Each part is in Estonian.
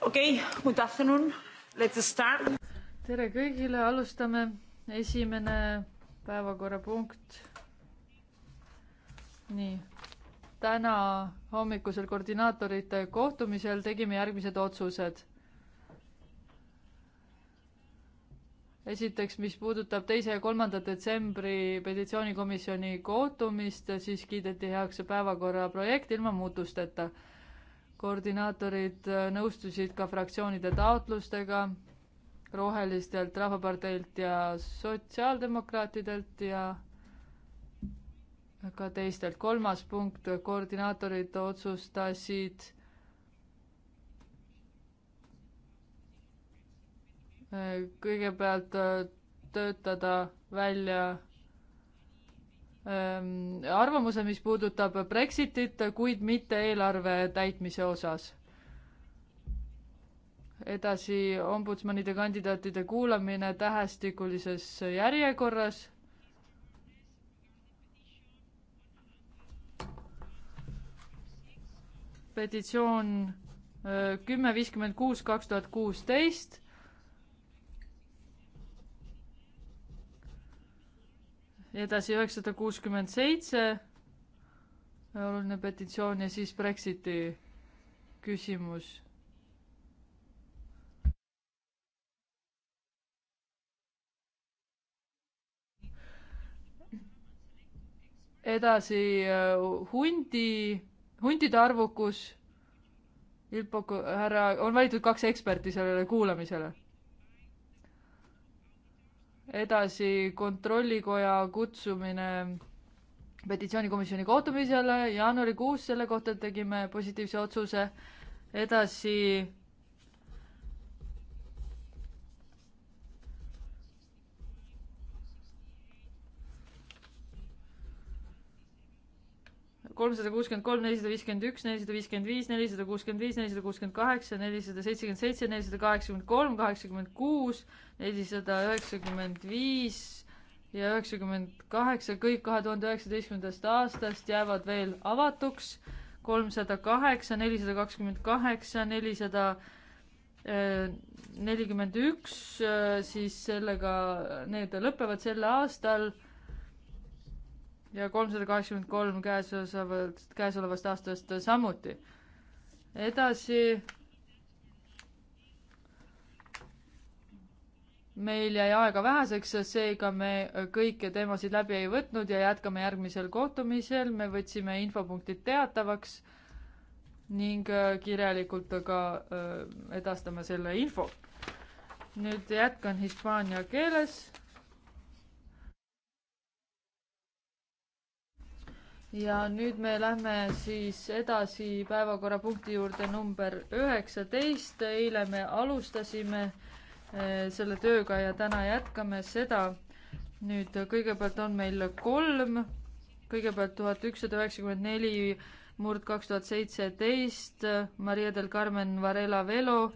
okei okay,, good afternoon, let's start. tere kõigile, alustame. esimene päevakorrapunkt. nii, täna hommikusel koordinaatorite kohtumisel tegime järgmised otsused. esiteks, mis puudutab teise ja kolmanda detsembri petitsioonikomisjoni kohtumist, siis kiideti heaks päevakorra projekt ilma muutusteta koordinaatorid äh, nõustusid ka fraktsioonide taotlustega Rohelistelt, Rahvaparteilt ja Sotsiaaldemokraatidelt ja ka teistelt. kolmas punkt, koordinaatorid otsustasid äh, kõigepealt äh, töötada välja Ehm, arvamuse, mis puudutab Brexitit, kuid mitte eelarve täitmise osas. edasi ombudsmanide kandidaatide kuulamine tähestikulises järjekorras petitsioon eh, kümme viiskümmend kuus kaks tuhat kuusteist edasi üheksasada kuuskümmend seitse, oluline petitsioon ja siis Brexiti küsimus. edasi äh, hundi, huntide arvukus. Ilpo härra, on valitud kaks eksperti sellele kuulamisele edasi kontrollikoja kutsumine petitsioonikomisjoni kohtumisele jaanuarikuus, selle kohta tegime positiivse otsuse. edasi kolmsada kuuskümmend kolm, nelisada viiskümmend üks, nelisada viiskümmend viis, nelisada kuuskümmend viis, nelisada kuuskümmend kaheksa, nelisada seitsekümmend seitse, nelisada kaheksakümmend kolm, kaheksakümmend kuus nelisada üheksakümmend viis ja üheksakümmend kaheksa, kõik kahe tuhande üheksateistkümnendast aastast jäävad veel avatuks. kolmsada kaheksa, nelisada kakskümmend kaheksa, nelisada eh, nelikümmend üks, eh, siis sellega, need lõpevad sel aastal. ja kolmsada kaheksakümmend kolm käesolevast, käesolevast aastast samuti. edasi meil jäi aega väheseks, seega me kõiki teemasid läbi ei võtnud ja jätkame järgmisel kohtumisel, me võtsime infopunktid teatavaks ning äh, kirjalikult ka äh, edastame selle info. nüüd jätkan hispaania keeles. ja nüüd me lähme siis edasi päevakorrapunkti juurde number üheksateist, eile me alustasime äh, Eh, selle tööga ja täna jätkame seda. nüüd eh, kõigepealt on meil kolm, kõigepealt tuhat ükssada üheksakümmend neli murd kaks tuhat seitseteist eh, Maria del Carmen Varela Velo,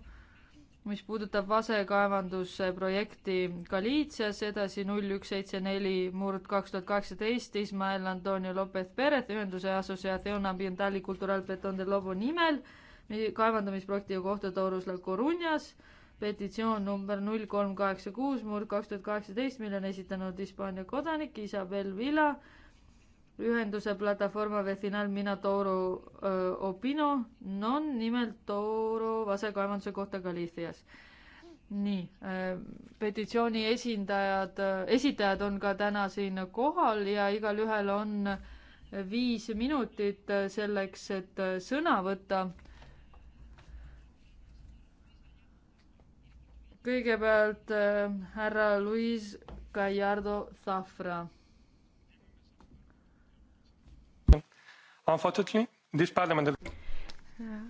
mis puudutab vasekaevanduse projekti Galiitsias, edasi null üks seitse neli murd kaks tuhat kaheksateist Ismael Antonio Lopez Perez ühenduse Asociación Ambiental y Cultural Beton de Lobo nimel kaevandamisprojekti kohta Taurus La Coruñas petitsioon number null kolm kaheksa kuus murd kaks tuhat kaheksateist, mille on esitanud Hispaania kodanik Isabel Vila ühenduse plataforma vecinal Mina Toro öö, Opino non nimelt Toro vasekaevanduse kohta Galicias. nii, petitsiooni esindajad, esitajad on ka täna siin kohal ja igalühel on viis minutit selleks, et sõna võtta kõigepealt äh, härra Luis Gallardo Zafra. Unfortunately, this parliament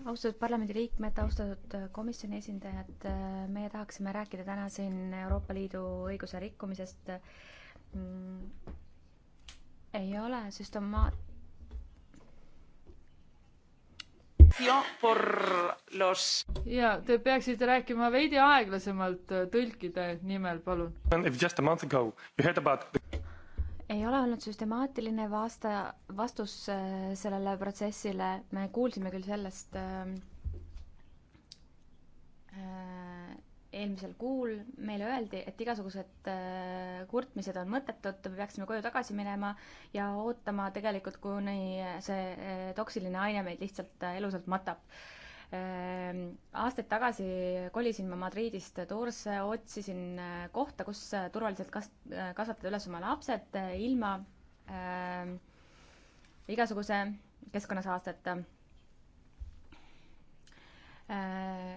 austatud parlamendiliikmed, austatud äh, komisjoni esindajad, äh, meie tahaksime rääkida täna siin Euroopa Liidu õiguse rikkumisest. Mm, ei ole süstemaat-, ja te peaksite rääkima veidi aeglasemalt äh, tõlkide nimel, palun. ei ole olnud süstemaatiline vasta, vastus äh, sellele protsessile, me kuulsime küll sellest äh, äh eelmisel kuul meile öeldi, et igasugused äh, kurtmised on mõttetud, me peaksime koju tagasi minema ja ootama tegelikult, kuni see äh, toksiline aine meid lihtsalt äh, elusalt matab. Ähm, aastaid tagasi kolisin ma Madridist Toorse, otsisin kohta, kus turvaliselt kas-, kasvatada üles oma lapsed ilma äh, igasuguse keskkonnasaasteta äh,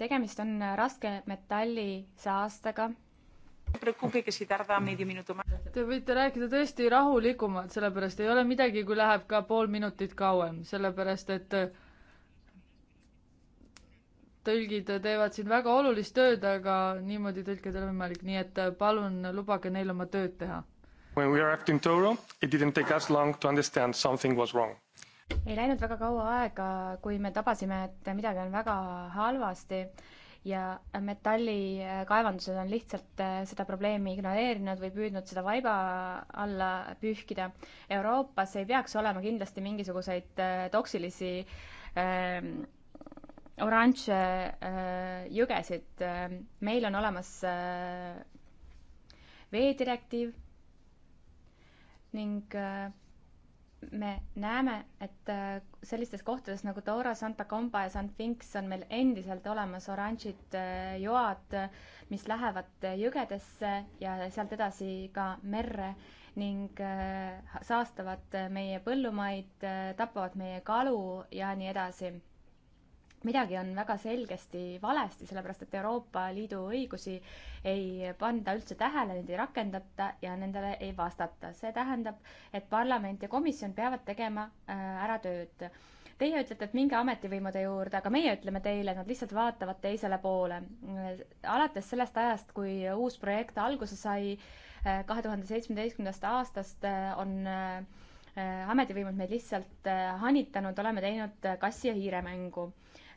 tegemist on raskemetalli saastega. Te võite rääkida tõesti rahulikumalt, sellepärast ei ole midagi, kui läheb ka pool minutit kauem, sellepärast et tõlgid teevad siin väga olulist tööd, aga niimoodi tõlkida ei ole võimalik, nii et palun lubage neil oma tööd teha. When we arrived in Toro, it didn't take us long to understand something was wrong ei läinud väga kaua aega, kui me tabasime, et midagi on väga halvasti ja metallikaevandused äh, on lihtsalt äh, seda probleemi ignoreerinud või püüdnud seda vaiba alla pühkida. Euroopas ei peaks olema kindlasti mingisuguseid äh, toksilisi äh, oranže äh, jõgesid. meil on olemas äh, veedirektiiv ning äh, me näeme, et äh, sellistes kohtades nagu Dora, Santa Comba ja St Finks on meil endiselt olemas oranžid äh, joad, mis lähevad äh, jõgedesse ja sealt edasi ka merre ning saastavad meie põllumaid, tapavad meie kalu ja nii edasi midagi on väga selgesti valesti, sellepärast et Euroopa Liidu õigusi ei panda üldse tähele, neid ei rakendata ja nendele ei vastata. see tähendab, et parlament ja komisjon peavad tegema äh, ära tööd. Teie ütlete, et minge ametivõimude juurde, aga meie ütleme teile, nad lihtsalt vaatavad teisele poole. alates sellest ajast, kui uus projekt alguse sai, äh, kahe tuhande seitsmeteistkümnendast aastast äh, on ametivõimud meid lihtsalt hanitanud, oleme teinud kassi ja hiire mängu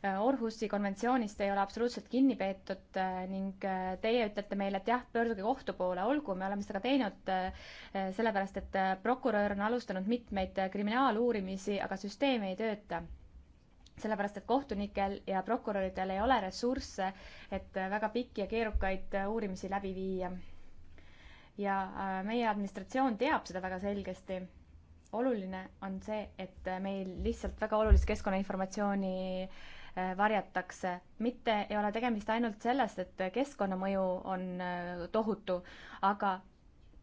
Orhusi konventsioonist ei ole absoluutselt kinni peetud äh, ning äh, teie ütlete meile, et jah, pöörduge kohtu poole, olgu, me oleme seda teinud äh, sellepärast, et prokurör on alustanud mitmeid kriminaaluurimisi, aga süsteem ei tööta sellepärast, et kohtunikel ja prokuröridel ei ole ressursse, et väga pikki ja keerukaid uurimisi läbi viia. ja meie administratsioon teab seda väga selgesti. oluline on see, et meil lihtsalt väga olulist keskkonnainformatsiooni äh, Äh, varjatakse. mitte ei ole tegemist ainult sellest, et keskkonnamõju on äh, tohutu, aga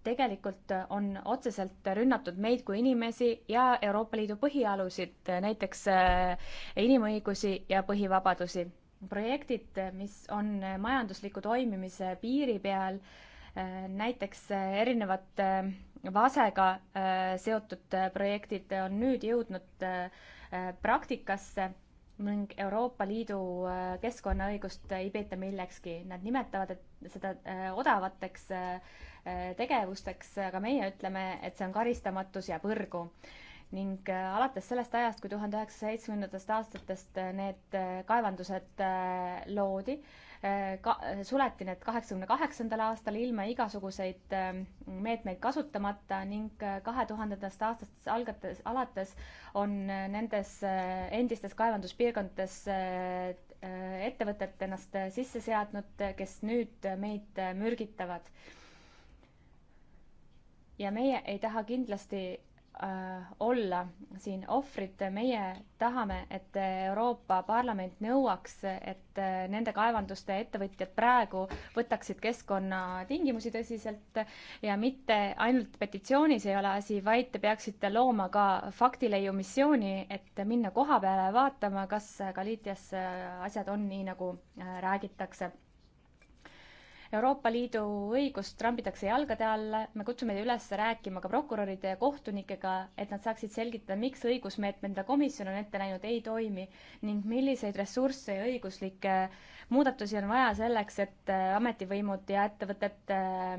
tegelikult on otseselt rünnatud meid kui inimesi ja Euroopa Liidu põhialusid, näiteks äh, inimõigusi ja põhivabadusi. projektid, mis on majandusliku toimimise piiri peal, näiteks erinevad vasega seotud projektid on nüüd jõudnud praktikasse ning Euroopa Liidu äh, keskkonnaõigust ei peeta millekski. Nad nimetavad seda äh, odavateks äh, tegevusteks, aga meie ütleme, et see on karistamatus ja põrgu. ning alates sellest ajast, kui tuhande üheksasaja seitsmekümnendatest aastatest need kaevandused loodi, Äh, ka-, suleti need kaheksakümne kaheksandal aastal ilma igasuguseid ähm, meetmeid kasutamata ning äh, kahe tuhandendast aastast algates, alates on äh, nendes endistes kaevanduspiirkondades ettevõtet ennast sisse seadnud, kes nüüd meid mürgitavad. ja meie ei taha kindlasti Äh, olla siin ohvrid, meie tahame, et Euroopa Parlament nõuaks, et äh, nende kaevanduste ettevõtjad praegu võtaksid keskkonnatingimusi tõsiselt ja mitte ainult petitsioonis ei ole asi, vaid te peaksite looma ka faktileiu missiooni, et minna koha peale vaatama, kas Galicias asjad on nii, nagu äh, räägitakse Euroopa Liidu õigust trambitakse jalgade alla, me kutsume teid üles rääkima ka prokuröride ja kohtunikega, et nad saaksid selgitada, miks õigusmeetmed, mida komisjon on ette näinud, ei toimi ning milliseid ressursse ja õiguslikke muudatusi on vaja selleks, et äh, ametivõimud ja ettevõtted äh,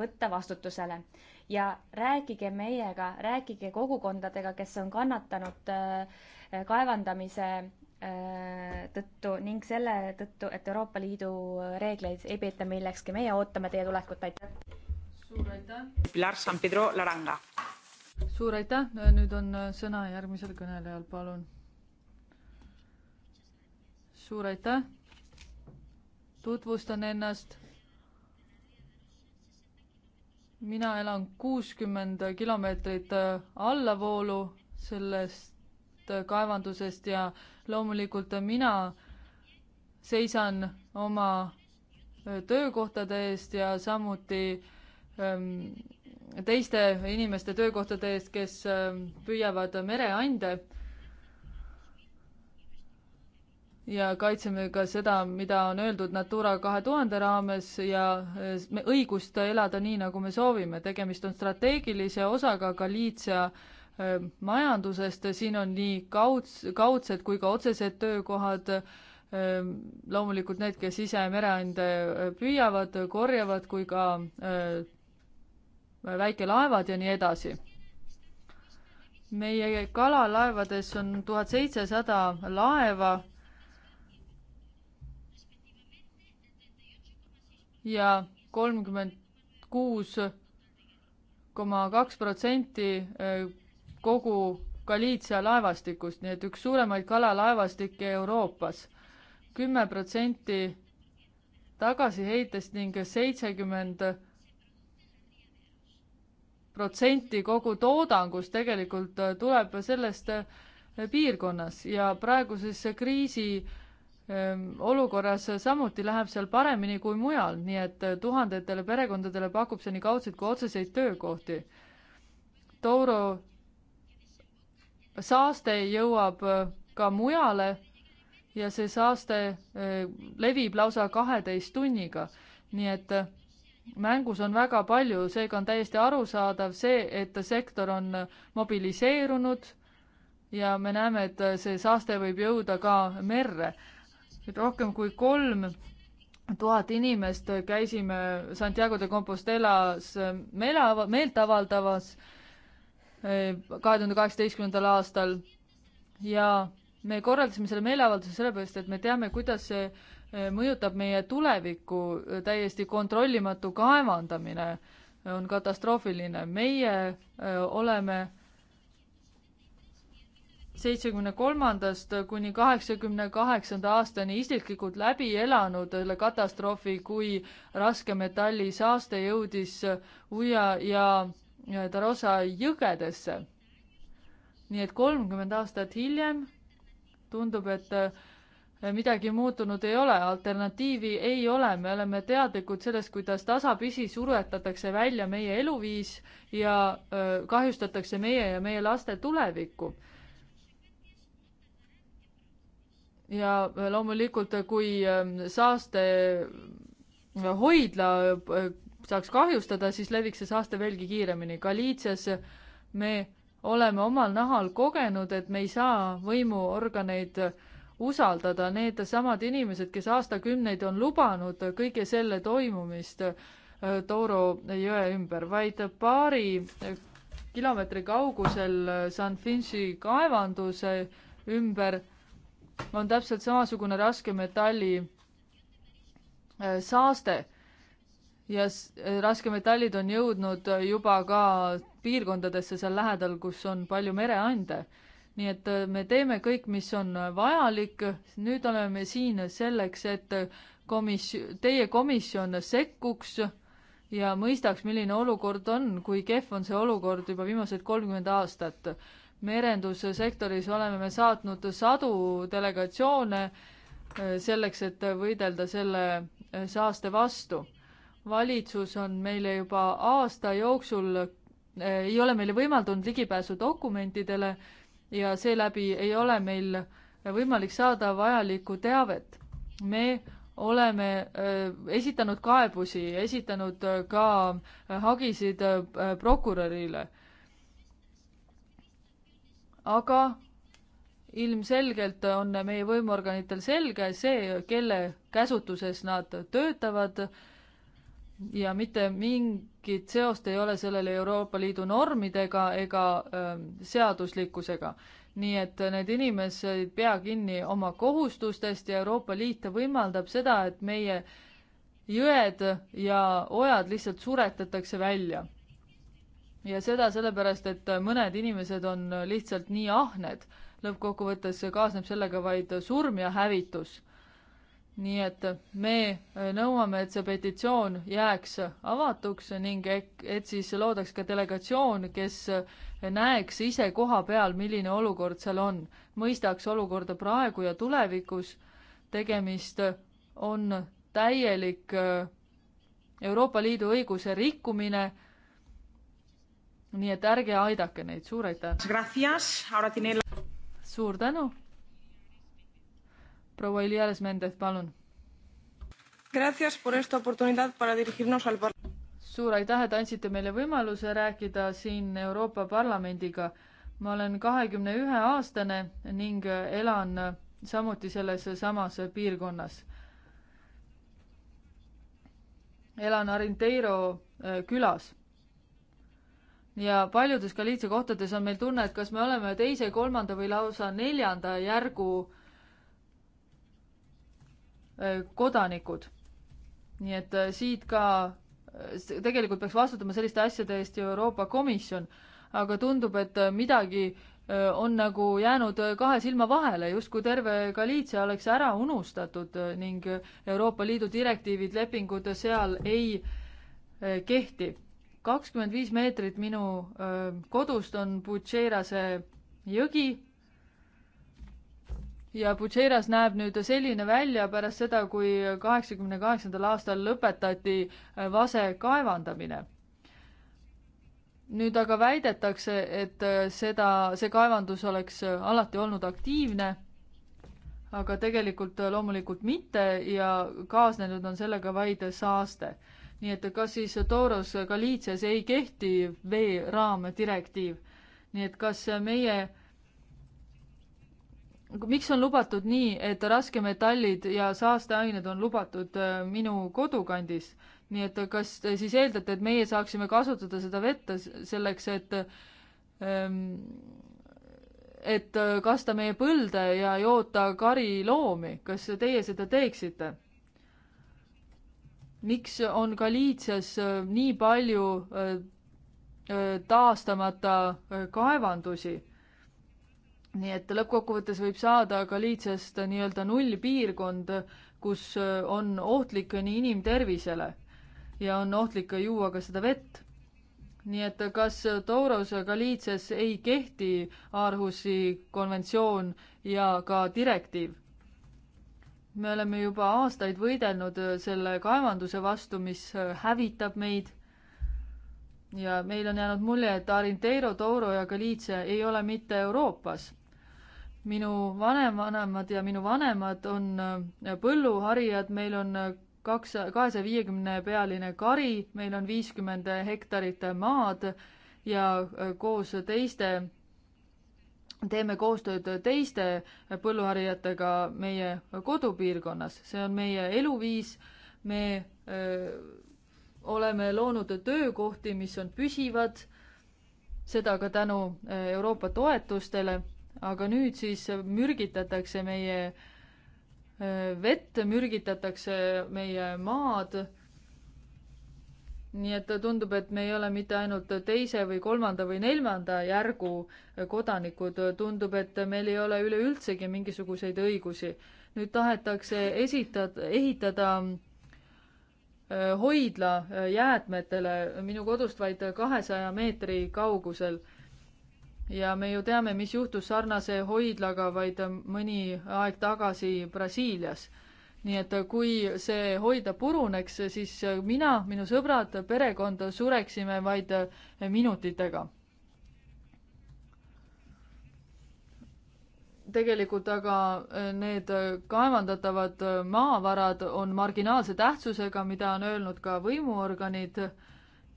võtta vastutusele. ja rääkige meiega, rääkige kogukondadega, kes on kannatanud äh, kaevandamise Äh, tõttu ning selle tõttu, et Euroopa Liidu reegleid ei peeta millekski. meie ootame teie tulekut, aitäh! suur aitäh! Pilar San Pedro Laranga. suur aitäh, nüüd on sõna järgmisel kõnelejal, palun. suur aitäh! tutvustan ennast. mina elan kuuskümmend kilomeetrit äh, allavoolu sellest kaevandusest ja loomulikult mina seisan oma töökohtade eest ja samuti teiste inimeste töökohtade eest, kes püüavad mereande. ja kaitseme ka seda, mida on öeldud Natura kahe tuhande raames ja õigust elada nii, nagu me soovime. tegemist on strateegilise osaga Galiitsia ka majandusest, äh, siin on nii kauds, kaudsed kui ka otsesed töökohad, loomulikult need, kes ise mereande püüavad, korjavad, kui ka väikelaevad ja nii edasi meie kalalaevades on tuhat seitsesada laeva. ja kolmkümmend kuus koma kaks protsenti kogu Galiitsia laevastikust, nii et üks suuremaid kalalaevastikke Euroopas. kümme protsenti tagasiheitest ning seitsekümmend protsenti kogu toodangust tegelikult äh, tuleb sellest äh, piirkonnas ja praeguses kriisi ähm, olukorras samuti läheb seal paremini kui mujal, nii et äh, tuhandetele perekondadele pakub see nii kaudseid kui otseseid töökohti. Touro saaste jõuab äh, ka mujale ja see saaste äh, levib lausa kaheteist tunniga. nii et äh, mängus on väga palju, seega on täiesti arusaadav see, et sektor on mobiliseerunud ja me näeme, et see saaste võib jõuda ka merre. et rohkem kui kolm tuhat inimest käisime Santiago de Compostelas meeleav-, meelt avaldamas Äh, kahe tuhande kaheksateistkümnendal aastal ja me korraldasime selle meeleavalduse sellepärast, et me teame, kuidas see äh, mõjutab meie tulevikku, täiesti kontrollimatu kaevandamine on katastroofiline, meie äh, oleme seitsmekümne kolmandast kuni kaheksakümne kaheksanda aastani isiklikult läbi elanud selle katastroofi, kui raskemetalli saaste jõudis Uja ja Tarosa jõgedesse. nii et kolmkümmend aastat hiljem tundub, et äh, midagi muutunud ei ole, alternatiivi ei ole, me oleme teadlikud sellest, kuidas tasapisi suretatakse välja meie eluviis ja äh, kahjustatakse meie ja meie laste tulevikku ja äh, loomulikult, kui saastehoidla saaks kahjustada, siis leviks see saaste veelgi kiiremini. Galiitsias me oleme omal nahal kogenud, et me ei saa võimuorganeid usaldada, need samad inimesed, kes aastakümneid on lubanud kõige selle toimumist äh, Tooro jõe ümber, vaid paari äh, kilomeetri kaugusel äh, San Finchi kaevanduse ümber on täpselt samasugune raskemetalli saaste ja äh, raskemetallid on jõudnud äh, juba ka piirkondadesse seal lähedal, kus on palju mereande. nii et äh, me teeme kõik, mis on vajalik, nüüd oleme siin selleks, et komis-, teie komisjon sekkuks ja mõistaks, milline olukord on, kui kehv on see olukord juba viimased kolmkümmend aastat. merendussektoris oleme me saatnud sadu delegatsioone selleks, et võidelda selle saaste vastu valitsus on meile juba aasta jooksul eh, ei ole meile võimaldanud ligipääsu dokumentidele ja seeläbi ei ole meil võimalik saada vajalikku teavet. me oleme eh, esitanud kaebusi, esitanud eh, ka hagisid prokurörile. aga ilmselgelt on meie võimuorganitel selge see, kelle käsutuses nad töötavad ja mitte mingit seost ei ole sellel Euroopa Liidu normidega ega äh, seaduslikkusega. nii et need inimesed ei pea kinni oma kohustustest ja Euroopa Liit võimaldab seda, et meie jõed ja ojad lihtsalt suretatakse välja. ja seda sellepärast, et mõned inimesed on lihtsalt nii ahned. lõppkokkuvõttes kaasneb sellega vaid surm ja hävitus nii et me äh, nõuame, et see petitsioon jääks avatuks ning et siis loodaks ka delegatsioon, kes äh, näeks ise koha peal, milline olukord seal on, mõistaks olukorda praegu ja tulevikus. tegemist on täielik äh, Euroopa Liidu õiguse rikkumine. nii et ärge aidake neid, suur aitäh! suur tänu! proua Iliares Mendez, palun. suur aitäh, et andsite meile võimaluse rääkida siin Euroopa Parlamendiga. ma olen kahekümne ühe aastane ning elan samuti selles samas piirkonnas. elan Arinteiro äh, külas ja paljudes Galiitsia kohtades on meil tunne, et kas me oleme teise, kolmanda või lausa neljanda järgu äh, Äh, kodanikud. nii et äh, siit ka äh, tegelikult peaks vastutama selliste asjade eest ju Euroopa Komisjon, aga tundub, et midagi on nagu jäänud kahe silma vahele, justkui terve Galiitsia oleks ära unustatud ning Euroopa Liidu direktiivid, lepingud seal ei kehti. kakskümmend viis meetrit minu kodust on Butšerase jõgi ja Bujeras näeb nüüd selline välja pärast seda, kui kaheksakümne kaheksandal aastal lõpetati äh, vase kaevandamine. nüüd aga väidetakse, et äh, seda, see kaevandus oleks äh, alati olnud aktiivne, aga tegelikult loomulikult mitte ja kaasnenud on sellega vaid saaste. nii et kas siis Tauros Galiitsias ei kehti veeraamdirektiiv? nii et kas meie äh, miks on lubatud nii, et raskemetallid ja saasteained on lubatud äh, minu kodukandis? nii et kas te siis eeldate, et meie saaksime kasutada seda vett selleks, et ähm, et äh, kasta meie põlde ja joota kariloomi, kas teie seda teeksite? miks on Galiitsias äh, nii palju taastamata kaevandusi? nii et lõppkokkuvõttes võib saada ka liitsest nii-öelda nullpiirkond, kus äh, on ohtlik nii inimtervisele ja on ohtlik juua ka seda vett. nii et kas Tauros Galiitsias ei kehti Aarhusi konventsioon ja ka direktiiv? me oleme juba aastaid võidelnud äh, selle kaevanduse vastu, mis äh, hävitab meid. ja meil on jäänud mulje, et Arinteiro, Tauro ja Galiitsia ei ole mitte Euroopas minu vanemvanemad ja minu vanemad on äh, põlluharijad, meil on äh, kaks, kahesaja viiekümne pealine kari, meil on viiskümmend hektarit maad ja äh, koos teiste, teeme koostööd teiste põlluharijatega meie kodupiirkonnas, see on meie eluviis, me öö, oleme loonud töökohti, mis on püsivad, seda ka tänu Euroopa toetustele aga nüüd siis mürgitatakse meie äh, vett, mürgitatakse meie maad. nii et tundub, et me ei ole mitte ainult teise või kolmanda või neljanda järgu kodanikud, tundub, et meil ei ole üleüldsegi mingisuguseid õigusi. nüüd tahetakse esitada, ehitada äh, hoidla äh, jäätmetele minu kodust vaid kahesaja meetri kaugusel ja me ju teame, mis juhtus sarnase hoidlaga vaid mõni aeg tagasi Brasiilias. nii et kui see hoida puruneks, siis mina, minu sõbrad, perekond sureksime vaid minutitega. tegelikult aga need kaevandatavad maavarad on marginaalse tähtsusega, mida on öelnud ka võimuorganid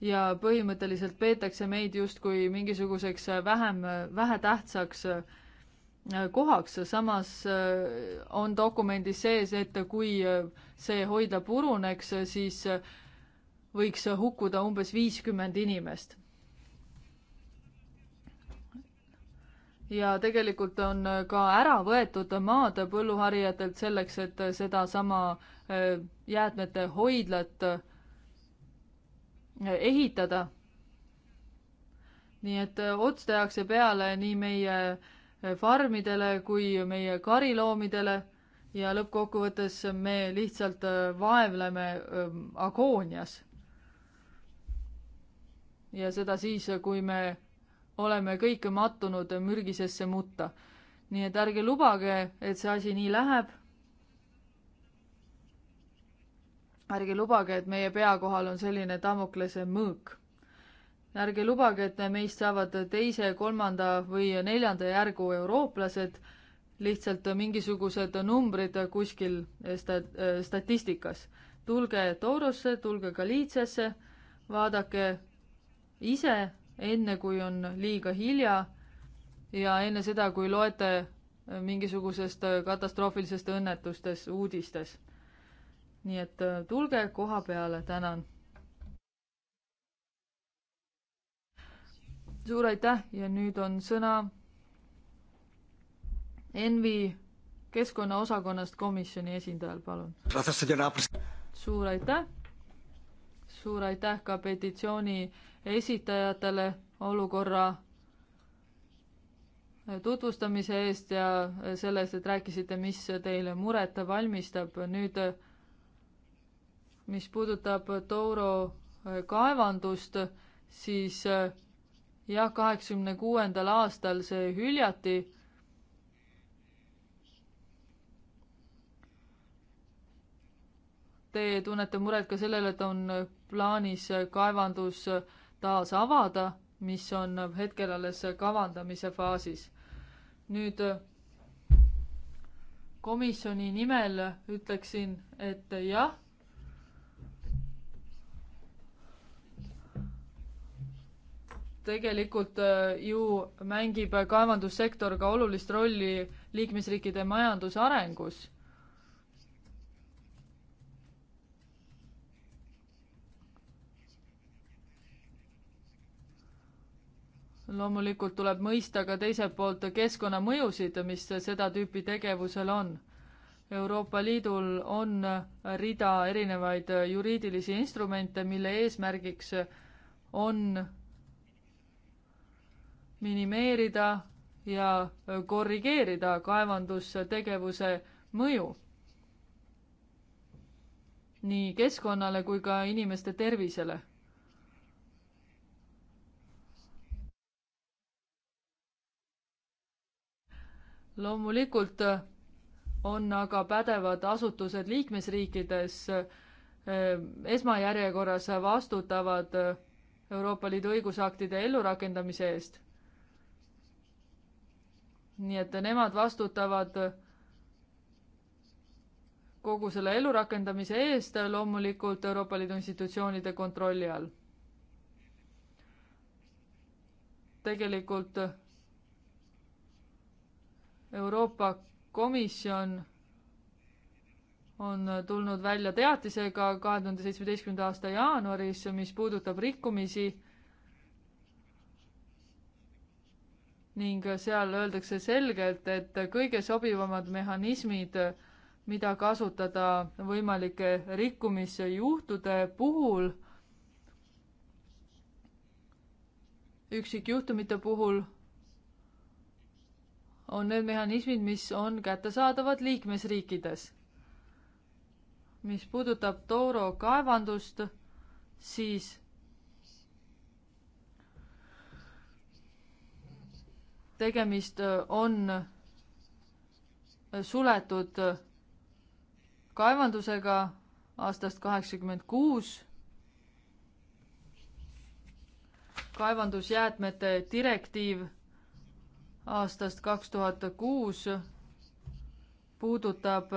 ja põhimõtteliselt peetakse meid justkui mingisuguseks äh, vähem, äh, vähetähtsaks äh, kohaks, samas on dokumendis sees, et kui see hoidla puruneks, siis võiks hukkuda umbes viiskümmend inimest. ja tegelikult on ka ära võetud maad põlluharijatelt selleks, et sedasama jäätmete hoidlat ehitada. nii et äh, ots tehakse peale nii meie äh, farmidele kui meie kariloomidele ja lõppkokkuvõttes me lihtsalt äh, vaevleme ähm, agoonias. ja seda siis, kui me oleme kõik mattunud mürgisesse mutta. nii et ärge lubage, et see asi nii läheb ärge lubage, et meie pea kohal on selline Damoklese mõõk. ärge lubage, et meist saavad teise, kolmanda või neljanda järgu eurooplased, lihtsalt mingisugused numbrid kuskil stat-, statistikas. tulge Taurosse, tulge Galiitsiasse, vaadake ise, enne kui on liiga hilja ja enne seda, kui loete mingisugusest katastroofilisest õnnetustes uudistes nii et äh, tulge koha peale, tänan. suur aitäh ja nüüd on sõna Envi keskkonnaosakonnast komisjoni esindajal, palun. suur aitäh. suur aitäh ka petitsiooni esitajatele olukorra tutvustamise eest ja selle eest, et rääkisite, mis teile muret valmistab. nüüd mis puudutab Touro äh, kaevandust, siis äh, jah, kaheksakümne kuuendal aastal see hüljati. Te tunnete muret ka sellele, et on äh, plaanis kaevandus taas avada, mis on hetkel alles kavandamise faasis. nüüd komisjoni nimel ütleksin, et jah tegelikult äh, ju mängib kaevandussektor ka olulist rolli liikmesriikide majanduse arengus. loomulikult tuleb mõista ka teiselt poolt keskkonnamõjusid, mis seda tüüpi tegevusel on Euroopa Liidul on rida erinevaid juriidilisi instrumente, mille eesmärgiks on minimeerida ja korrigeerida kaevandustegevuse mõju nii keskkonnale kui ka inimeste tervisele. loomulikult on aga pädevad asutused liikmesriikides eh, esmajärjekorras vastutavad Euroopa Liidu õigusaktide ellurakendamise eest nii et nemad vastutavad kogu selle elurakendamise eest loomulikult Euroopa Liidu institutsioonide kontrolli all. tegelikult Euroopa Komisjon on tulnud välja teatisega kahe tuhande seitsmeteistkümnenda aasta jaanuaris, mis puudutab rikkumisi ning seal öeldakse selgelt, et kõige sobivamad mehhanismid, mida kasutada võimalike rikkumisjuhtude puhul, üksikjuhtumite puhul, on need mehhanismid, mis on kättesaadavad liikmesriikides. mis puudutab Tooro kaevandust, siis tegemist äh, on äh, suletud äh, kaevandusega aastast kaheksakümmend kuus. kaevandusjäätmete direktiiv aastast kaks tuhat kuus puudutab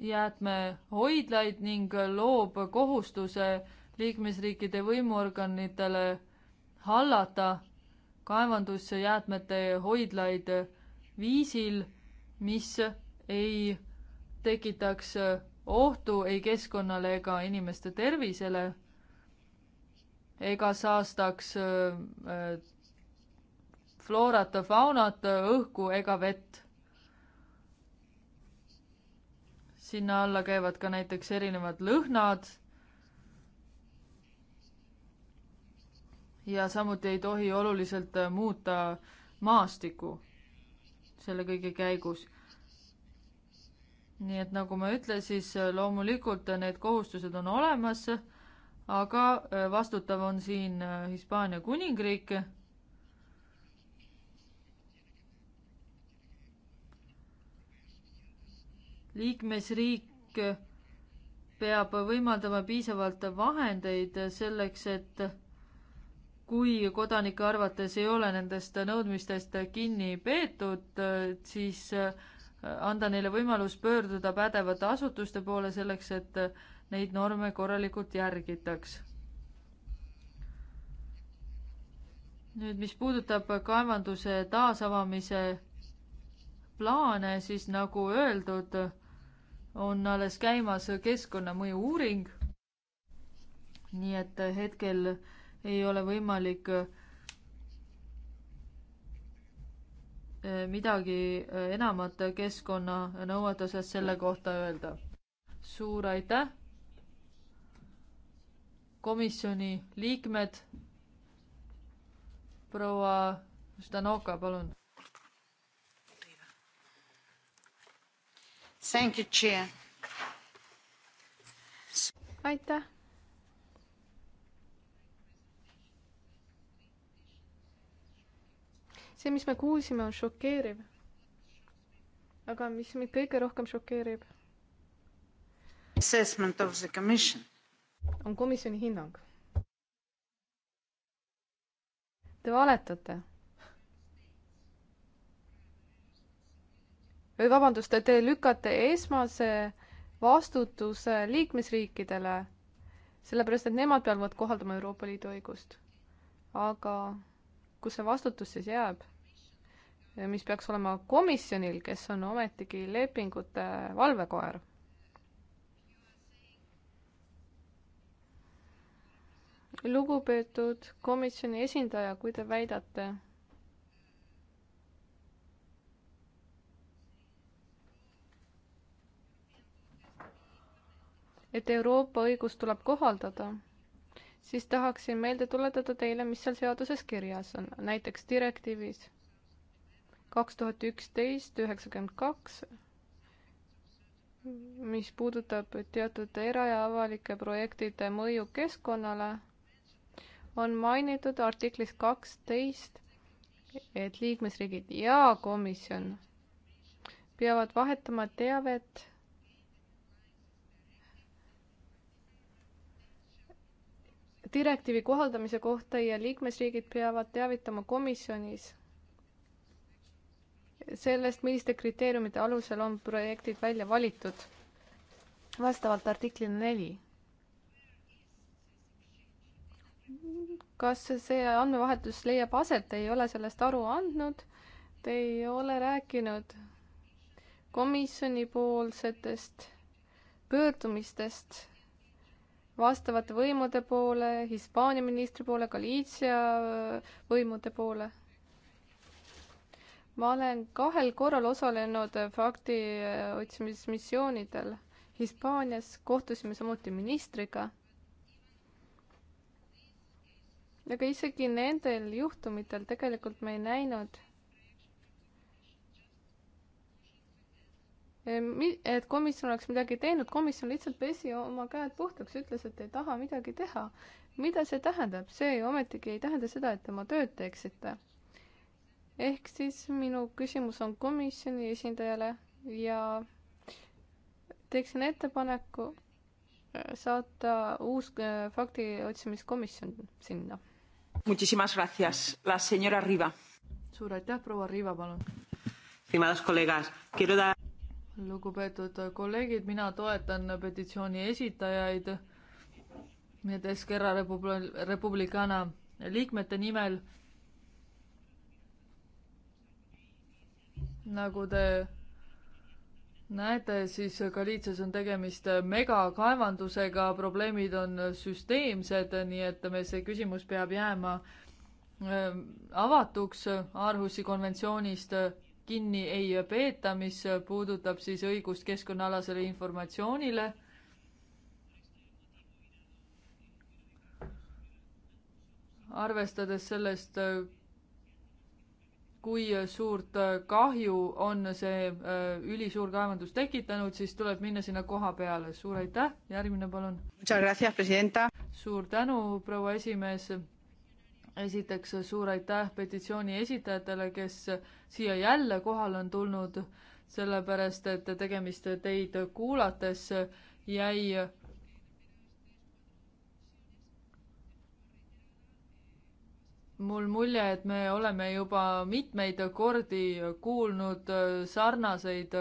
jäätmehoidlaid ning loob kohustuse liikmesriikide võimuorganitele hallata kaevandusjäätmete hoidlaid viisil, mis ei tekitaks ohtu ei keskkonnale ega inimeste tervisele ega saastaks äh, äh, floorat, faunat, õhku ega vett sinna alla käivad ka näiteks erinevad lõhnad. ja samuti ei tohi oluliselt äh, muuta maastikku selle kõige käigus. nii et nagu ma ütlen, siis äh, loomulikult äh, need kohustused on olemas, aga vastutav on siin Hispaania kuningriik liikmesriik peab võimaldama piisavalt vahendeid selleks, et kui kodanike arvates ei ole nendest nõudmistest kinni peetud, siis anda neile võimalus pöörduda pädevate asutuste poole selleks, et neid norme korralikult järgitaks. nüüd, mis puudutab kaevanduse taasavamise plaane, siis nagu öeldud, on alles käimas keskkonnamõju uuring. nii et hetkel ei ole võimalik eh, midagi eh, enamat keskkonnanõuete osas selle kohta öelda. suur aitäh. komisjoni liikmed. proua Ždanoka, palun aitäh. see, mis me kuulsime, on šokeeriv. aga mis mind kõige rohkem šokeerib? on komisjoni hinnang. Te valetate või vabandust, te lükkate esmase vastutuse liikmesriikidele, sellepärast et nemad peavad kohaldama Euroopa Liidu õigust. aga kus see vastutus siis jääb? mis peaks olema komisjonil, kes on ometigi lepingute valvekoer lugupeetud komisjoni esindaja, kui te väidate, et Euroopa õigust tuleb kohaldada, siis tahaksin meelde tuletada teile, mis seal seaduses kirjas on, näiteks direktiivis kaks tuhat üksteist üheksakümmend kaks, mis puudutab teatud era- ja avalike projektide mõju keskkonnale, on mainitud artiklis kaksteist, et liikmesriigid ja komisjon peavad vahetama teavet direktiivi kohaldamise kohta ja liikmesriigid peavad teavitama komisjonis sellest, milliste kriteeriumite alusel on projektid välja valitud. vastavalt artiklile neli. kas see andmevahetus leiab aset, ei ole sellest aru andnud, te ei ole rääkinud komisjonipoolsetest pöördumistest vastavate võimude poole, Hispaania ministri poole, Galiitsia äh, võimude poole. ma olen kahel korral osalenud äh, fakti äh, otsimismissioonidel Hispaanias, kohtusime samuti ministriga. aga isegi nendel juhtumitel tegelikult me ei näinud et komisjon oleks midagi teinud, komisjon lihtsalt pesi oma käed puhtaks, ütles, et ei taha midagi teha. mida see tähendab, see ju ometigi ei tähenda seda, et oma tööd teeksite. ehk siis minu küsimus on komisjoni esindajale ja teeksin ettepaneku äh, saata uus äh, fakti otsimiskomisjon sinna. Muchísimas gracias, la señora Riva. suur aitäh, proua Riva, palun. Estimados colegas, quiero dar lugupeetud kolleegid, mina toetan petitsiooni esitajaid, need Esquerra Republi-, Republicana liikmete nimel. nagu te näete, siis Galiitsias on tegemist megakaevandusega, probleemid on süsteemsed, nii et me, see küsimus peab jääma ähm, avatuks Aarhusi konventsioonist kinni ei peeta, mis puudutab siis õigust keskkonnaalasele informatsioonile. arvestades sellest, kui suurt kahju on see äh, ülisuur kaevandus tekitanud, siis tuleb minna sinna koha peale. suur aitäh, järgmine palun. suur tänu, proua esimees esiteks suur aitäh petitsiooni esitajatele, kes siia jälle kohale on tulnud, sellepärast et tegemist teid kuulates jäi mul mulje, et me oleme juba mitmeid kordi kuulnud sarnaseid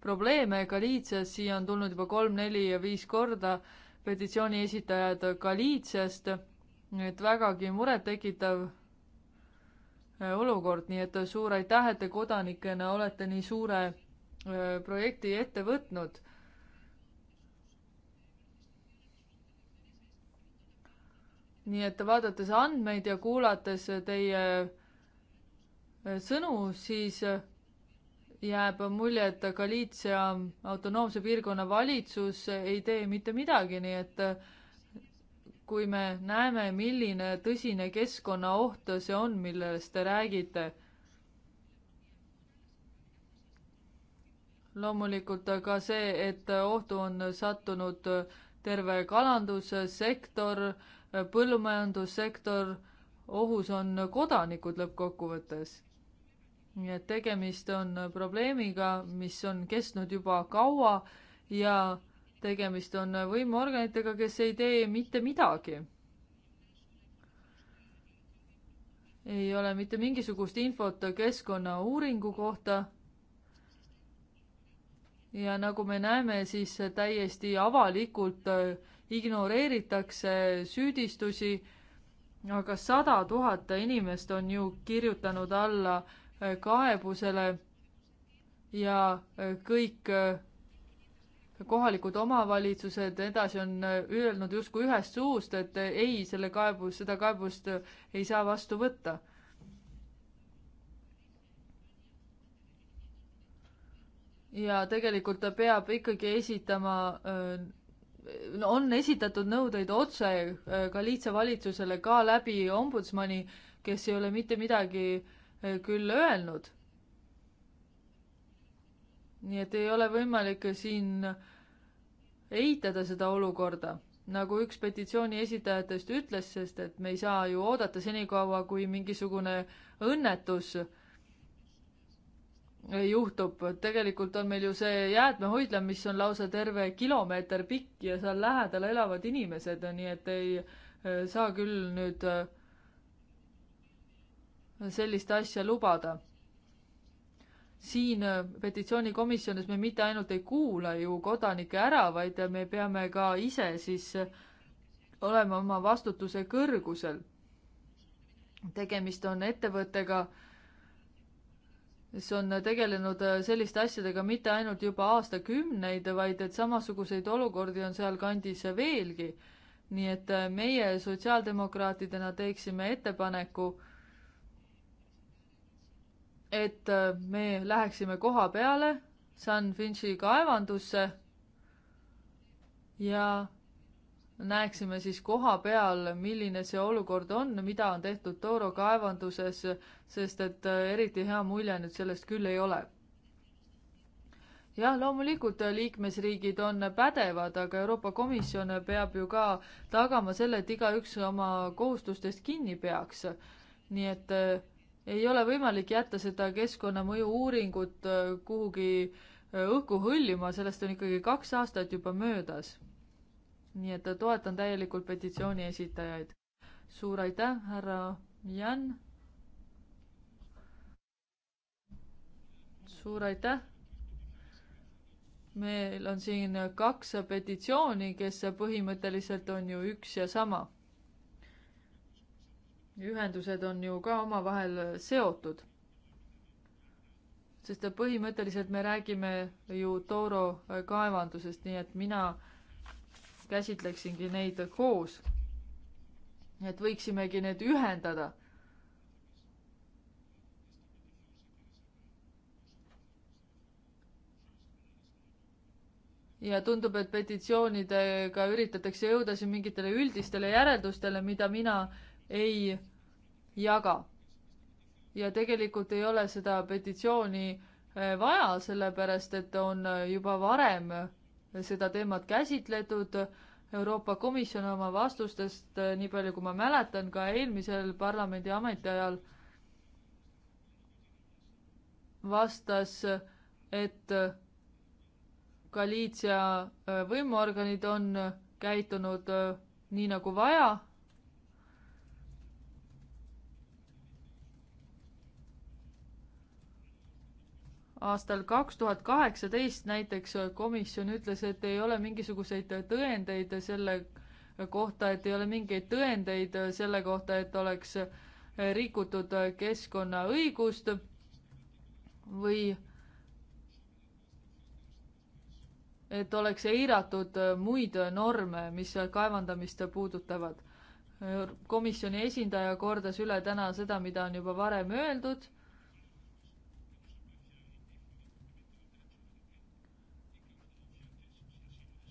probleeme Galiitsias, siia on tulnud juba kolm-neli-viis korda petitsiooni esitajad Galiitsiast et vägagi murettekitav äh, olukord, nii et suur aitäh, et te kodanikena olete nii suure äh, projekti ette võtnud. nii et vaadates andmeid ja kuulates teie äh, sõnu, siis jääb mulje, et Galiitsia autonoomse piirkonna valitsus ei tee mitte midagi, nii et äh, kui me näeme, milline tõsine keskkonnaoht see on, millest te räägite. loomulikult ka see, et ohtu on sattunud terve kalandussektor, põllumajandussektor, ohus on kodanikud lõppkokkuvõttes. nii et tegemist on probleemiga, mis on kestnud juba kaua ja tegemist on võimuorganitega, kes ei tee mitte midagi. ei ole mitte mingisugust infot keskkonnauuringu kohta. ja nagu me näeme, siis täiesti avalikult ignoreeritakse süüdistusi. aga sada tuhat inimest on ju kirjutanud alla kaebusele ja kõik kohalikud omavalitsused edasi on äh, öelnud justkui ühest suust, et äh, ei, selle kaebus, seda kaebust äh, ei saa vastu võtta. ja tegelikult ta peab ikkagi esitama, on esitatud nõudeid otse ka lihtsavalitsusele, ka läbi ombudsmani, kes ei ole mitte midagi küll öelnud nii et ei ole võimalik siin eitada seda olukorda, nagu üks petitsiooni esitajatest ütles, sest et me ei saa ju oodata senikaua, kui mingisugune õnnetus juhtub, tegelikult on meil ju see jäätmehoidla, mis on lausa terve kilomeeter pikk ja seal lähedal elavad inimesed, nii et ei eh, saa küll nüüd eh, sellist asja lubada siin äh, petitsioonikomisjonis me mitte ainult ei kuula ju kodanikke ära, vaid äh, me peame ka ise siis äh, olema oma vastutuse kõrgusel. tegemist on ettevõttega, mis on tegelenud selliste asjadega mitte ainult juba aastakümneid, vaid et samasuguseid olukordi on sealkandis veelgi. nii et meie sotsiaaldemokraatidena teeksime ettepaneku et äh, me läheksime koha peale San Finchi kaevandusse ja näeksime siis koha peal, milline see olukord on, mida on tehtud Tooro kaevanduses, sest et äh, eriti hea mulje nüüd sellest küll ei ole. jah, loomulikult äh, liikmesriigid on pädevad, aga Euroopa Komisjon peab ju ka tagama selle, et igaüks oma kohustustest kinni peaks. nii et äh, ei ole võimalik jätta seda keskkonnamõju uuringut äh, kuhugi äh, õhku hõljuma, sellest on ikkagi kaks aastat juba möödas. nii et äh, toetan täielikult petitsiooni esitajaid. suur aitäh, härra Jan. suur aitäh meil on siin kaks petitsiooni, kes põhimõtteliselt on ju üks ja sama ühendused on ju ka omavahel seotud. sest põhimõtteliselt me räägime ju Toro kaevandusest, nii et mina käsitleksingi neid koos. et võiksimegi need ühendada. ja tundub, et petitsioonidega üritatakse jõuda siin mingitele üldistele järeldustele, mida mina ei jaga. ja tegelikult ei ole seda petitsiooni eh, vaja, sellepärast et on eh, juba varem eh, seda teemat käsitletud. Euroopa Komisjon oma vastustest, nii palju kui ma mäletan, ka eelmisel parlamendi ametiajal vastas, et Galiitsia võimuorganid on käitunud nii nagu vaja aastal kaks tuhat kaheksateist näiteks komisjon ütles, et ei ole mingisuguseid tõendeid selle kohta, et ei ole mingeid tõendeid selle kohta, et oleks rikutud keskkonnaõigust või et oleks eiratud muid norme, mis kaevandamist puudutavad. komisjoni esindaja kordas üle täna seda, mida on juba varem öeldud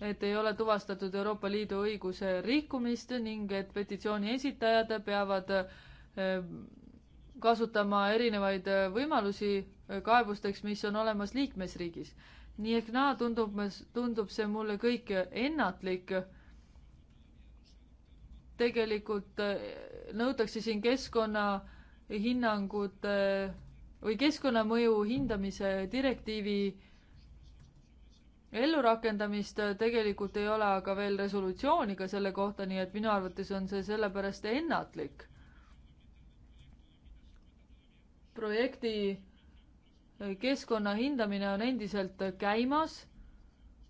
et ei ole tuvastatud Euroopa Liidu õiguse rikkumist ning et petitsiooni esitajad peavad eh, kasutama erinevaid eh, võimalusi eh, kaebusteks, mis on olemas liikmesriigis. nii ehk naa tundub, tundub see mulle kõik ennatlik. tegelikult nõutakse siin keskkonnahinnangute või keskkonnamõju hindamise direktiivi ellurakendamist tegelikult ei ole aga veel resolutsiooni ka selle kohta, nii et minu arvates on see sellepärast ennatlik. projekti eh, keskkonna hindamine on endiselt käimas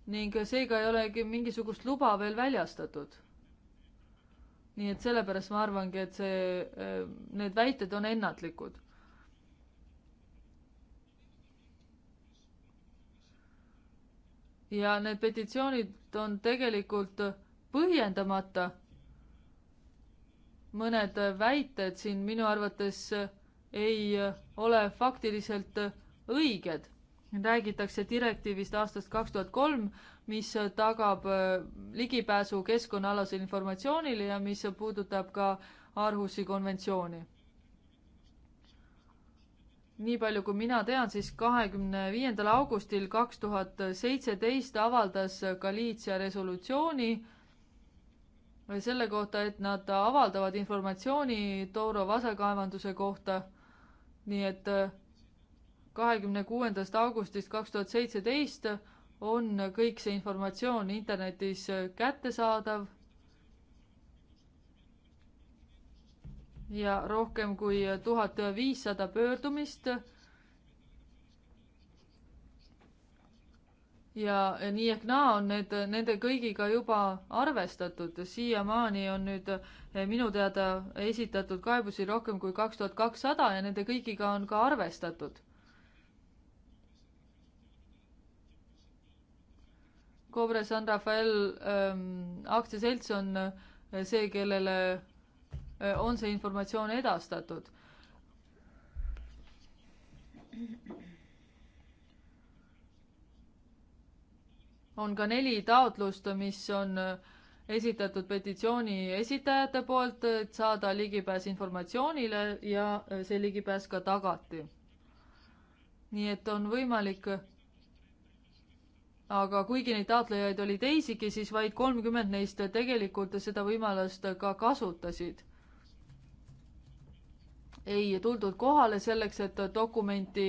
ning seega ei olegi mingisugust luba veel väljastatud. nii et sellepärast ma arvangi, et see, eh, need väited on ennatlikud ja need petitsioonid on tegelikult põhjendamata. mõned väited siin minu arvates ei ole faktiliselt õiged. räägitakse direktiivist aastast kaks tuhat kolm, mis tagab ligipääsu keskkonnaalase informatsioonile ja mis puudutab ka Arhusi konventsiooni nii palju kui mina tean, siis kahekümne viiendal augustil kaks tuhat seitseteist avaldas Galiitsia resolutsiooni selle kohta, et nad avaldavad informatsiooni Tooro vasakaevanduse kohta. nii et kahekümne kuuendast augustist kaks tuhat seitseteist on kõik see informatsioon internetis kättesaadav ja rohkem kui tuhat viissada pöördumist. ja nii ehk naa on need, nende kõigiga juba arvestatud, siiamaani on nüüd minu teada esitatud kaebusi rohkem kui kaks tuhat kakssada ja nende kõigiga on ka arvestatud. Cobre San Rafael ähm, aktsiaselts on see, kellele Äh, on see informatsioon edastatud. on ka neli taotlust, mis on äh, esitatud petitsiooni esitajate poolt, äh, et saada ligipääs informatsioonile ja see ligipääs ka tagati. nii et on võimalik aga kuigi neid taotlejaid oli teisigi, siis vaid kolmkümmend neist tegelikult seda võimalust ka kasutasid ei tuldud kohale selleks, et dokumenti,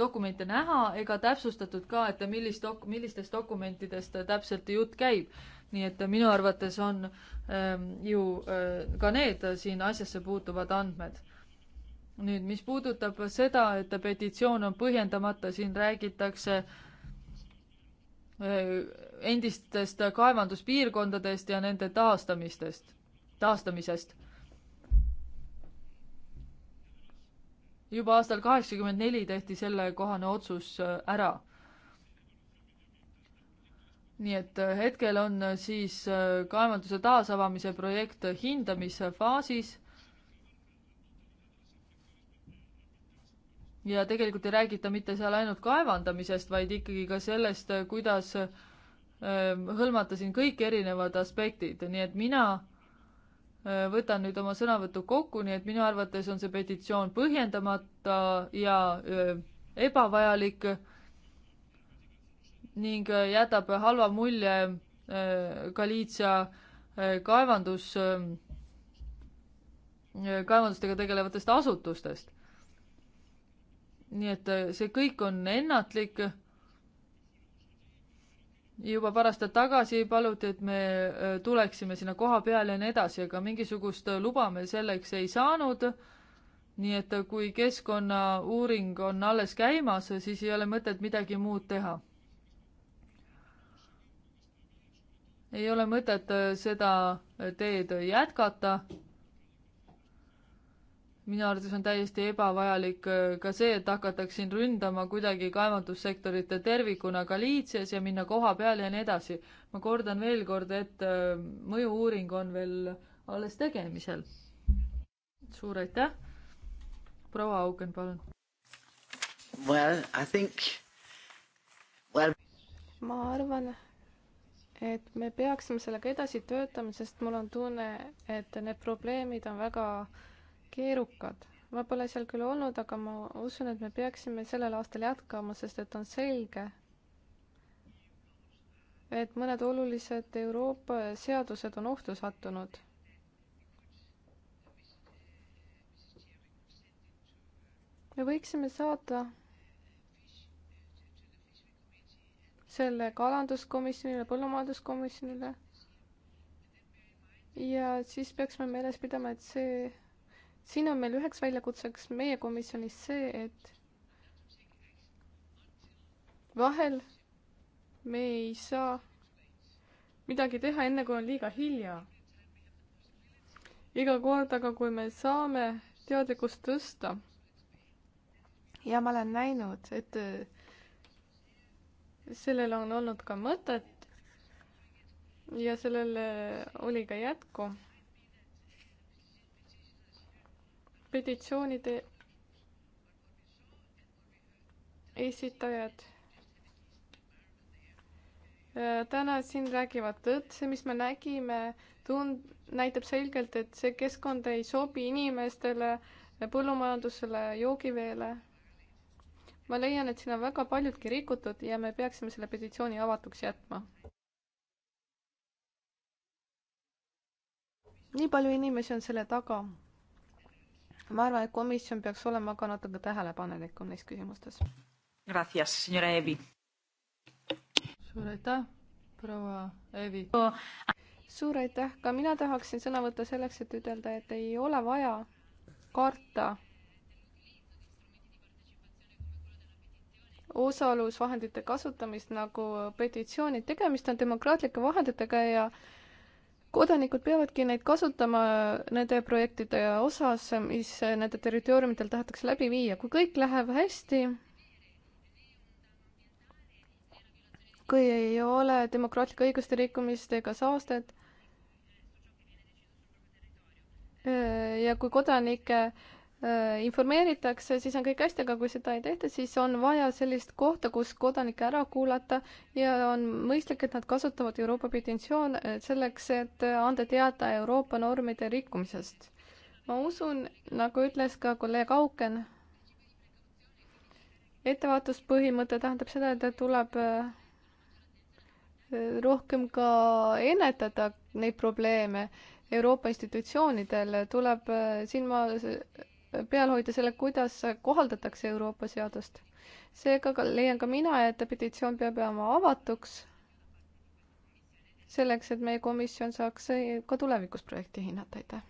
dokumente näha ega täpsustatud ka, et millist dok-, millistest dokumentidest täpselt jutt käib. nii et minu arvates on ähm, ju äh, ka need siin asjasse puutuvad andmed. nüüd, mis puudutab seda, et petitsioon on põhjendamata, siin räägitakse äh, endistest kaevanduspiirkondadest ja nende taastamistest, taastamisest juba aastal kaheksakümmend neli tehti sellekohane otsus äh, ära. nii et äh, hetkel on äh, siis kaevanduse taasavamise projekt hindamise faasis ja tegelikult ei räägita mitte seal ainult kaevandamisest, vaid ikkagi ka sellest, kuidas hõlmata siin kõik erinevad aspektid, nii et mina võtan nüüd oma sõnavõtu kokku, nii et minu arvates on see petitsioon põhjendamata ja ebavajalik ning jätab halva mulje Galiitsia kaevandus, kaevandustega tegelevatest asutustest. nii et see kõik on ennatlik juba paar aastat tagasi paluti, et me äh, tuleksime sinna koha peale ja nii edasi, aga mingisugust äh, luba me selleks ei saanud. nii et äh, kui keskkonnauuring on alles käimas, siis ei ole mõtet midagi muud teha. ei ole mõtet seda teed jätkata minu arvates on täiesti ebavajalik äh, ka see, et hakatakse siin ründama kuidagi kaevandussektorit tervikuna Galiitsias ja minna koha peale ja nii edasi. ma kordan veel kord, et äh, mõju-uuring on veel alles tegemisel. suur aitäh. proua Auken, palun. Well, I think well.... ma arvan, et me peaksime sellega edasi töötama, sest mul on tunne, et need probleemid on väga äh, keerukad. ma pole seal küll olnud, aga ma usun, et me peaksime sellel aastal jätkama, sest et on selge, et mõned olulised Euroopa seadused on ohtu sattunud. me võiksime saata selle kalanduskomisjonile, põllumajanduskomisjonile ja siis peaksime meeles pidama, et see siin on meil üheks väljakutseks meie komisjonis see, et vahel me ei saa midagi teha, enne kui on liiga hilja. iga kord aga, kui me saame teadlikkust tõsta ja ma olen näinud, et äh, sellel on olnud ka mõtet ja sellel äh, oli ka jätku petitsioonide esitajad äh, täna siin räägivad tõtt, see, mis me nägime, tund-, näitab selgelt, et see keskkond ei sobi inimestele, põllumajandusele, joogiveele. ma leian, et siin on väga paljudki rikutud ja me peaksime selle petitsiooni avatuks jätma. nii palju inimesi on selle taga ma arvan, et komisjon peaks olema ka natuke tähelepanelikum neis küsimustes. Gracias, senora Evi. suur aitäh, proua Evi. suur aitäh, ka mina tahaksin sõna võtta selleks, et ütelda, et ei ole vaja karta osalusvahendite kasutamist nagu petitsioonid, tegemist on demokraatlike vahenditega ja äh, kodanikud peavadki neid kasutama nende projektide osas, mis nende territooriumidel tahetakse läbi viia, kui kõik läheb hästi, kui ei ole demokraatlike õiguste rikkumist ega saastet ja kui kodanike äh, Äh, informeeritakse, siis on kõik hästi, aga kui seda ei tehta, siis on vaja sellist kohta, kus kodanikke ära kuulata ja on mõistlik, et nad kasutavad Euroopa petitsioon äh, selleks, et äh, anda teada Euroopa normide rikkumisest. ma usun, nagu ütles ka kolleeg Auken, ettevaatuspõhimõte tähendab seda, et tuleb rohkem ka ennetada neid probleeme Euroopa institutsioonidel tuleb silma peal hoida selle, kuidas kohaldatakse Euroopa seadust. seega ka leian ka mina, et petitsioon peab jääma avatuks selleks, et meie komisjon saaks ka tulevikus projekti hinnata, aitäh.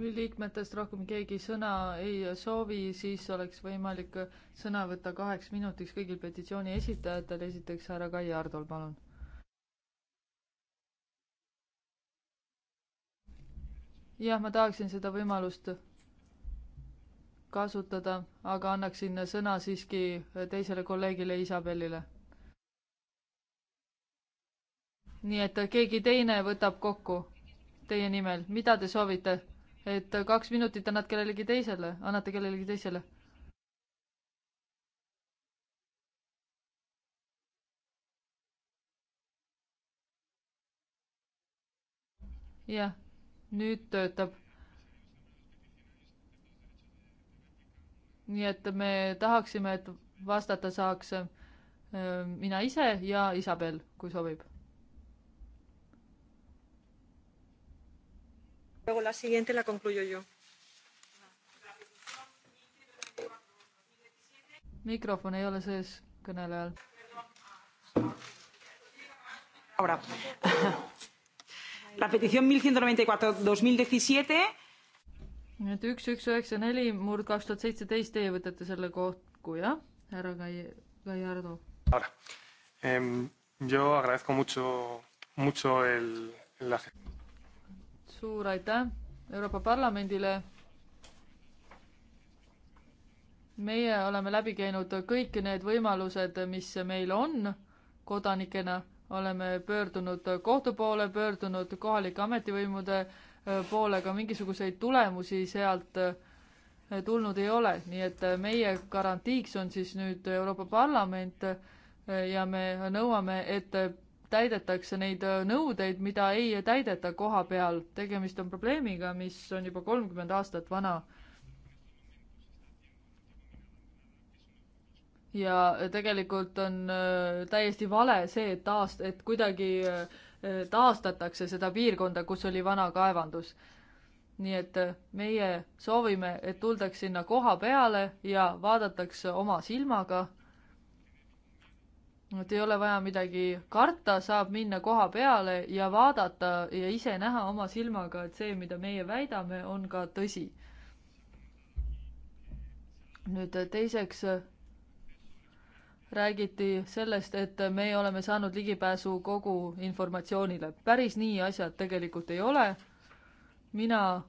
kui liikmetest rohkem keegi sõna ei soovi, siis oleks võimalik sõna võtta kaheks minutiks kõigil petitsiooni esitajatel, esiteks härra Kaia Ardol, palun jah, ma tahaksin seda võimalust kasutada, aga annaksin sõna siiski teisele kolleegile Isabellile. nii et keegi teine võtab kokku teie nimel, mida te soovite, et kaks minutit annad kellelegi teisele, annate kellelegi teisele? jah nüüd töötab. nii et me tahaksime, et vastata saaks äh, mina ise ja Isabel, kui sobib. Luego la siguiente la concluyo yo. mikrofon ei ole sees kõnelejal. La petición 1194 2017 et üks, üks, üheksa, neli, murd kaks tuhat seitseteist, teie võtate selle kokku, jah, härra Kai-, Kai Ardo? suur aitäh Euroopa Parlamendile. meie oleme läbi käinud kõik need võimalused, mis meil on kodanikena oleme pöördunud kohtu poole, pöördunud kohalike ametivõimude äh, poole, aga mingisuguseid tulemusi sealt äh, tulnud ei ole, nii et äh, meie garantiiks on siis nüüd Euroopa Parlament ja me nõuame, et täidetakse neid nõudeid, mida ei täideta koha peal. tegemist on probleemiga, mis on juba kolmkümmend aastat vana ja äh, tegelikult on äh, täiesti vale see, et taast-, et kuidagi äh, taastatakse seda piirkonda, kus oli vana kaevandus. nii et meie soovime, et tuldaks sinna koha peale ja vaadatakse oma silmaga. et ei ole vaja midagi karta, saab minna koha peale ja vaadata ja ise näha oma silmaga, et see, mida meie väidame, on ka tõsi. nüüd teiseks räägiti sellest, et meie oleme saanud ligipääsu kogu informatsioonile. päris nii asjad tegelikult ei ole. mina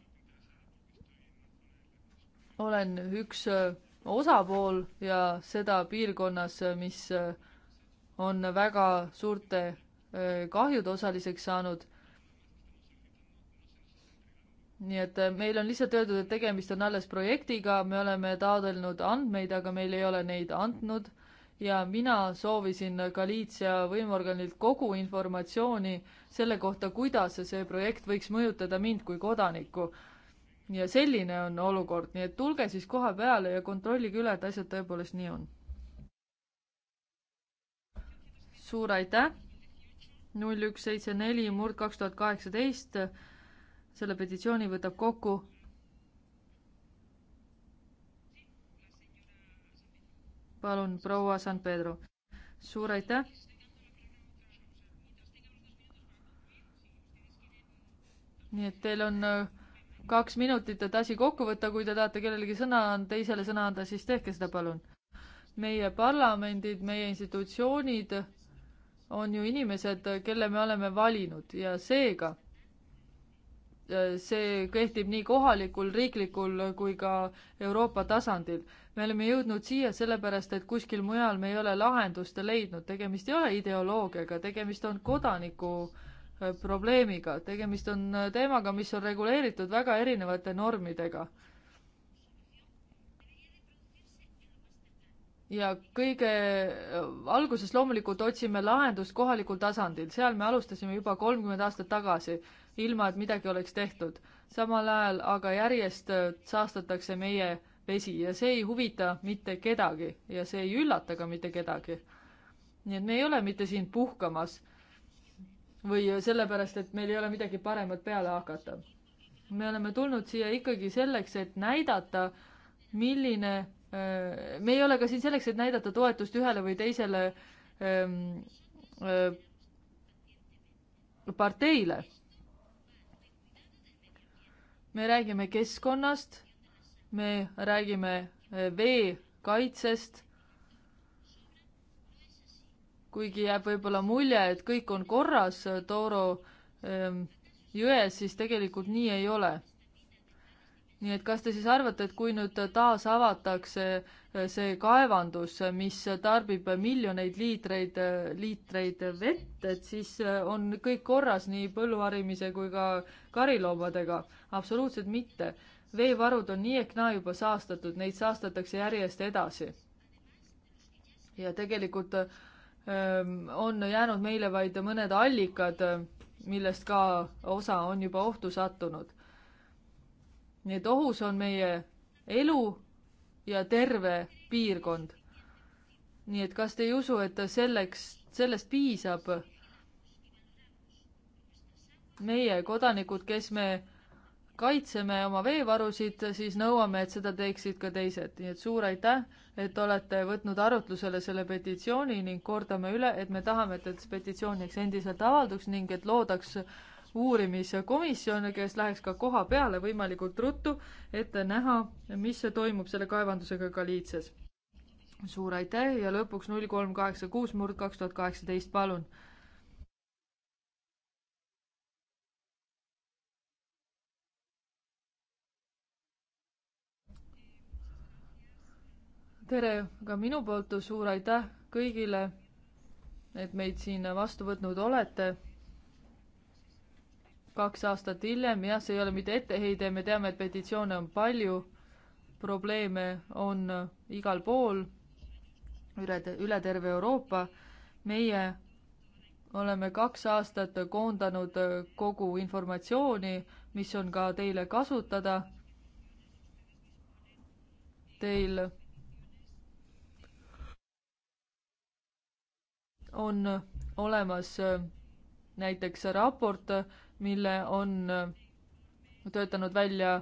olen üks äh, osapool ja seda piirkonnas, äh, mis äh, on väga suurte kahjude osaliseks saanud. nii et meil on lihtsalt öeldud, et tegemist on alles projektiga, me oleme taotlenud andmeid, aga meile ei ole neid andnud ja mina soovisin Galiitsia võimuorganilt kogu informatsiooni selle kohta, kuidas see projekt võiks mõjutada mind kui kodanikku. ja selline on olukord, nii et tulge siis koha peale ja kontrollige üle, et asjad tõepoolest nii on. suur aitäh! null üks seitse neli murd kaks tuhat kaheksateist, selle petitsiooni võtab kokku palun, proua San Pedro. suur aitäh. nii et teil on äh, kaks minutit, et asi kokku võtta, kui te tahate kellelegi sõna, teisele sõna anda, siis tehke seda, palun. meie parlamendid, meie institutsioonid on ju inimesed, kelle me oleme valinud ja seega see kehtib nii kohalikul, riiklikul kui ka Euroopa tasandil. me oleme jõudnud siia sellepärast, et kuskil mujal me ei ole lahendust leidnud, tegemist ei ole ideoloogiaga, tegemist on kodaniku äh, probleemiga, tegemist on äh, teemaga, mis on reguleeritud väga erinevate normidega. ja kõige äh, alguses loomulikult otsime lahendust kohalikul tasandil, seal me alustasime juba kolmkümmend aastat tagasi ilma et midagi oleks tehtud. samal ajal aga järjest äh, saastatakse meie vesi ja see ei huvita mitte kedagi ja see ei üllata ka mitte kedagi. nii et me ei ole mitte siin puhkamas või äh, sellepärast, et meil ei ole midagi paremat peale hakata. me oleme tulnud siia ikkagi selleks, et näidata, milline, äh, me ei ole ka siin selleks, et näidata toetust ühele või teisele ähm, parteile me räägime keskkonnast, me räägime eh, veekaitsest, kuigi jääb võib-olla mulje, et kõik on korras eh, Tooro eh, jões, siis tegelikult nii ei ole nii et kas te siis arvate, et kui nüüd taas avatakse äh, see kaevandus, äh, mis tarbib miljoneid liitreid, äh, liitreid vett, et siis on kõik korras nii põlluharimise kui ka kariloomadega? absoluutselt mitte. veevarud on nii ehk naa juba saastatud, neid saastatakse järjest edasi. ja tegelikult öö, ähm, on jäänud meile vaid mõned allikad, millest ka osa on juba ohtu sattunud nii et ohus on meie elu ja terve piirkond. nii et kas te ei usu, et selleks, sellest piisab? meie kodanikud, kes me kaitseme oma veevarusid, siis nõuame, et seda teeksid ka teised, nii et suur aitäh, et olete võtnud arutlusele selle petitsiooni ning kordame üle, et me tahame, et, et petitsioon jääks endiselt avalduks ning et loodaks äh, uurimiskomisjon, kes läheks ka koha peale võimalikult ruttu, et näha, mis toimub selle kaevandusega Galiitsias. suur aitäh ja lõpuks null kolm kaheksa kuus murd kaks tuhat kaheksateist, palun. tere ka minu poolt, suur aitäh kõigile, et meid siin vastu võtnud olete kaks aastat hiljem, jah, see ei ole mitte etteheide, me teame, et petitsioone on palju, probleeme on äh, igal pool, üle, üle terve Euroopa. meie oleme kaks aastat koondanud äh, kogu informatsiooni, mis on ka teile kasutada. Teil on äh, olemas näiteks raport mille on äh, töötanud välja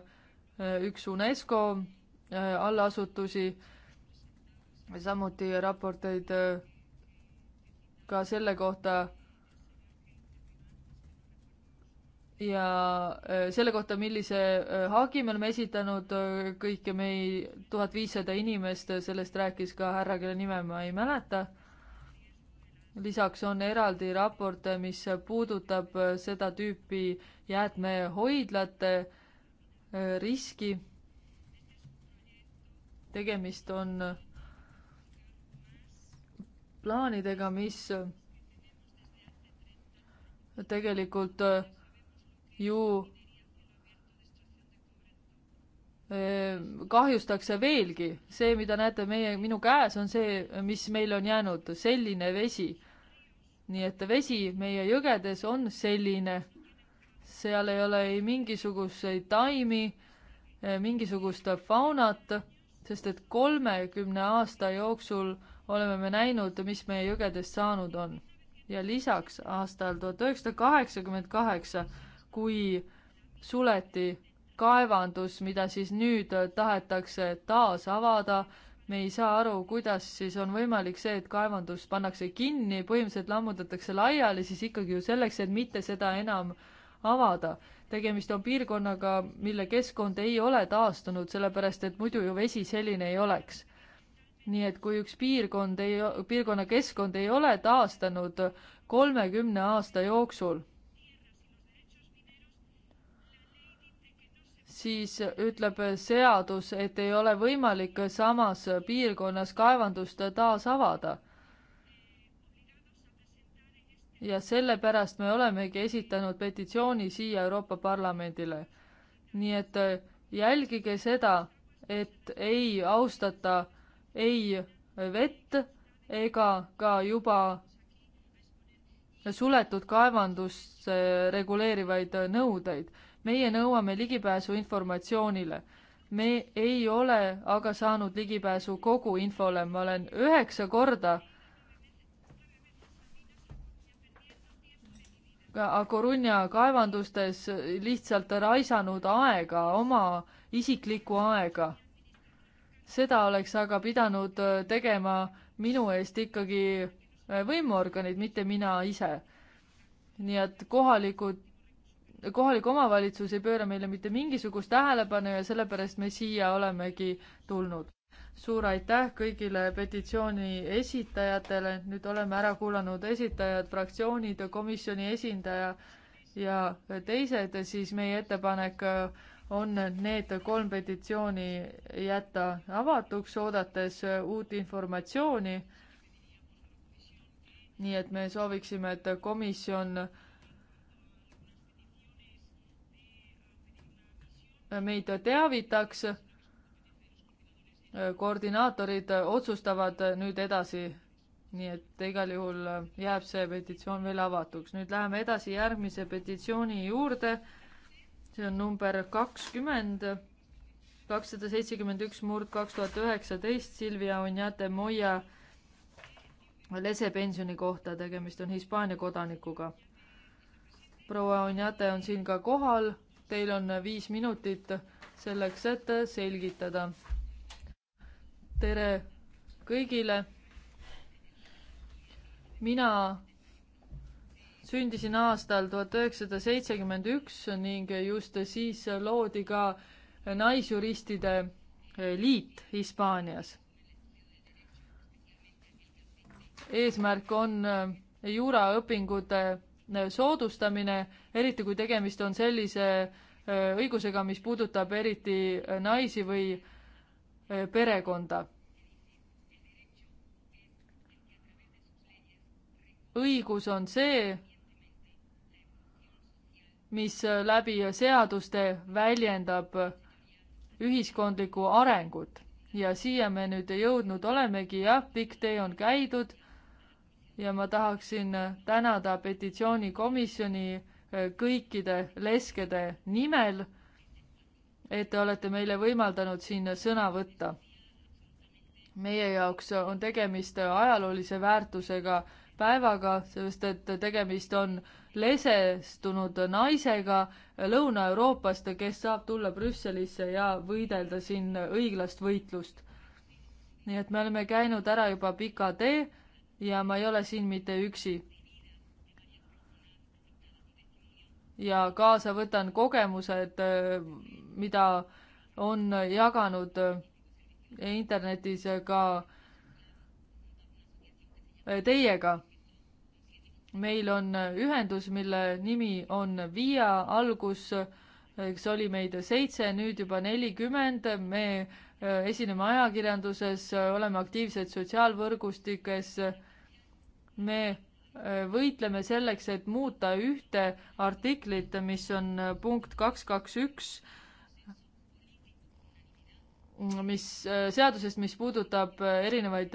äh, üks UNESCO äh, allasutusi, samuti raporteid ka selle kohta ja selle kohta, millise hagi me oleme esitanud, kõike me ei, tuhat viissada inimest, sellest rääkis ka härra, kelle nime ma ei mäleta lisaks on eraldi raport, mis puudutab seda tüüpi jäätmehoidlate äh, riski. tegemist on plaanidega, mis tegelikult ju kahjustakse veelgi. see, mida näete meie, minu käes, on see, mis meil on jäänud, selline vesi. nii et vesi meie jõgedes on selline. seal ei ole ei mingisuguseid taimi, mingisugust faunat, sest et kolmekümne aasta jooksul oleme me näinud, mis meie jõgedest saanud on. ja lisaks aastal tuhat üheksasada kaheksakümmend kaheksa, kui suleti kaevandus, mida siis nüüd tahetakse taas avada. me ei saa aru, kuidas siis on võimalik see, et kaevandus pannakse kinni, põhimõtteliselt lammutatakse laiali, siis ikkagi ju selleks, et mitte seda enam avada. tegemist on piirkonnaga, mille keskkond ei ole taastunud, sellepärast et muidu ju vesi selline ei oleks nii et kui üks piirkond ei, piirkonna keskkond ei ole taastanud kolmekümne aasta jooksul siis ütleb seadus, et ei ole võimalik samas piirkonnas kaevandust taas avada. ja sellepärast me olemegi esitanud petitsiooni siia Euroopa Parlamendile. nii et jälgige seda, et ei austata ei vett ega ka juba suletud kaevandust reguleerivaid nõudeid meie nõuame ligipääsu informatsioonile. me ei ole aga saanud ligipääsu kogu infole, ma olen üheksa korda ka Coruña kaevandustes lihtsalt raisanud aega, oma isiklikku aega. seda oleks aga pidanud tegema minu eest ikkagi võimuorganid, mitte mina ise. nii et kohalikud kohalik omavalitsus ei pööra meile mitte mingisugust tähelepanu ja sellepärast me siia olemegi tulnud. suur aitäh kõigile petitsiooni esitajatele, nüüd oleme ära kuulanud esitajad, fraktsioonid, komisjoni esindaja ja teised, siis meie ettepanek on need kolm petitsiooni jätta avatuks, oodates uut informatsiooni. nii et me sooviksime, et komisjon meid teavitaks. koordinaatorid otsustavad nüüd edasi, nii et igal juhul jääb see petitsioon veel avatuks. nüüd läheme edasi järgmise petitsiooni juurde. see on number kakskümmend, kakssada seitsekümmend üks murd kaks tuhat üheksateist, Silvia Onjate Moia lesepensioni kohta, tegemist on Hispaania kodanikuga. proua Onjate on siin ka kohal Teil on viis minutit selleks, et selgitada. tere kõigile. mina sündisin aastal tuhat üheksasada seitsekümmend üks ning just siis loodi ka naisjuristide liit Hispaanias. eesmärk on juuraõpingute Äh, soodustamine, eriti kui tegemist on sellise äh, õigusega, mis puudutab eriti äh, naisi või perekonda. õigus on see, mis läbi seaduste väljendab ühiskondlikku arengut ja siia me nüüd jõudnud olemegi, jah, pikk tee on käidud ja ma tahaksin tänada petitsioonikomisjoni eh, kõikide leskede nimel, et te olete meile võimaldanud siin sõna võtta. meie jaoks on tegemist ajaloolise väärtusega päevaga, sest et tegemist on lesestunud naisega Lõuna-Euroopast, kes saab tulla Brüsselisse ja võidelda siin õiglast võitlust. nii et me oleme käinud ära juba pika tee ja ma ei ole siin mitte üksi. ja kaasa võtan kogemused, äh, mida on jaganud äh, internetis ka äh, teiega. meil on ühendus, mille nimi on Via algus, eks oli meid seitse, nüüd juba nelikümmend, me esineme ajakirjanduses, oleme aktiivsed sotsiaalvõrgustikes me äh, võitleme selleks, et muuta ühte artiklit, mis on äh, punkt kaks, kaks, üks, mis äh, seadusest, mis puudutab erinevaid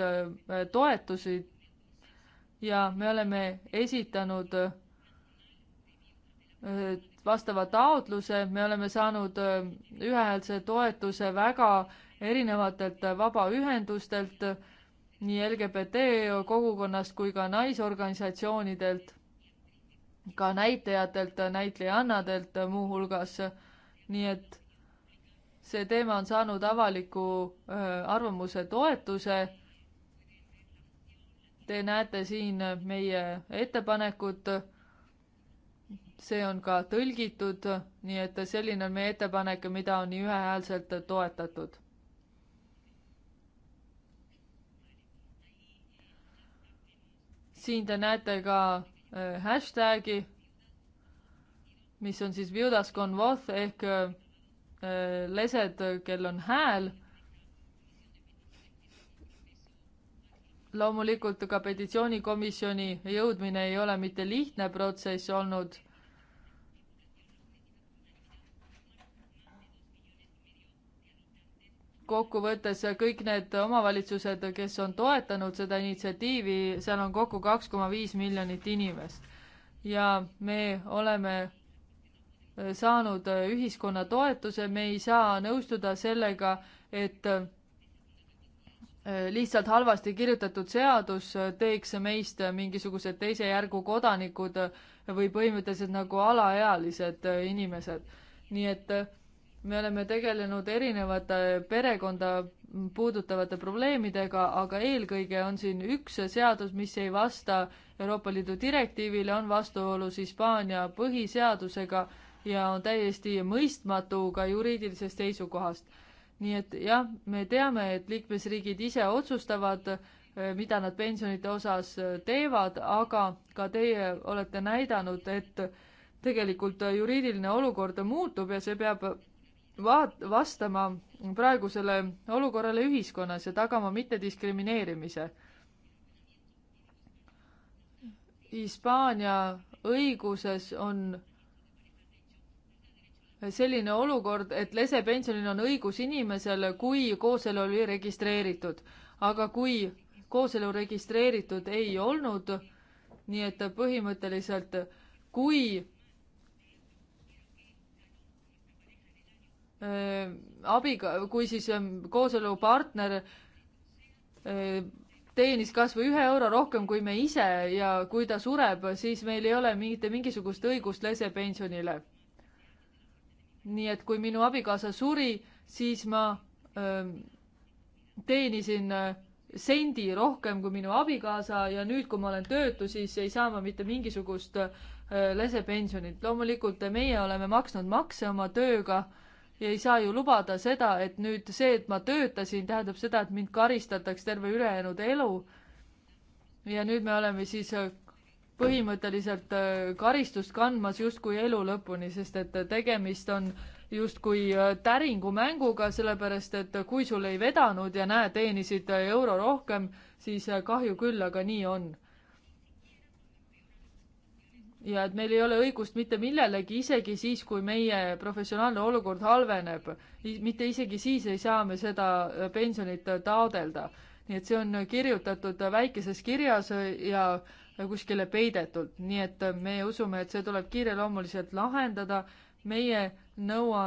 toetusi ja me oleme esitanud vastava taotluse, me oleme saanud ühehäälse toetuse väga erinevatelt vabaühendustelt nii LGBT kogukonnast kui ka naisorganisatsioonidelt, ka näitlejatelt, näitlejannadelt muuhulgas, nii et see teema on saanud avaliku arvamuse toetuse. Te näete siin meie ettepanekut. see on ka tõlgitud, nii et selline on meie ettepanek, mida on nii ühehäälselt toetatud. siin te näete ka äh, hashtag'i, mis on siis Viudas con voz ehk äh, lesed, kel on hääl. loomulikult ka petitsioonikomisjoni jõudmine ei ole mitte lihtne protsess olnud kokkuvõttes kõik need omavalitsused, kes on toetanud seda initsiatiivi, seal on kokku kaks koma viis miljonit inimest. ja me oleme eh, saanud eh, ühiskonna toetuse, me ei saa nõustuda sellega, et eh, lihtsalt halvasti kirjutatud seadus teeks meist mingisugused teise järgu kodanikud või põhimõtteliselt nagu alaealised inimesed. nii et äh, me oleme tegelenud erinevate perekonda puudutavate probleemidega, aga eelkõige on siin üks seadus, mis ei vasta Euroopa Liidu direktiivile, on vastuolus Hispaania põhiseadusega ja on täiesti mõistmatu ka juriidilisest seisukohast. nii et jah, me teame, et liikmesriigid ise otsustavad, eh, mida nad pensionite osas eh, teevad, aga ka teie olete näidanud, et tegelikult juriidiline olukord muutub ja see peab vaat-, vastama praegusele olukorrale ühiskonnas ja tagama mittediskrimineerimise. Hispaania õiguses on selline olukord, et lesepensionil on õigus inimesel, kui kooselu oli registreeritud. aga kui kooselu registreeritud ei olnud, nii et põhimõtteliselt kui Äh, abi, kui siis ähm, kooselupartner äh, teenis kas või ühe euro rohkem kui me ise ja kui ta sureb, siis meil ei ole mitte mingisugust õigust lesepensionile. nii et kui minu abikaasa suri, siis ma öö, ähm, teenisin äh, sendi rohkem kui minu abikaasa ja nüüd, kui ma olen töötu, siis ei saa ma mitte mingisugust lesepensionit. loomulikult meie oleme maksnud makse oma tööga ja ei saa ju lubada seda, et nüüd see, et ma töötasin, tähendab seda, et mind karistatakse terve ülejäänud elu. ja nüüd me oleme siis äh, põhimõtteliselt äh, karistust kandmas justkui elu lõpuni, sest et äh, tegemist on justkui täringumänguga, sellepärast et kui sul ei vedanud ja näe, teenisid euro rohkem, siis kahju küll, aga nii on ja et meil ei ole õigust mitte millelegi, isegi siis, kui meie professionaalne olukord halveneb. mitte isegi siis ei saa me seda äh, pensionit äh, taodelda. nii et see on kirjutatud äh, väikeses kirjas ja kuskile peidetult, nii et me usume, et see tuleb kiireloomuliselt lahendada. meie nõua,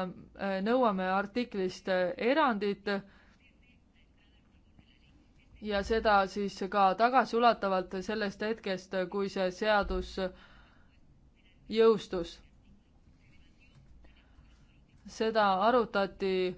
nõuame artiklist erandit ja seda siis ka tagasiulatavalt sellest hetkest, kui see seadus äh, jõustus. seda arutati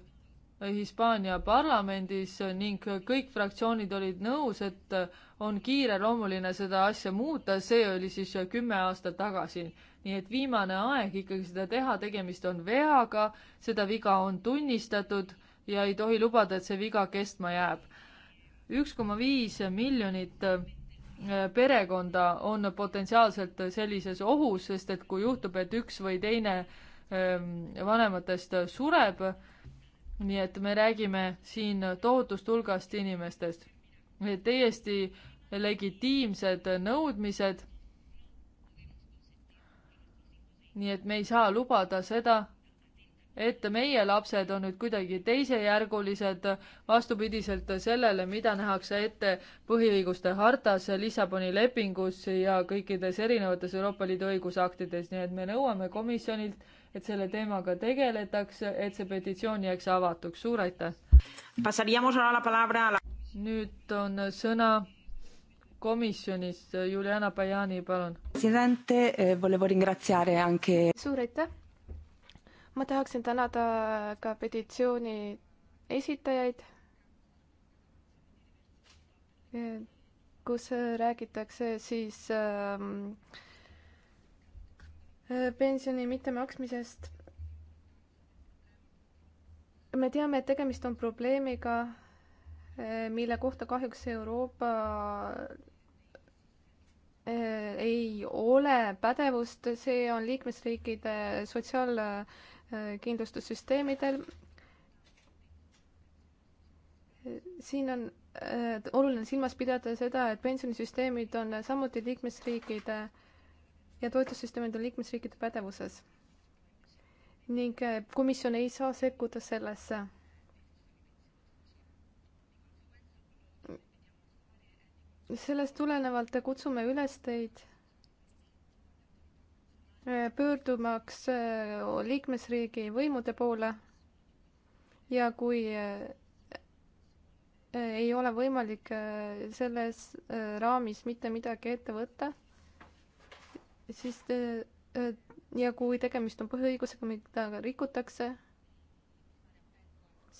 Hispaania parlamendis ning kõik fraktsioonid olid nõus, et on kiireloomuline seda asja muuta, see oli siis kümme aastat tagasi. nii et viimane aeg ikkagi seda teha, tegemist on veaga, seda viga on tunnistatud ja ei tohi lubada, et see viga kestma jääb. üks koma viis miljonit perekonda on potentsiaalselt sellises ohus, sest et kui juhtub, et üks või teine ähm, vanematest sureb, nii et me räägime siin tohutust hulgast inimestest. täiesti legitiimsed nõudmised. nii et me ei saa lubada seda, et meie lapsed on nüüd kuidagi teisejärgulised, vastupidiselt sellele, mida nähakse ette põhiõiguste hartas, Lissaboni lepingus ja kõikides erinevates Euroopa Liidu õigusaktides, nii et me nõuame komisjonilt, et selle teemaga tegeletakse, et see petitsioon jääks avatuks, suur aitäh! nüüd on sõna komisjonist, Juliana Bajani, palun. Eh, suur aitäh! ma tahaksin tänada ka petitsiooni esitajaid, kus räägitakse siis ähm, pensioni mittemaksmisest. me teame, et tegemist on probleemiga, äh, mille kohta kahjuks Euroopa äh, ei ole pädevust, see on liikmesriikide sotsiaal- Äh, kindlustussüsteemidel. siin on äh, oluline silmas pidada seda, et pensionisüsteemid on samuti liikmesriikide ja toetussüsteemid on liikmesriikide pädevuses. ning äh, komisjon ei saa sekkuda sellesse. sellest tulenevalt kutsume üles teid pöördumaks äh, liikmesriigi võimude poole ja kui äh, äh, ei ole võimalik selles raamis mitte midagi ette võtta, siis ja kui tegemist on põhiõigusega, mida rikutakse,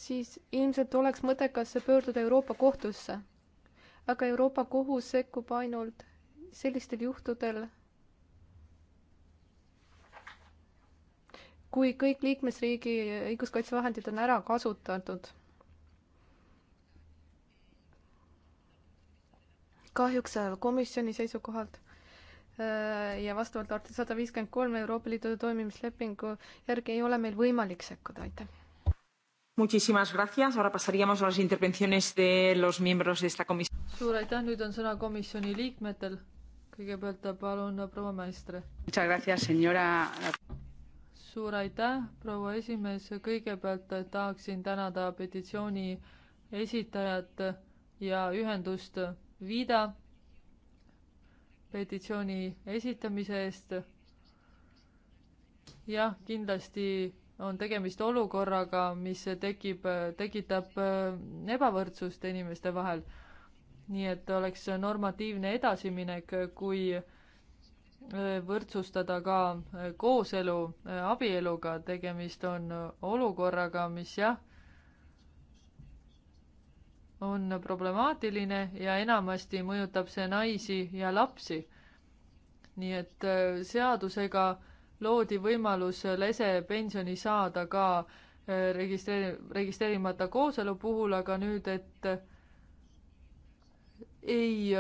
siis ilmselt oleks mõttekas pöörduda Euroopa Kohtusse. aga Euroopa Kohus sekkub ainult sellistel juhtudel kui kõik liikmesriigi õiguskaitsevahendid on ära kasutatud. kahjuks komisjoni seisukohalt äh, ja vastavalt artikli sada viiskümmend kolm Euroopa Liidu toimimislepingu järgi ei ole meil võimalik sekkuda, aitäh. Muchísimas gracias, ahora pasaríamos a las intervenciones de los miembros de esta comisión. suur aitäh, nüüd on sõna komisjoni liikmetel. kõigepealt palun proua Maestre. Muchas gracias, señora suur aitäh, proua esimees, kõigepealt tahaksin tänada petitsiooni esitajat ja ühendust Vida petitsiooni esitamise eest. jah, kindlasti on tegemist olukorraga, mis tekib, tekitab äh, ebavõrdsust inimeste vahel. nii et oleks normatiivne edasiminek, kui võrdsustada ka äh, kooselu äh, abieluga, tegemist on äh, olukorraga, mis jah, on problemaatiline ja enamasti mõjutab see naisi ja lapsi. nii et seadusega loodi võimalus lese pensioni saada ka registreeri-, registreerimata kooselu puhul, aga nüüd, et ei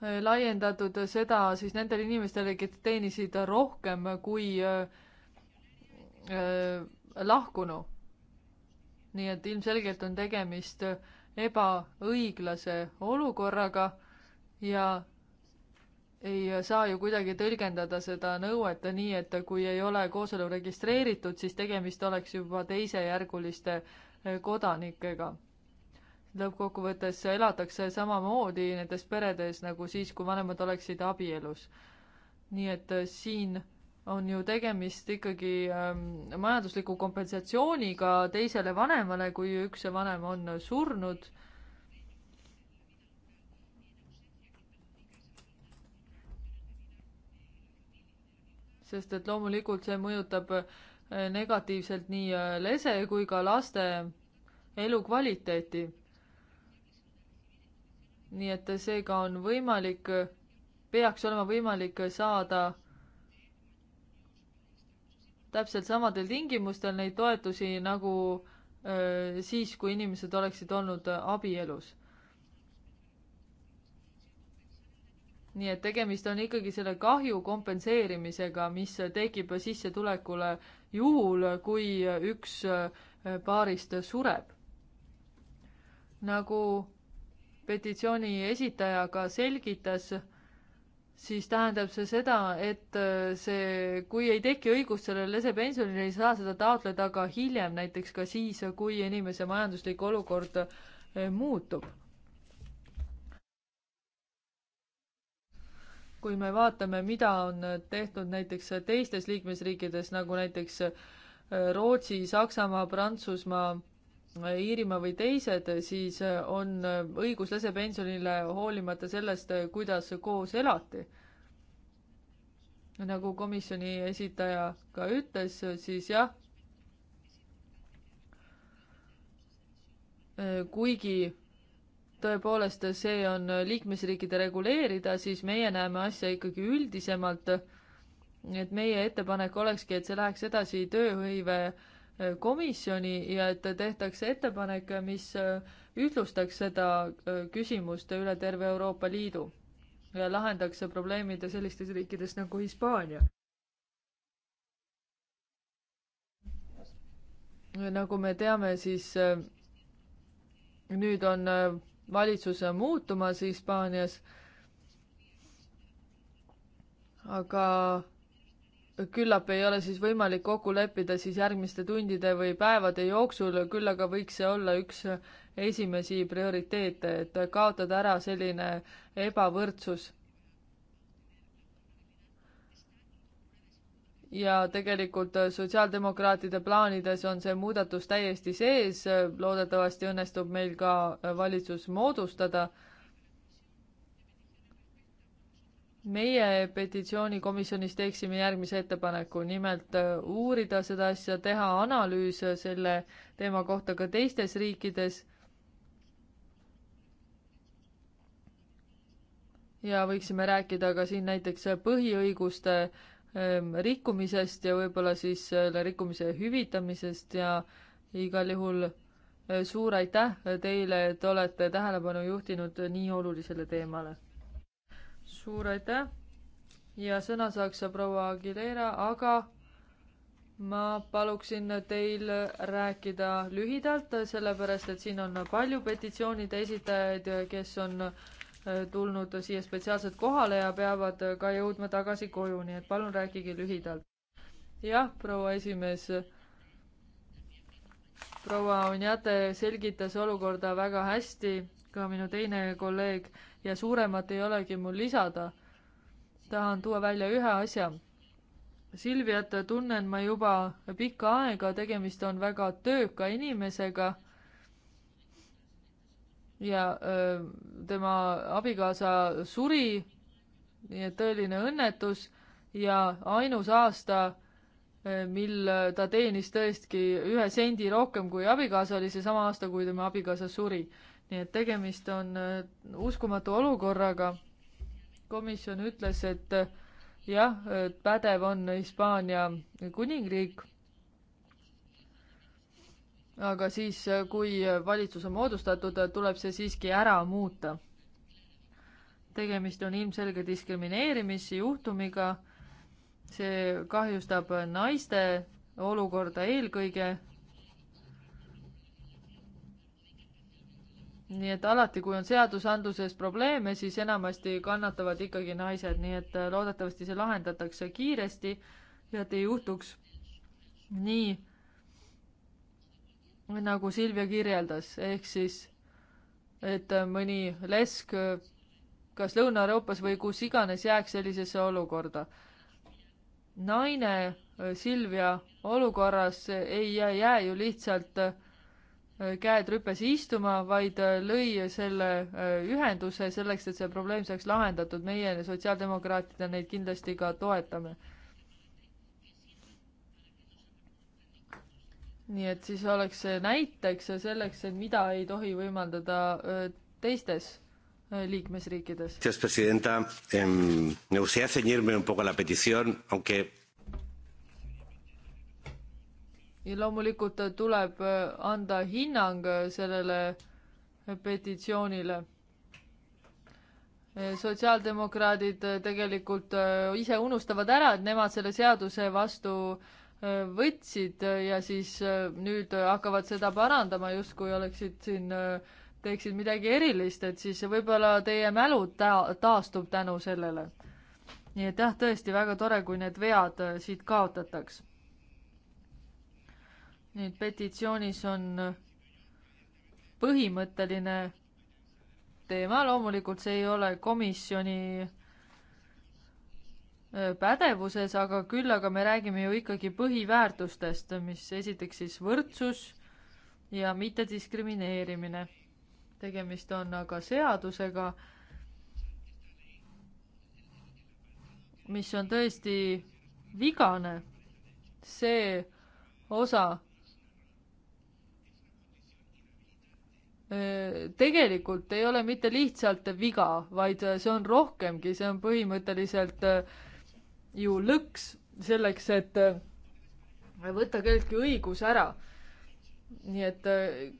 Äh, laiendatud seda siis nendele inimestele, kes teenisid rohkem kui äh, äh, lahkunu. nii et ilmselgelt on tegemist ebaõiglase olukorraga ja ei saa ju kuidagi tõlgendada seda nõuet nii, et kui ei ole kooselu registreeritud, siis tegemist oleks juba teisejärguliste kodanikega lõppkokkuvõttes elatakse samamoodi nendes peredes nagu siis, kui vanemad oleksid abielus. nii et äh, siin on ju tegemist ikkagi ähm, majandusliku kompensatsiooniga teisele vanemale, kui üks vanem on surnud sest et loomulikult see mõjutab äh, negatiivselt nii äh, lese kui ka laste elukvaliteeti nii et seega on võimalik, peaks olema võimalik saada täpselt samadel tingimustel neid toetusi nagu öö, siis, kui inimesed oleksid olnud abielus. nii et tegemist on ikkagi selle kahju kompenseerimisega, mis tekib sissetulekule juhul, kui üks paarist sureb. nagu petitsiooni esitaja ka selgitas, siis tähendab see seda, et äh, see, kui ei teki õigust sellele lesepensionile, ei saa seda taotleda ka hiljem, näiteks ka siis, kui inimese majanduslik olukord äh, muutub. kui me vaatame, mida on tehtud näiteks teistes liikmesriikides, nagu näiteks äh, Rootsi, Saksamaa, Prantsusmaa Iirimaa või teised, siis äh, on äh, õigus lesepensionile hoolimata sellest, äh, kuidas koos elati. nagu komisjoni esitaja ka ütles, siis jah, kuigi tõepoolest see on liikmesriikide reguleerida, siis meie näeme asja ikkagi üldisemalt. et meie ettepanek olekski, et see läheks edasi tööhõive komisjoni ja et tehtaks ettepanek, mis äh, ühtlustaks seda äh, küsimust üle terve Euroopa Liidu ja lahendaks probleemid sellistes riikides nagu Hispaania. nagu me teame, siis äh, nüüd on valitsus muutumas Hispaanias, aga küllap ei ole siis võimalik kokku leppida siis järgmiste tundide või päevade jooksul, küll aga võiks see olla üks esimesi prioriteete, et kaotada ära selline ebavõrdsus. ja tegelikult sotsiaaldemokraatide plaanides on see muudatus täiesti sees, loodetavasti õnnestub meil ka valitsus moodustada meie petitsioonikomisjonis teeksime järgmise ettepaneku, nimelt äh, uurida seda asja, teha analüüs selle teema kohta ka teistes riikides. ja võiksime rääkida ka siin näiteks põhiõiguste ähm, rikkumisest ja võib-olla siis selle rikkumise hüvitamisest ja igal juhul äh, suur aitäh teile, et olete tähelepanu juhtinud nii olulisele teemale suur aitäh ja sõna saaks proua Aguilera, aga ma paluksin teil rääkida lühidalt, sellepärast et siin on palju petitsioonide esitajaid, kes on äh, tulnud siia spetsiaalselt kohale ja peavad ka jõudma tagasi koju, nii et palun rääkige lühidalt. jah, proua esimees. proua Onjate selgitas olukorda väga hästi, ka minu teine kolleeg ja suuremat ei olegi mul lisada. tahan tuua välja ühe asja. Silviat tunnen ma juba pikka aega, tegemist on väga tööka inimesega ja öö, tema abikaasa suri, nii et tõeline õnnetus ja ainus aasta, mil ta teenis tõesti ühe sendi rohkem kui abikaasa, oli seesama aasta, kui tema abikaasa suri nii et tegemist on äh, uskumatu olukorraga. komisjon ütles, et äh, jah, pädev on Hispaania kuningriik. aga siis, äh, kui valitsus on moodustatud, tuleb see siiski ära muuta. tegemist on ilmselge diskrimineerimisjuhtumiga. see kahjustab naiste olukorda eelkõige nii et alati, kui on seadusandluses probleeme, siis enamasti kannatavad ikkagi naised, nii et äh, loodetavasti see lahendatakse kiiresti ja et ei juhtuks nii, nagu Silvia kirjeldas, ehk siis et äh, mõni lesk äh, kas Lõuna-Euroopas või kus iganes jääks sellisesse olukorda. naine Silvia olukorras ei jää ju lihtsalt äh, Äh, käed rüpes istuma, vaid äh, lõi selle äh, ühenduse selleks, et see probleem saaks lahendatud. meie sotsiaaldemokraatidena neid kindlasti ka toetame. nii et siis oleks see näiteks selleks, et mida ei tohi võimaldada teistes liikmesriikides. Gracias, presidenta. Me gustaría ceñirme un poco a la petición, aunque ja loomulikult äh, tuleb äh, anda hinnang äh, sellele petitsioonile. sotsiaaldemokraadid tegelikult ise unustavad ära, et nemad selle seaduse vastu võtsid ja siis nüüd hakkavad seda parandama, justkui oleksid siin, teeksid midagi erilist, et siis võib-olla teie mälu ta-, taastub tänu sellele. nii et jah, tõesti väga tore, kui need vead siit kaotataks nüüd petitsioonis on põhimõtteline teema, loomulikult see ei ole komisjoni äh, pädevuses, aga küll aga me räägime ju ikkagi põhiväärtustest, mis esiteks siis võrdsus ja mittediskrimineerimine. tegemist on aga seadusega, mis on tõesti vigane, see osa tegelikult ei ole mitte lihtsalt viga, vaid see on rohkemgi, see on põhimõtteliselt äh, ju lõks selleks, et äh, võtta kelleltki õigus ära. nii et äh,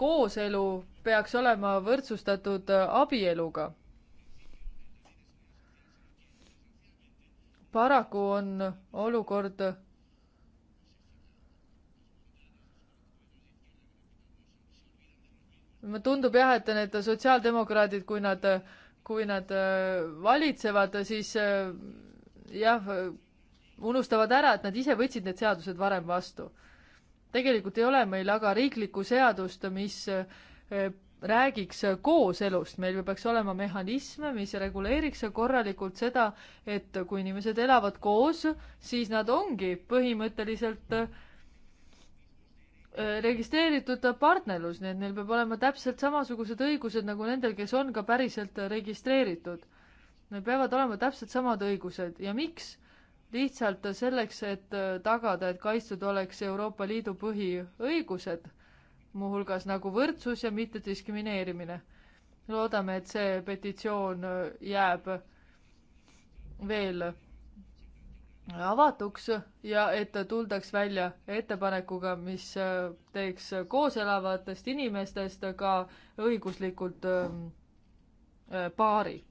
kooselu peaks olema võrdsustatud abieluga. paraku on olukord tundub jah, et need sotsiaaldemokraadid, kui nad, kui nad äh, valitsevad, siis äh, jah, unustavad ära, et nad ise võtsid need seadused varem vastu. tegelikult ei ole meil aga riiklikku seadust, mis äh, räägiks kooselust, meil peaks olema mehhanisme, mis reguleeriks korralikult seda, et kui inimesed elavad koos, siis nad ongi põhimõtteliselt äh, Äh, registreeritud partnerlus, nii et neil peab olema täpselt samasugused õigused nagu nendel, kes on ka päriselt äh, registreeritud. Neil peavad olema täpselt samad õigused ja miks? lihtsalt selleks, et äh, tagada, et kaitstud oleks Euroopa Liidu põhiõigused, muuhulgas nagu võrdsus ja mittediskrimineerimine. loodame, et see petitsioon jääb veel avatuks ja et tuldaks välja ettepanekuga, mis äh, teeks koos elavatest inimestest ka õiguslikult ähm, äh, paari.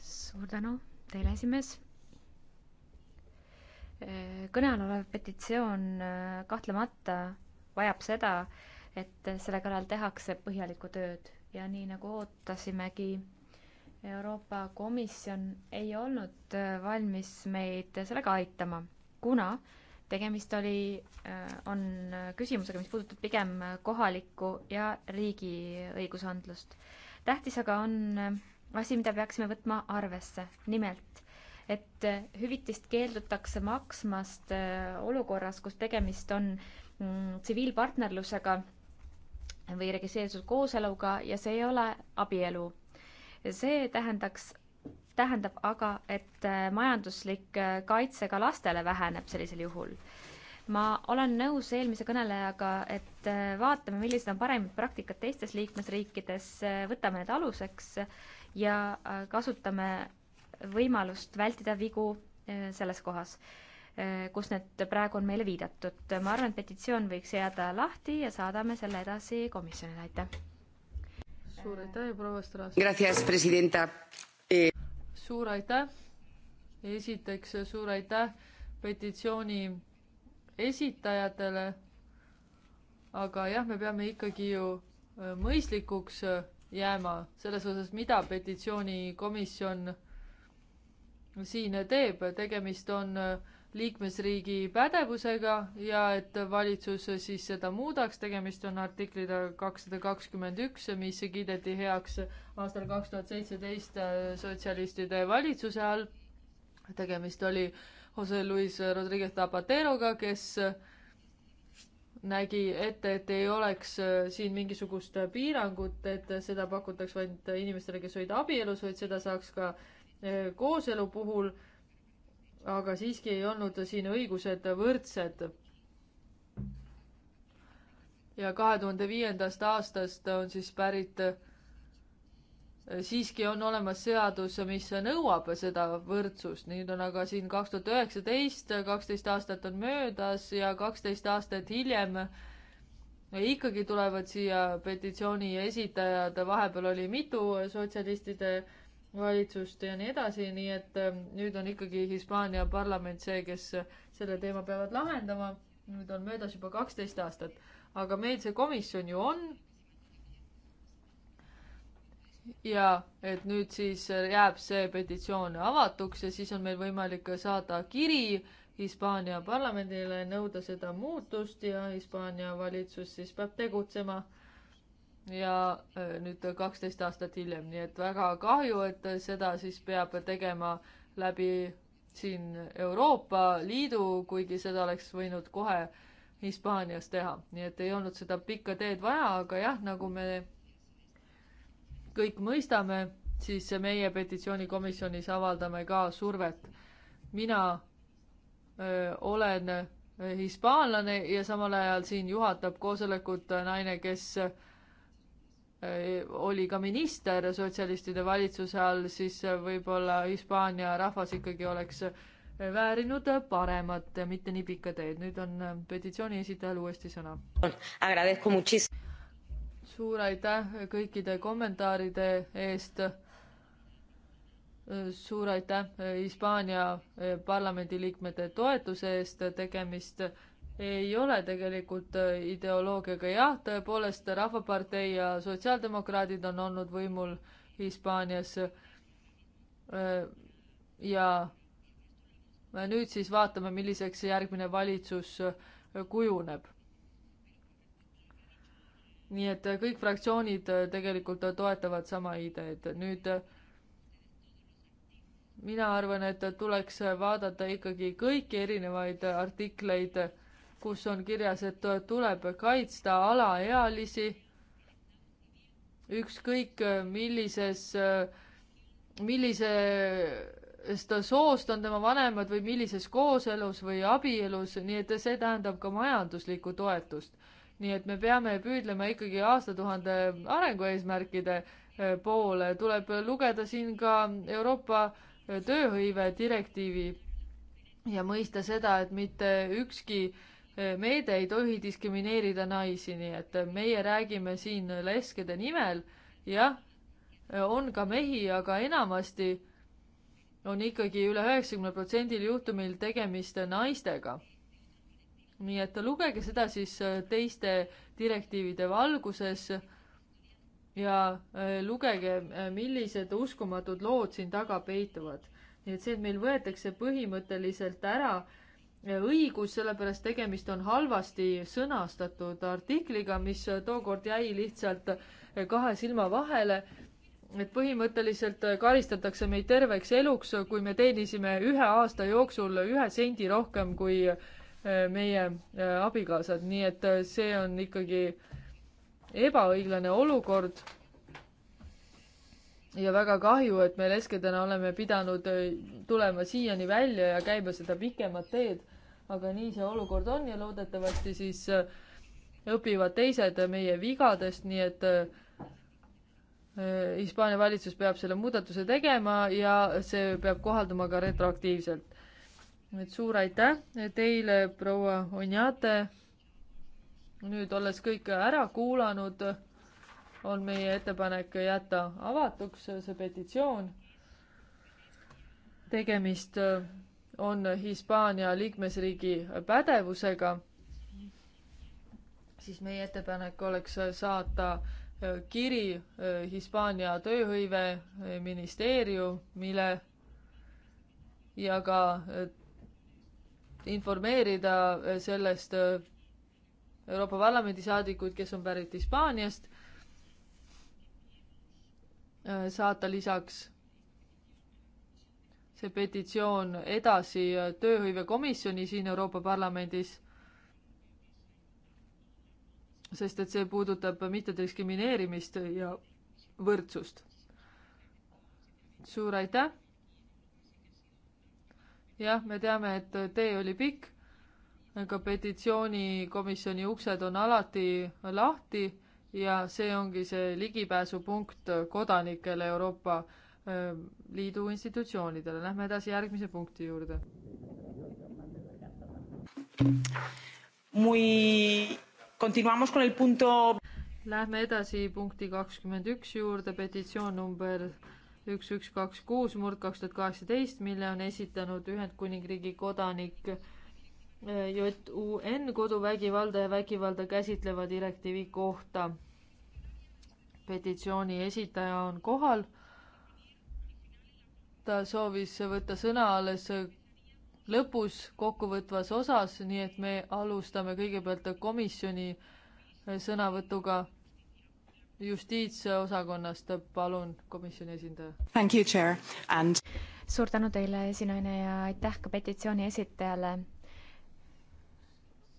suur tänu teile, esimees äh, kõne all olev petitsioon kahtlemata vajab seda, et selle kallal tehakse põhjalikku tööd ja nii nagu ootasimegi, Euroopa Komisjon ei olnud äh, valmis meid sellega aitama, kuna tegemist oli, äh, on äh, küsimusega, mis puudutab pigem kohalikku ja riigi õigusandlust. tähtis aga on asi, mida peaksime võtma arvesse, nimelt et hüvitist keeldutakse maksmast olukorras, kus tegemist on mm, tsiviilpartnerlusega või registreeritud kooseluga ja see ei ole abielu see tähendaks tähendab aga, et äh, majanduslik äh, kaitse ka lastele väheneb sellisel juhul. ma olen nõus eelmise kõnelejaga, et äh, vaatame, millised on paremad praktikad teistes liikmesriikides, võtame need aluseks ja kasutame võimalust vältida vigu selles kohas, kus need praegu on meile viidatud. ma arvan, et petitsioon võiks jääda lahti ja saadame selle edasi komisjonile, aitäh! suur aitäh ja proua Straas. Eh, suur aitäh. esiteks suur aitäh petitsiooni esitajatele. aga jah, me peame ikkagi ju eh, mõistlikuks eh, jääma selles osas, mida petitsioonikomisjon siin teeb, tegemist on äh, liikmesriigi pädevusega ja et valitsus siis seda muudaks, tegemist on artikliga kakssada kakskümmend üks, mis kiideti heaks aastal kaks tuhat seitseteist sotsialistide valitsuse all. tegemist oli Jose Luis Rodriguez Zapateroga, kes nägi ette, et ei oleks siin mingisugust piirangut, et seda pakutaks vaid inimestele, kes olid abielus, vaid seda saaks ka kooselu puhul aga siiski ei olnud siin õigused võrdsed. ja kahe tuhande viiendast aastast on siis pärit, siiski on olemas seadus, mis nõuab seda võrdsust, nüüd on aga siin kaks tuhat üheksateist, kaksteist aastat on möödas ja kaksteist aastat hiljem ja ikkagi tulevad siia petitsiooni esitajad, vahepeal oli mitu sotsialistide äh, valitsust ja nii edasi, nii et ähm, nüüd on ikkagi Hispaania parlament see, kes selle teema peavad lahendama. nüüd on möödas juba kaksteist aastat, aga meil see komisjon ju on. ja et nüüd siis jääb see petitsioon avatuks ja siis on meil võimalik saada kiri Hispaania parlamendile, nõuda seda muutust ja Hispaania valitsus siis peab tegutsema ja äh, nüüd kaksteist aastat hiljem, nii et väga kahju, et seda siis peab tegema läbi siin Euroopa Liidu, kuigi seda oleks võinud kohe Hispaanias teha, nii et ei olnud seda pikka teed vaja, aga jah, nagu me kõik mõistame, siis meie petitsioonikomisjonis avaldame ka survet. mina öö, äh, olen äh, hispaanlane ja samal ajal siin juhatab koosolekut naine, kes öö, Äh, oli ka minister sotsialistide valitsuse all, siis võib-olla Hispaania rahvas ikkagi oleks väärinud paremat, mitte nii pikka teed. nüüd on äh, petitsiooni esitajal uuesti sõna. suur aitäh kõikide kommentaaride eest. Äh, suur aitäh Hispaania parlamendiliikmete toetuse eest, tegemist ei ole tegelikult äh, ideoloogiaga, jah, tõepoolest Rahvapartei ja sotsiaaldemokraadid on olnud võimul Hispaanias. Äh, ja nüüd siis vaatame, milliseks järgmine valitsus äh, kujuneb. nii et kõik fraktsioonid tegelikult toetavad sama ideed, nüüd mina arvan, et tuleks vaadata ikkagi kõiki erinevaid artikleid kus on kirjas, et tuleb kaitsta alaealisi ükskõik millises, millisest soost on tema vanemad või millises kooselus või abielus, nii et see tähendab ka majanduslikku toetust. nii et me peame püüdlema ikkagi aastatuhande arengueesmärkide eh, poole, tuleb lugeda siin ka Euroopa eh, tööhõive direktiivi ja mõista seda, et mitte ükski äh, meede ei tohi diskrimineerida naisi, nii et meie räägime siin leskede nimel, jah, on ka mehi, aga enamasti on ikkagi üle üheksakümne protsendil juhtumil tegemist naistega. nii et lugege seda siis teiste direktiivide valguses ja e, lugege, e, millised uskumatud lood siin taga peituvad. nii et see, et meil võetakse põhimõtteliselt ära äh, õigus, sellepärast tegemist on halvasti sõnastatud artikliga, mis tookord jäi lihtsalt kahe silma vahele. et põhimõtteliselt karistatakse meid terveks eluks, kui me teenisime ühe aasta jooksul ühe sendi rohkem kui äh, meie äh, abikaasad, nii et äh, see on ikkagi ebaõiglane olukord. ja väga kahju, et me leskedena oleme pidanud tulema siiani välja ja käima seda pikemat teed aga nii see olukord on ja loodetavasti siis äh, õpivad teised meie vigadest, nii et äh, äh, Hispaania valitsus peab selle muudatuse tegema ja see peab kohalduma ka retroaktiivselt. et suur aitäh teile, proua Onjate. nüüd olles kõik ära kuulanud, on meie ettepanek jätta avatuks see petitsioon. tegemist on Hispaania liikmesriigi pädevusega, siis meie ettepanek oleks saata kiri eh, Hispaania tööhõiveministeeriumile eh, ja ka eh, informeerida sellest Euroopa Parlamendi saadikuid, kes on pärit Hispaaniast, saata lisaks see petitsioon edasi tööhõivekomisjoni siin Euroopa Parlamendis, sest et see puudutab mittediskrimineerimist ja võrdsust. suur aitäh! jah, me teame, et tee oli pikk, aga petitsioonikomisjoni uksed on alati lahti ja see ongi see ligipääsupunkt kodanikele Euroopa Äh, liidu institutsioonidele. Lähme edasi järgmise punkti juurde. Muy... Continuamos con el punto... Lähme edasi punkti kakskümmend üks juurde, petitsioon number üks, üks, kaks, kuus, murd kaks tuhat kaheksateist, mille on esitanud Ühendkuningriigi kodanik äh, JUN koduvägivalda ja vägivalda käsitleva direktiivi kohta. petitsiooni esitaja on kohal ta soovis võtta sõna alles lõpus kokkuvõtvas osas, nii et me alustame kõigepealt komisjoni sõnavõtuga justiitsosakonnast, palun, komisjoni esindaja. Thank you, chair and suur tänu teile, esinaine, ja aitäh ka petitsiooni esitajale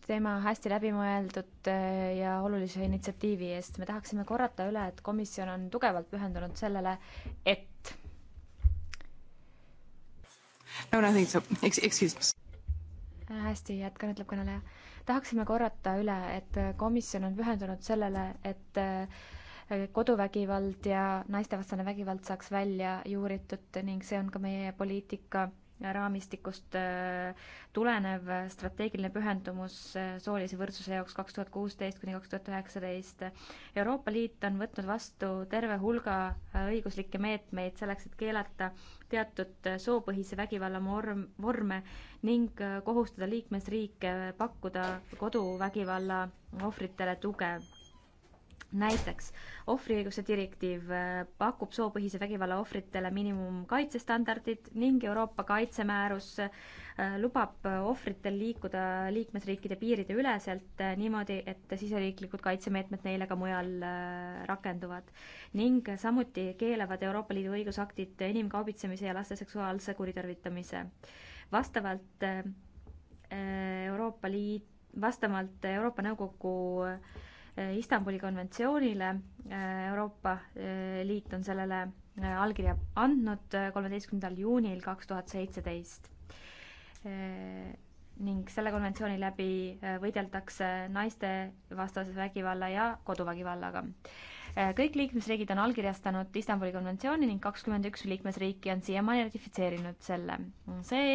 tema hästi läbimõeldud äh, ja olulise initsiatiivi eest. me tahaksime korrata üle, et komisjon on tugevalt pühendunud sellele, et no nothing so Ex, excuse me äh, hästi, jätkan, ütleb kõneleja. tahaksime korrata üle, et äh, komisjon on pühendunud sellele, et äh, koduvägivald ja naistevastane vägivald saaks välja juuritud ning see on ka meie poliitika raamistikust äh, tulenev strateegiline pühendumus äh, soolise võrdsuse jaoks kaks tuhat kuusteist kuni kaks tuhat üheksateist. Euroopa Liit on võtnud vastu terve hulga äh, õiguslikke meetmeid selleks, et keelata teatud soopõhise vägivalla vorm, vorme ning kohustada liikmesriike pakkuda koduvägivalla ohvritele tuge näiteks ohvriõiguse direktiiv äh, pakub soopõhise vägivalla ohvritele miinimumkaitsestandardid ning Euroopa kaitsemäärus äh, lubab äh, ohvritel liikuda liikmesriikide piiride üleselt niimoodi, et siseriiklikud kaitsemeetmed neile ka mujal rakenduvad. ning samuti keelavad Euroopa Liidu õigusaktid inimkaubitsemise ja laste seksuaalse kuritarvitamise. vastavalt Euroopa Liit, vastavalt Euroopa Nõukogu Eh, Istanbuli konventsioonile. Eh, Euroopa eh, Liit on sellele allkirja andnud kolmeteistkümnendal juunil kaks tuhat seitseteist ning selle konventsiooni läbi võideldakse naistevastase vägivalla ja koduvägivallaga. kõik liikmesriigid on allkirjastanud Istanbuli konventsiooni ning kakskümmend üks liikmesriiki on siiamaani ratifitseerinud selle. see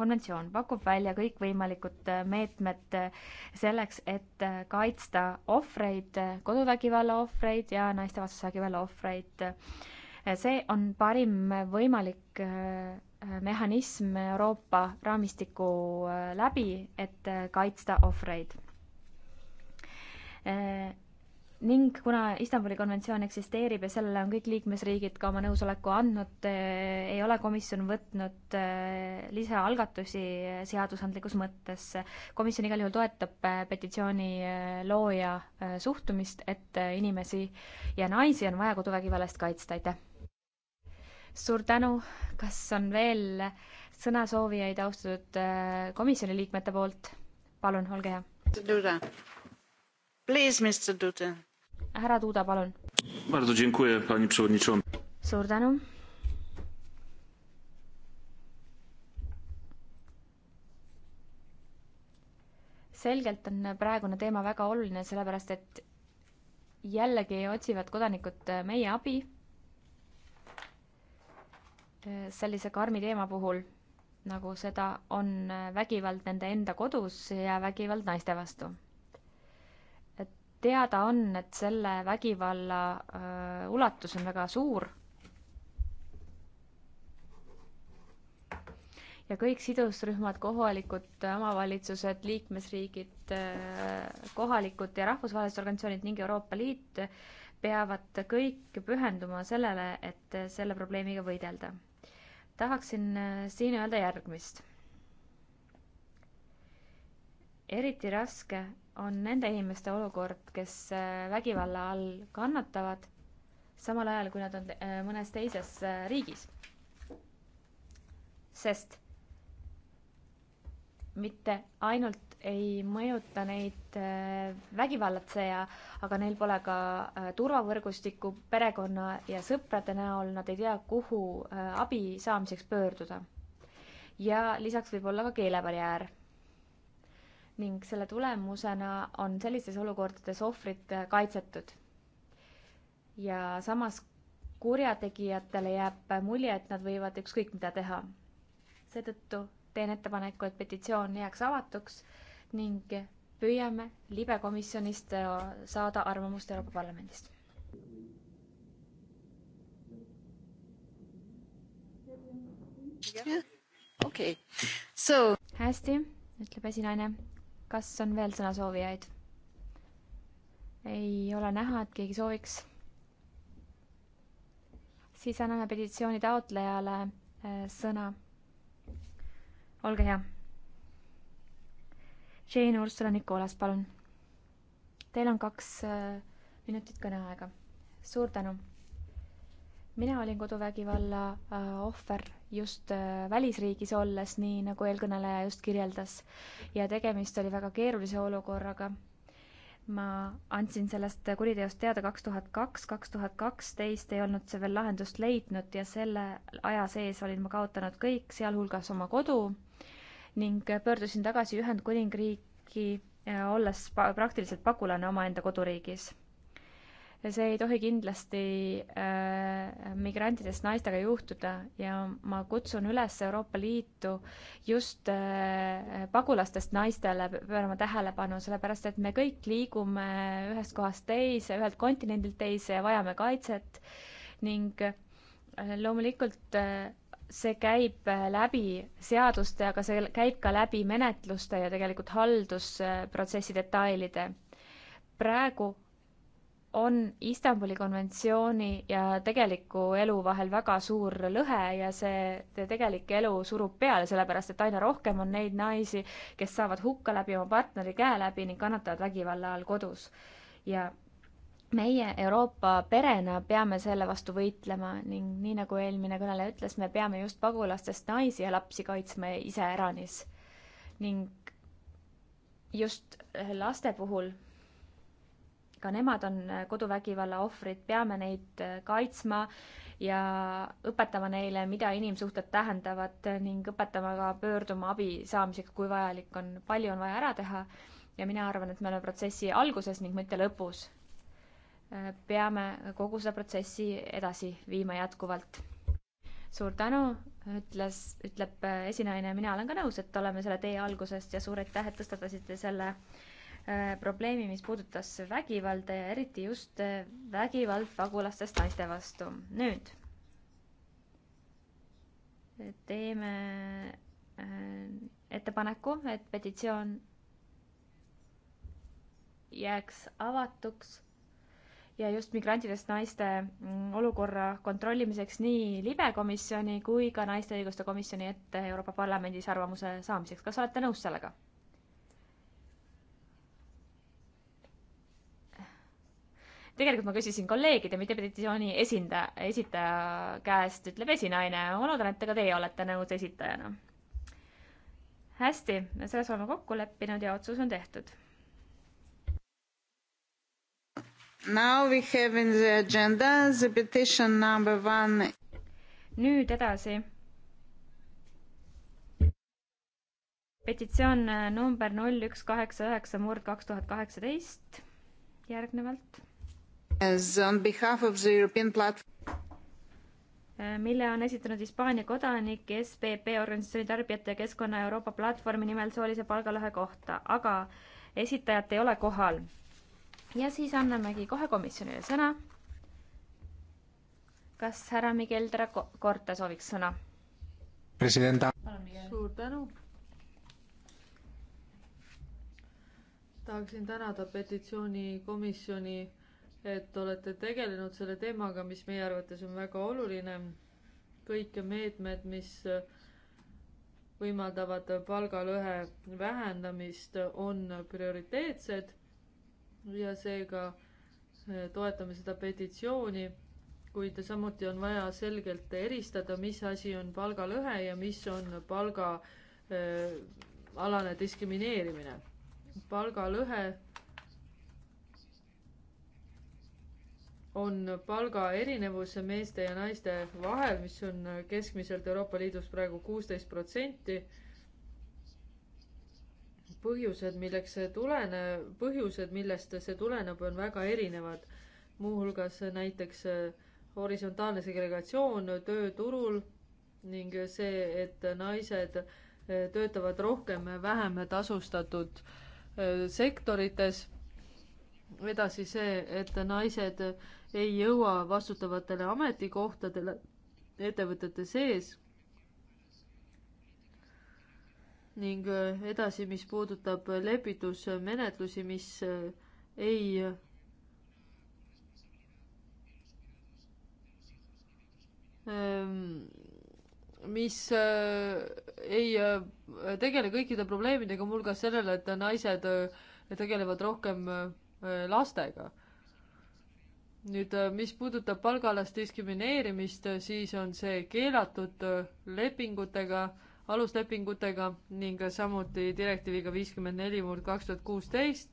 konventsioon pakub välja kõikvõimalikud äh, meetmed äh, selleks, et äh, kaitsta ohvreid, koduvägivalla ohvreid ja naistevastase vägivalla ohvreid. see on parim võimalik mehhanism Euroopa raamistiku läbi, et kaitsta ohvreid ning kuna Istanbuli konventsioon eksisteerib ja sellele on kõik liikmesriigid ka oma nõusoleku andnud, eh, ei ole komisjon võtnud eh, lisaalgatusi eh, seadusandlikus mõttes. komisjon igal juhul toetab petitsiooni looja suhtumist, et inimesi ja naisi on vaja koduvägivalla eest kaitsta, aitäh! suur tänu, kas on veel sõnasoovijaid austatud komisjoni liikmete poolt? palun, olge hea. Please, Mr Dutton härra Tuuda, palun. suur tänu. selgelt on praegune teema väga oluline, sellepärast et jällegi otsivad kodanikud meie abi sellise karmi teema puhul, nagu seda on vägivald nende enda kodus ja vägivald naiste vastu teada on, et selle vägivalla öö, äh, ulatus on väga suur. ja kõik sidusrühmad, kohalikud omavalitsused, liikmesriigid, äh, kohalikud ja rahvusvahelised organisatsioonid ning Euroopa Liit peavad kõik pühenduma sellele, et selle probleemiga võidelda. tahaksin äh, siin öelda järgmist. eriti raske on nende inimeste olukord, kes äh, vägivalla all kannatavad, samal ajal kui nad on äh, mõnes teises äh, riigis. sest mitte ainult ei mõjuta neid vägivallatseja, aga neil pole ka turvavõrgustikku perekonna ja sõprade näol, nad ei tea, kuhu abi saamiseks pöörduda. ja lisaks võib olla ka keelebarjäär ning selle tulemusena on sellistes olukordades ohvrid äh, kaitsetud. ja samas kurjategijatele jääb äh, mulje, et nad võivad ükskõik mida teha. seetõttu teen ettepaneku, et petitsioon jääks avatuks ning püüame libekomisjonist äh, saada arvamust Euroopa Parlamendist. okei okay., so. hästi, ütleb esinaine kas on veel sõnasoovijaid? ei ole näha, et keegi sooviks. siis anname petitsiooni taotlejale äh, sõna. olge hea. Jane Ursula Nikolas, palun. Teil on kaks äh, minutit kõneaega. suur tänu mina olin koduvägivalla äh, ohver just äh, välisriigis olles, nii nagu eelkõneleja just kirjeldas. ja tegemist oli väga keerulise olukorraga. ma andsin sellest kuriteost teada kaks tuhat kaks, kaks tuhat kaksteist ei olnud see veel lahendust leidnud ja selle aja sees olin ma kaotanud kõik, sealhulgas oma kodu ning pöördusin tagasi Ühendkuningriiki, äh, olles praktiliselt pagulane omaenda koduriigis see ei tohi kindlasti äh, migrantidest naistega juhtuda ja ma kutsun üles Euroopa Liitu just äh, pagulastest naistele pöörama tähelepanu, sellepärast et me kõik liigume ühest kohast teise, ühelt kontinendilt teise ja vajame kaitset ning äh, loomulikult äh, see käib äh, läbi seaduste, aga see käib ka läbi menetluste ja tegelikult haldusprotsessi detailide. praegu on Istanbuli konventsiooni ja tegeliku elu vahel väga suur lõhe ja see tegelik elu surub peale, sellepärast et aina rohkem on neid naisi, kes saavad hukka läbi oma partneri käe läbi ning kannatavad vägivalla all kodus. ja meie Euroopa perena peame selle vastu võitlema ning nii, nagu eelmine kõneleja ütles, me peame just pagulastest naisi ja lapsi kaitsma iseäranis. ning just laste puhul ka nemad on äh, koduvägivalla ohvrid, peame neid äh, kaitsma ja õpetama neile, mida inimsuhted tähendavad ning õpetama ka pöörduma abi saamisega, kui vajalik on. palju on vaja ära teha ja mina arvan, et me oleme protsessi alguses ning mitte lõpus. Äh, peame kogu seda protsessi edasi viima jätkuvalt. suur tänu, ütles, ütleb esinaine, mina olen ka nõus, et oleme selle tee algusest ja suur aitäh, et tõstatasite selle äh, Äh, probleemi, mis puudutas vägivalda ja eriti just äh, vägivald pagulastest naiste vastu. nüüd teeme äh, ettepaneku, et petitsioon jääks avatuks ja just migrantidest naiste mm, olukorra kontrollimiseks nii libekomisjoni kui ka naiste õiguste komisjoni ette Euroopa Parlamendis arvamuse saamiseks. kas olete nõus sellega? tegelikult ma küsisin kolleegide, mitte petitsiooni esindaja, esitaja käest, ütleb esinaine. ma loodan, et ka teie olete nõus esitajana. hästi, selles oleme kokku leppinud ja otsus on tehtud. Now we have in the agenda the petition number one. nüüd edasi. petitsioon äh, number null üks kaheksa üheksa murd kaks tuhat kaheksateist järgnevalt Äh, mille on esitanud Hispaania kodanik SBB organisatsiooni Tarbijate ja Keskkonna Euroopa platvormi nimel soolise palgalõhe kohta, aga esitajat ei ole kohal. ja siis annamegi kohe komisjonile sõna. kas härra Miguel Tracorta sooviks sõna? presidenta. suur tänu. tahaksin tänada petitsioonikomisjoni et olete tegelenud selle teemaga, mis meie arvates on väga oluline. kõik meetmed, mis võimaldavad palgalõhe vähendamist, on prioriteetsed ja seega eh, toetame seda petitsiooni, kuid samuti on vaja selgelt eristada, mis asi on palgalõhe ja mis on palga äh, alane diskrimineerimine. palgalõhe on palgaerinevus meeste ja naiste vahel, mis on keskmiselt Euroopa Liidus praegu kuusteist protsenti. põhjused, milleks see tulene, põhjused, millest see tuleneb, on väga erinevad. muuhulgas näiteks horisontaalne segregatsioon tööturul ning see, et naised töötavad rohkem vähem tasustatud äh, sektorites edasi see, et naised ei jõua vastutavatele ametikohtadele ettevõtete sees. ning äh, edasi, mis puudutab lepitusmenetlusi, mis äh, ei ähm, mis äh, ei tegele kõikide probleemidega, muuhulgas sellele, et naised tegelevad rohkem lastega nüüd, äh, mis puudutab palgaalast diskrimineerimist, äh, siis on see keelatud äh, lepingutega, aluslepingutega ning samuti direktiiviga viiskümmend neli murd kaks tuhat kuusteist.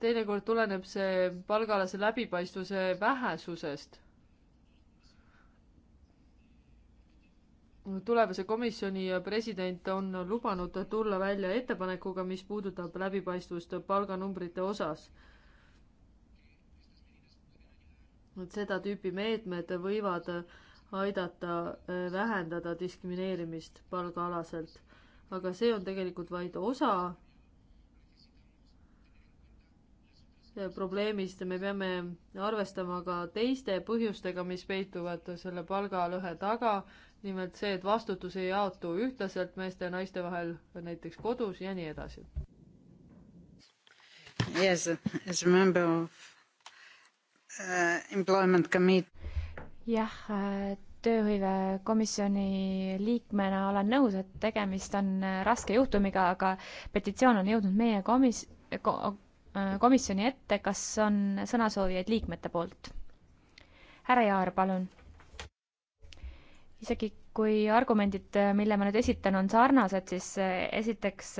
teinekord tuleneb see palgaalase läbipaistvuse vähesusest. tulevase komisjoni president on lubanud tulla välja ettepanekuga, mis puudutab läbipaistvust palganumbrite osas et seda tüüpi meetmed võivad aidata äh, vähendada diskrimineerimist palgaalaselt. aga see on tegelikult vaid osa äh, probleemist ja me peame arvestama ka teiste põhjustega, mis peituvad selle palgalõhe taga. nimelt see, et vastutus ei jaotu ühtlaselt meeste ja naiste vahel näiteks kodus ja nii edasi. Yes, as a member of Uh, Employment Committee. jah, äh, tööhõivekomisjoni liikmena olen nõus, et tegemist on äh, raske juhtumiga, aga petitsioon on jõudnud meie komis-, äh, komisjoni ette, kas on sõnasoovijaid liikmete poolt? härra Jaar, palun. isegi kui argumendid, mille ma nüüd esitan, on sarnased, siis esiteks,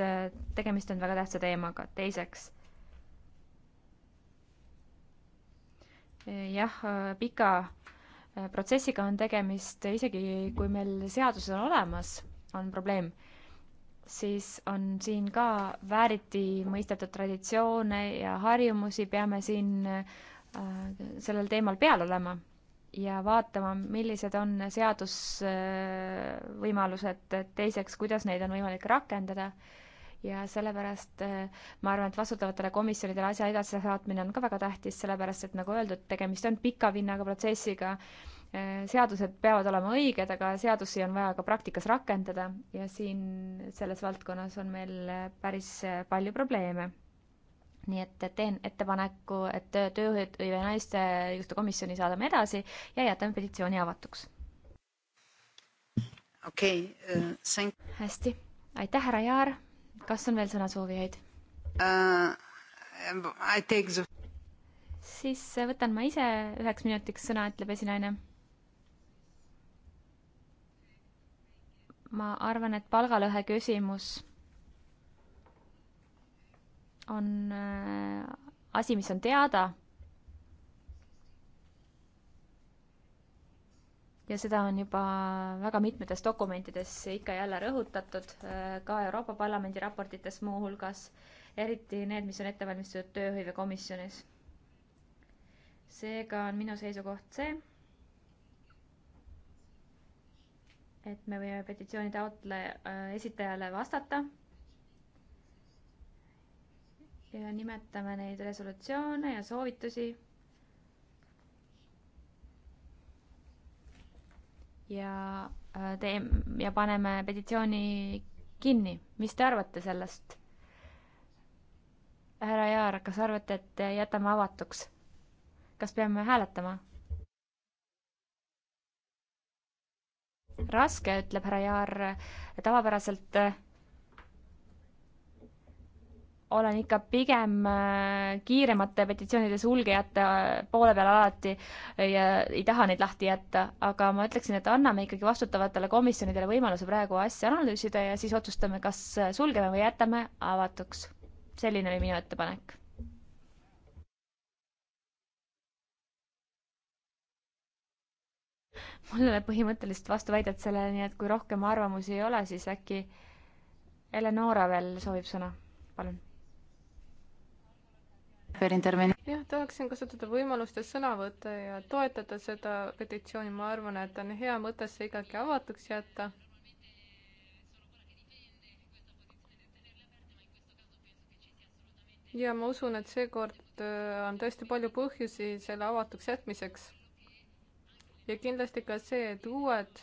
tegemist on väga tähtsa teemaga, teiseks, jah, pika äh, protsessiga on tegemist, isegi kui meil seadused on olemas, on probleem, siis on siin ka vääriti mõistetud traditsioone ja harjumusi, peame siin äh, sellel teemal peal olema ja vaatama, millised on seadusvõimalused, äh, teiseks, kuidas neid on võimalik rakendada ja sellepärast äh, ma arvan, et vastutavatele komisjonidele asja edasisaatmine on ka väga tähtis, sellepärast et nagu öeldud, tegemist on pika vinnaga protsessiga, äh, seadused peavad olema õiged, aga seadusi on vaja ka praktikas rakendada ja siin selles valdkonnas on meil äh, päris palju probleeme. nii et teen ettepaneku, et tööhõive naiste õiguste komisjoni saadame edasi ja jätame petitsiooni avatuks. okei okay, uh,, thank. hästi, aitäh, härra Jaar kas on veel sõnasoovijaid uh,? The... siis äh, võtan ma ise üheks minutiks sõna, ütleb esinaine. ma arvan, et palgalõhe küsimus on äh, asi, mis on teada ja seda on juba väga mitmetes dokumentides ikka ja jälle rõhutatud, äh, ka Euroopa Parlamendi raportites muuhulgas, eriti need, mis on ette valmistatud tööhõivekomisjonis. seega on minu seisukoht see, et me võime petitsiooni taotle-, äh, esitajale vastata ja nimetame neid resolutsioone ja soovitusi ja äh, tee- ja paneme petitsiooni kinni. mis te arvate sellest? härra Jaar, kas arvate, et jätame avatuks? kas peame hääletama? raske, ütleb härra Jaar, tavapäraselt äh, olen ikka pigem äh, kiiremate petitsioonide sulgejate äh, poole peal alati ja ei taha neid lahti jätta, aga ma ütleksin, et anname ikkagi vastutavatele komisjonidele võimaluse praegu asja analüüsida ja siis otsustame, kas äh, sulgeme või jätame avatuks. selline oli minu ettepanek mul ei ole põhimõtteliselt vastuväidet sellele, nii et kui rohkem arvamusi ei ole, siis äkki Eleonora veel soovib sõna, palun jah, tahaksin kasutada võimalust ja sõna võtta ja toetada seda petitsiooni, ma arvan, et on hea mõte see ikkagi avatuks jätta. ja ma usun, et seekord äh, on tõesti palju põhjusi selle avatuks jätmiseks. ja kindlasti ka see, et uued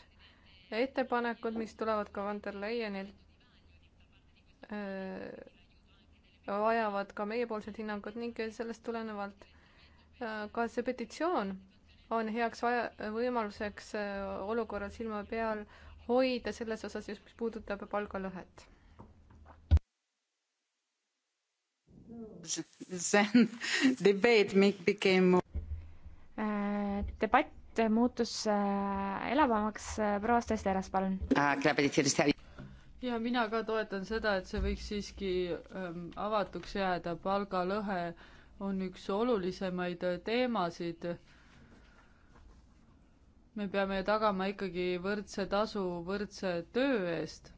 ettepanekud, mis tulevad ka Van der Leyenilt äh,, vajavad ka meiepoolset hinnangut ning sellest tulenevalt äh, ka see petitsioon on heaks vaja, võimaluseks äh, olukorral silma peal hoida selles osas just, mis puudutab palgalõhet. Then debate became äh, debatt muutus äh, elavamaks, äh, proua Stesteras, palun. Ah, ja mina ka toetan seda, et see võiks siiski ähm, avatuks jääda, palgalõhe on üks olulisemaid teemasid. me peame tagama ikkagi võrdse tasu võrdse töö eest.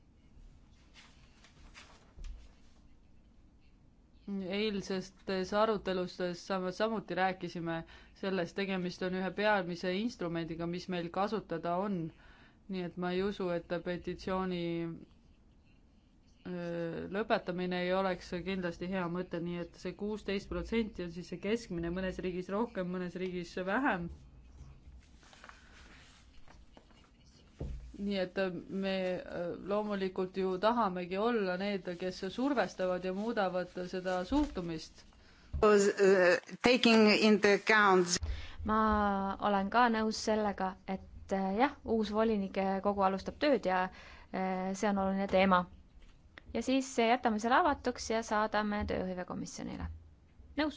eilsestes arutelustes samuti rääkisime sellest, tegemist on ühe peamise instrumendiga, mis meil kasutada on. nii et ma ei usu, et petitsiooni lõpetamine ei oleks kindlasti hea mõte, nii et see kuusteist protsenti on siis see keskmine, mõnes riigis rohkem, mõnes riigis vähem. nii et me loomulikult ju tahamegi olla need, kes survestavad ja muudavad seda suhtumist. ma olen ka nõus sellega, et jah, uus volinike kogu alustab tööd ja see on oluline teema ja siis jätame selle avatuks ja saadame tööhõivekomisjonile. nõus?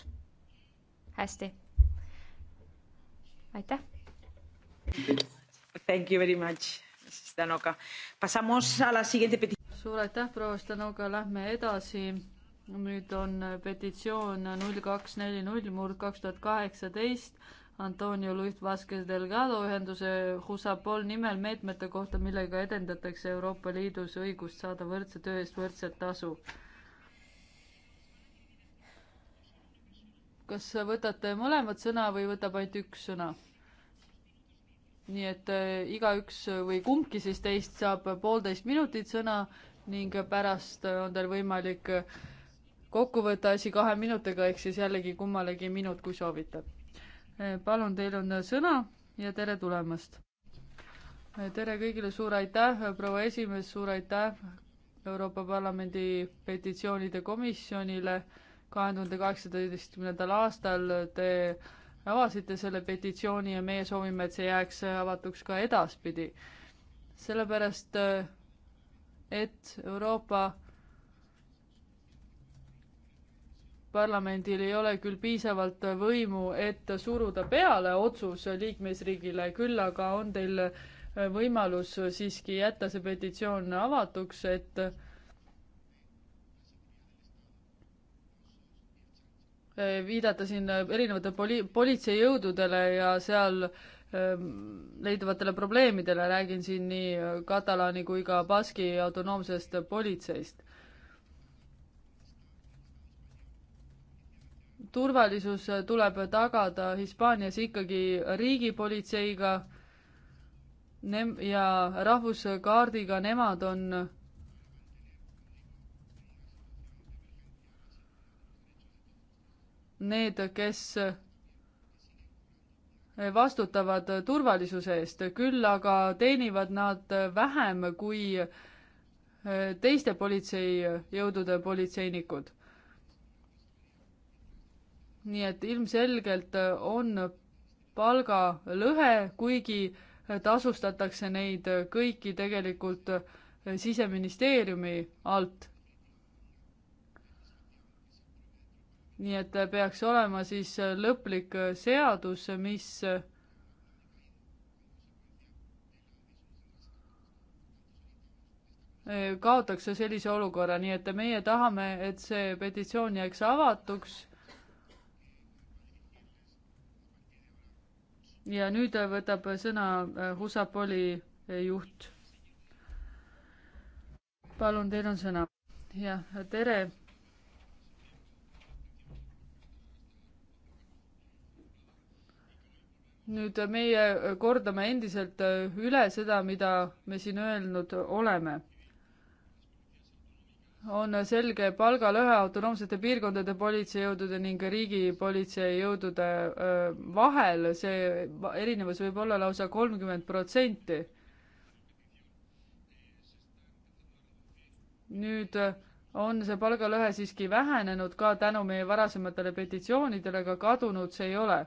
hästi. aitäh. Thank you very much, Stanoka. Pasamos a la siguiente peti-. suur aitäh, proua Stanoka, lähme edasi. nüüd on petitsioon null kaks neli null murd kaks tuhat kaheksateist Antonio Luis Vasquez Delgado ühenduse Husapol nimel meetmete kohta, millega edendatakse Euroopa Liidus õigust saada võrdse töö eest võrdset tasu. kas võtate mõlemad sõna või võtab ainult üks sõna? nii et eh, igaüks või kumbki siis teist saab poolteist minutit sõna ning pärast on teil võimalik kokku võtta asi kahe minutiga, ehk siis jällegi kummalegi minut, kui soovite Eh, palun, teil on eh, sõna ja tere tulemast! Eh, tere kõigile, suur aitäh, proua esimees, suur aitäh Euroopa Parlamendi petitsioonide komisjonile. kahe tuhande kaheksateistkümnendal aastal te avasite selle petitsiooni ja meie soovime, et see jääks avatuks ka edaspidi. sellepärast, et Euroopa parlamendil ei ole küll piisavalt võimu, et suruda peale otsus liikmesriigile, küll aga on teil äh, võimalus siiski jätta see petitsioon avatuks, et äh, viidata siin äh, erinevate poli-, politseijõududele ja seal ähm, leiduvatele probleemidele, räägin siin nii katalaani kui ka baski autonoomsest politseist turvalisus tuleb tagada Hispaanias ikkagi riigipolitseiga nem- ja rahvuskaardiga, nemad on need, kes vastutavad turvalisuse eest, küll aga teenivad nad vähem kui teiste politseijõudude politseinikud nii et ilmselgelt äh, on palgalõhe, kuigi äh, tasustatakse neid äh, kõiki tegelikult siseministeeriumi alt. nii et peaks olema siis lõplik seadus, mis kaotakse sellise olukorra, nii et meie tahame, et see petitsioon jääks avatuks ja nüüd võtab sõna äh, Husapoli äh, juht. palun, teil on sõna. jah, äh, tere. nüüd meie kordame endiselt üle seda, mida me siin öelnud oleme on selge palgalõhe autonoomsete piirkondade politseijõudude ning riigipolitseijõudude vahel, see erinevus võib olla lausa kolmkümmend protsenti. nüüd on see palgalõhe siiski vähenenud ka tänu meie varasematele petitsioonidele, aga kadunud see ei ole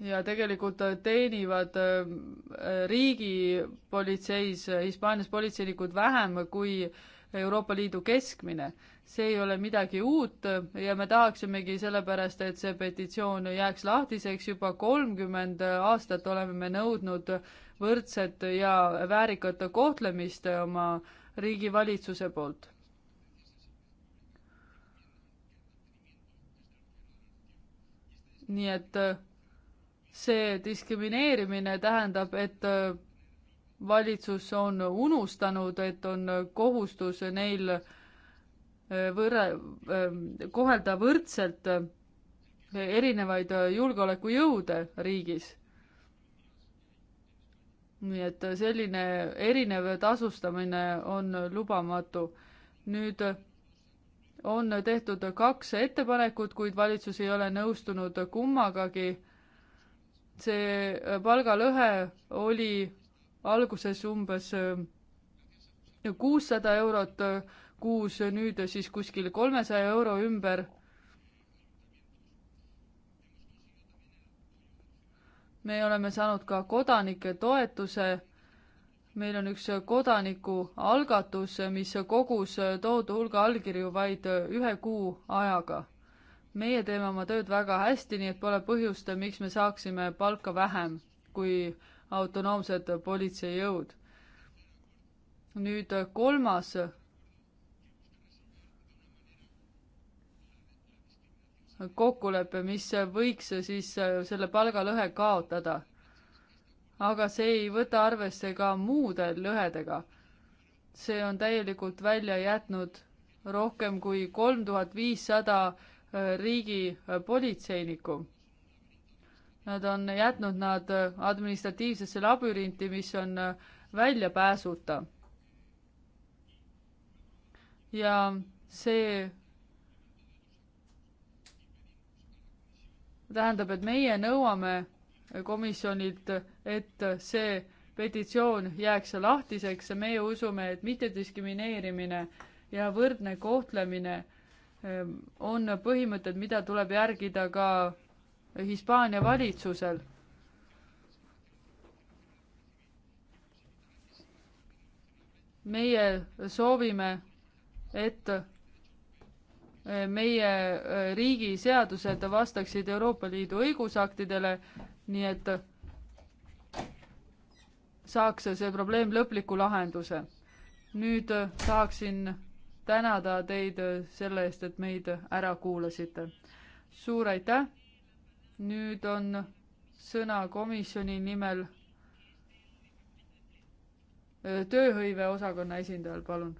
ja tegelikult äh, teenivad äh, riigipolitseis äh, Hispaanias politseinikud vähem kui Euroopa Liidu keskmine. see ei ole midagi uut ja me tahaksimegi sellepärast, et see petitsioon jääks lahtiseks, juba kolmkümmend aastat oleme me nõudnud võrdset ja väärikat kohtlemist oma riigivalitsuse poolt. nii et see diskrimineerimine tähendab, et äh, valitsus on unustanud, et on kohustus neil äh, võrre-, äh, kohelda võrdselt erinevaid julgeolekujõude riigis. nii et selline erinev tasustamine on lubamatu. nüüd on tehtud kaks ettepanekut, kuid valitsus ei ole nõustunud kummagagi see äh, palgalõhe oli alguses umbes äh, kuussada eurot äh, kuus, nüüd siis kuskil kolmesaja euro ümber. me oleme saanud ka kodanike toetuse. meil on üks kodanikualgatus, mis kogus tohutu hulga allkirju vaid ühe kuu ajaga meie teeme oma tööd väga hästi, nii et pole põhjust, miks me saaksime palka vähem kui autonoomsed politseijõud. nüüd kolmas kokkulepe, mis võiks siis selle palgalõhe kaotada. aga see ei võta arvesse ka muude lõhedega. see on täielikult välja jätnud rohkem kui kolm tuhat viissada riigipolitseiniku. Nad on jätnud nad administratiivsesse labürinti, mis on väljapääsuta. ja see tähendab, et meie nõuame komisjonilt, et see petitsioon jääks lahtiseks ja meie usume, et mittediskrimineerimine ja võrdne kohtlemine äh, Ehm, on põhimõtted, mida tuleb järgida ka Hispaania valitsusel. meie soovime, et eh, meie eh, riigi seadused vastaksid Euroopa Liidu õigusaktidele, nii et saaks see probleem lõpliku lahenduse. nüüd eh, tahaksin tänada teid selle eest, et meid ära kuulasite. suur aitäh. nüüd on sõna komisjoni nimel tööhõive osakonna esindajal, palun.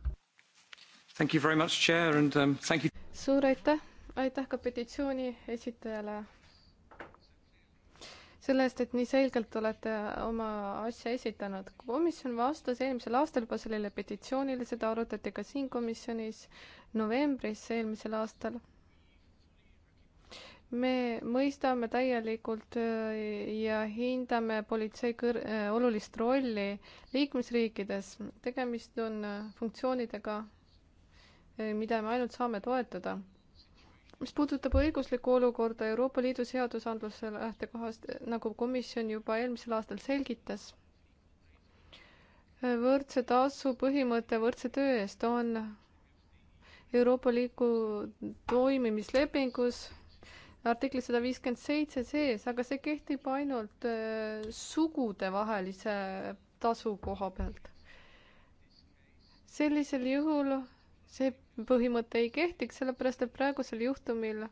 Thank you very much, chair and um, thank you. suur aitäh, aitäh ka petitsiooni esitajale selle eest, et nii selgelt olete oma asja esitanud. komisjon vastas eelmisel aastal juba sellele petitsioonile, seda arutati ka siin komisjonis novembris eelmisel aastal. me mõistame täielikult äh, ja hindame politsei kõr-, äh, olulist rolli liikmesriikides. tegemist on äh, funktsioonidega, mida me ainult saame toetada mis puudutab õiguslikku olukorda Euroopa Liidu seadusandluse lähtekohast, nagu komisjon juba eelmisel aastal selgitas, võrdse tasu põhimõte võrdse töö eest on Euroopa Liidu toimimislepingus artiklis sada viiskümmend seitse sees, aga see kehtib ainult äh, sugudevahelise tasu koha pealt. sellisel juhul see põhimõte ei kehtiks, sellepärast et praegusel juhtumil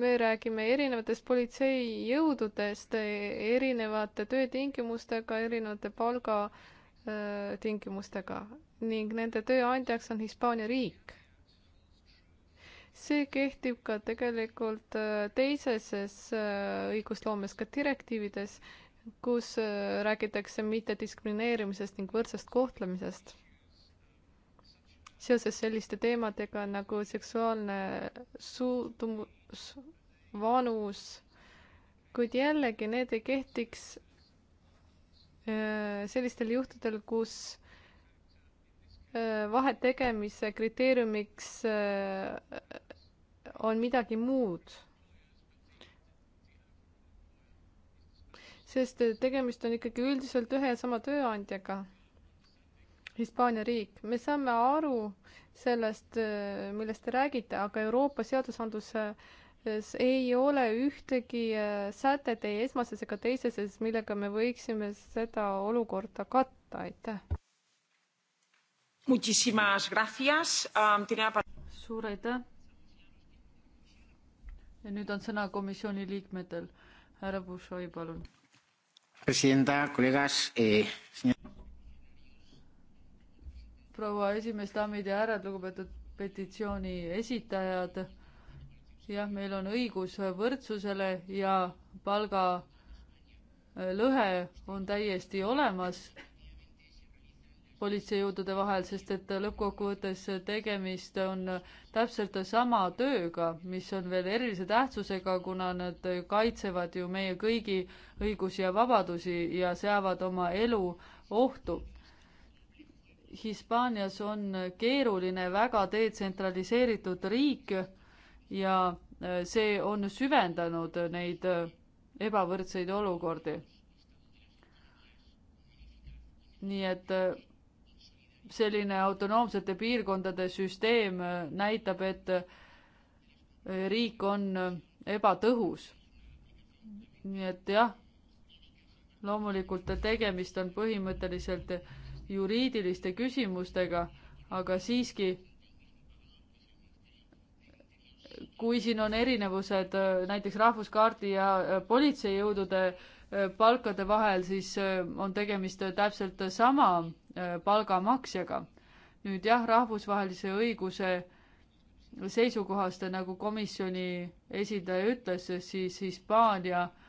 me räägime erinevatest politseijõududest erinevate töötingimustega, erinevate palgatingimustega ning nende tööandjaks on Hispaania riik. see kehtib ka tegelikult äh, teiseses äh, õigusloomes, ka direktiivides, kus äh, räägitakse mittediskrimineerimisest ning võrdsest kohtlemisest seoses selliste teemadega nagu seksuaalne suutumus, vanus, kuid jällegi need ei kehtiks äh, sellistel juhtudel, kus äh, vahet tegemise kriteeriumiks äh, on midagi muud. sest tegemist on ikkagi üldiselt ühe ja sama tööandjaga Hispaania riik. me saame aru sellest, äh, millest te räägite, aga Euroopa seadusandluse ei ole ühtegi äh, sätet ei esmases ega teiseses, millega me võiksime seda olukorda katta, aitäh. Muchísimas gracias um,. suur aitäh. ja nüüd on sõna komisjoni liikmetel. härra Bushoi, palun. presidenta, kolleegas eh, proua esimees, daamid ja härrad, lugupeetud petitsiooni esitajad. jah, meil on õigus võrdsusele ja palgalõhe äh, on täiesti olemas politseijõudude vahel, sest et lõppkokkuvõttes tegemist on täpselt sama tööga, mis on veel erilise tähtsusega, kuna nad kaitsevad ju meie kõigi õigusi ja vabadusi ja seavad oma elu ohtu. Hispaanias on keeruline, väga detsentraliseeritud riik ja äh, see on süvendanud neid äh, ebavõrdseid olukordi. nii et äh, selline autonoomsete piirkondade süsteem näitab, et riik on ebatõhus. nii et jah, loomulikult tegemist on põhimõtteliselt juriidiliste küsimustega, aga siiski, kui siin on erinevused äh, näiteks rahvuskaardi ja äh, politseijõudude äh, palkade vahel, siis on tegemist täpselt sama palgamaksjaga. nüüd jah, rahvusvahelise õiguse seisukohast, nagu komisjoni esindaja ütles, siis Hispaania äh,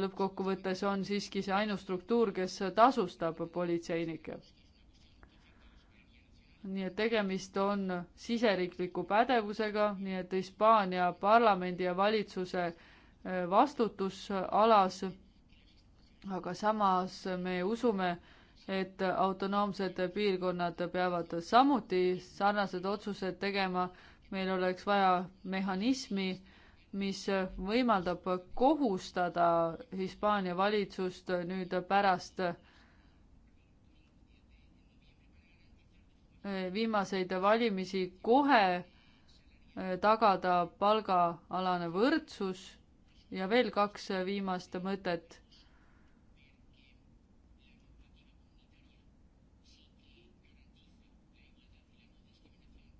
lõppkokkuvõttes on siiski see ainus struktuur, kes tasustab politseinikke. nii et tegemist on siseriikliku pädevusega, nii et Hispaania parlamendi ja valitsuse eh, vastutusalas, aga samas me usume, et autonoomsed piirkonnad peavad samuti sarnased otsused tegema, meil oleks vaja mehhanismi, mis võimaldab kohustada Hispaania valitsust nüüd pärast eh, viimaseid valimisi kohe eh, tagada palgaalane võrdsus ja veel kaks viimast mõtet.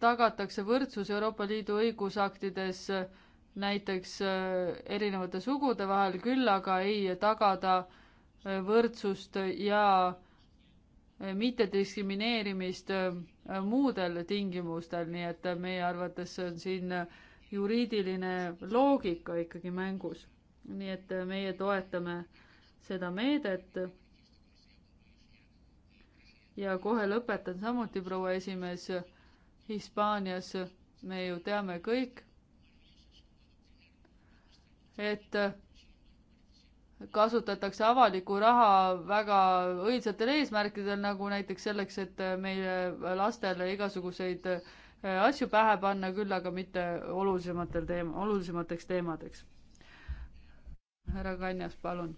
tagatakse võrdsus Euroopa Liidu õigusaktides näiteks äh, erinevate sugude vahel, küll aga ei tagada äh, võrdsust ja äh, mittediskrimineerimist muudel tingimustel, nii et meie arvates on siin juriidiline loogika ikkagi mängus. nii et meie toetame seda meedet. ja kohe lõpetan samuti, proua esimees, Hispaanias me ju teame kõik et kasutatakse avalikku raha väga õilsatel eesmärkidel, nagu näiteks selleks, et meie lastele igasuguseid äh, asju pähe panna, küll aga mitte olulisematel teem-, olulisemateks teemadeks. härra Kanjas, palun.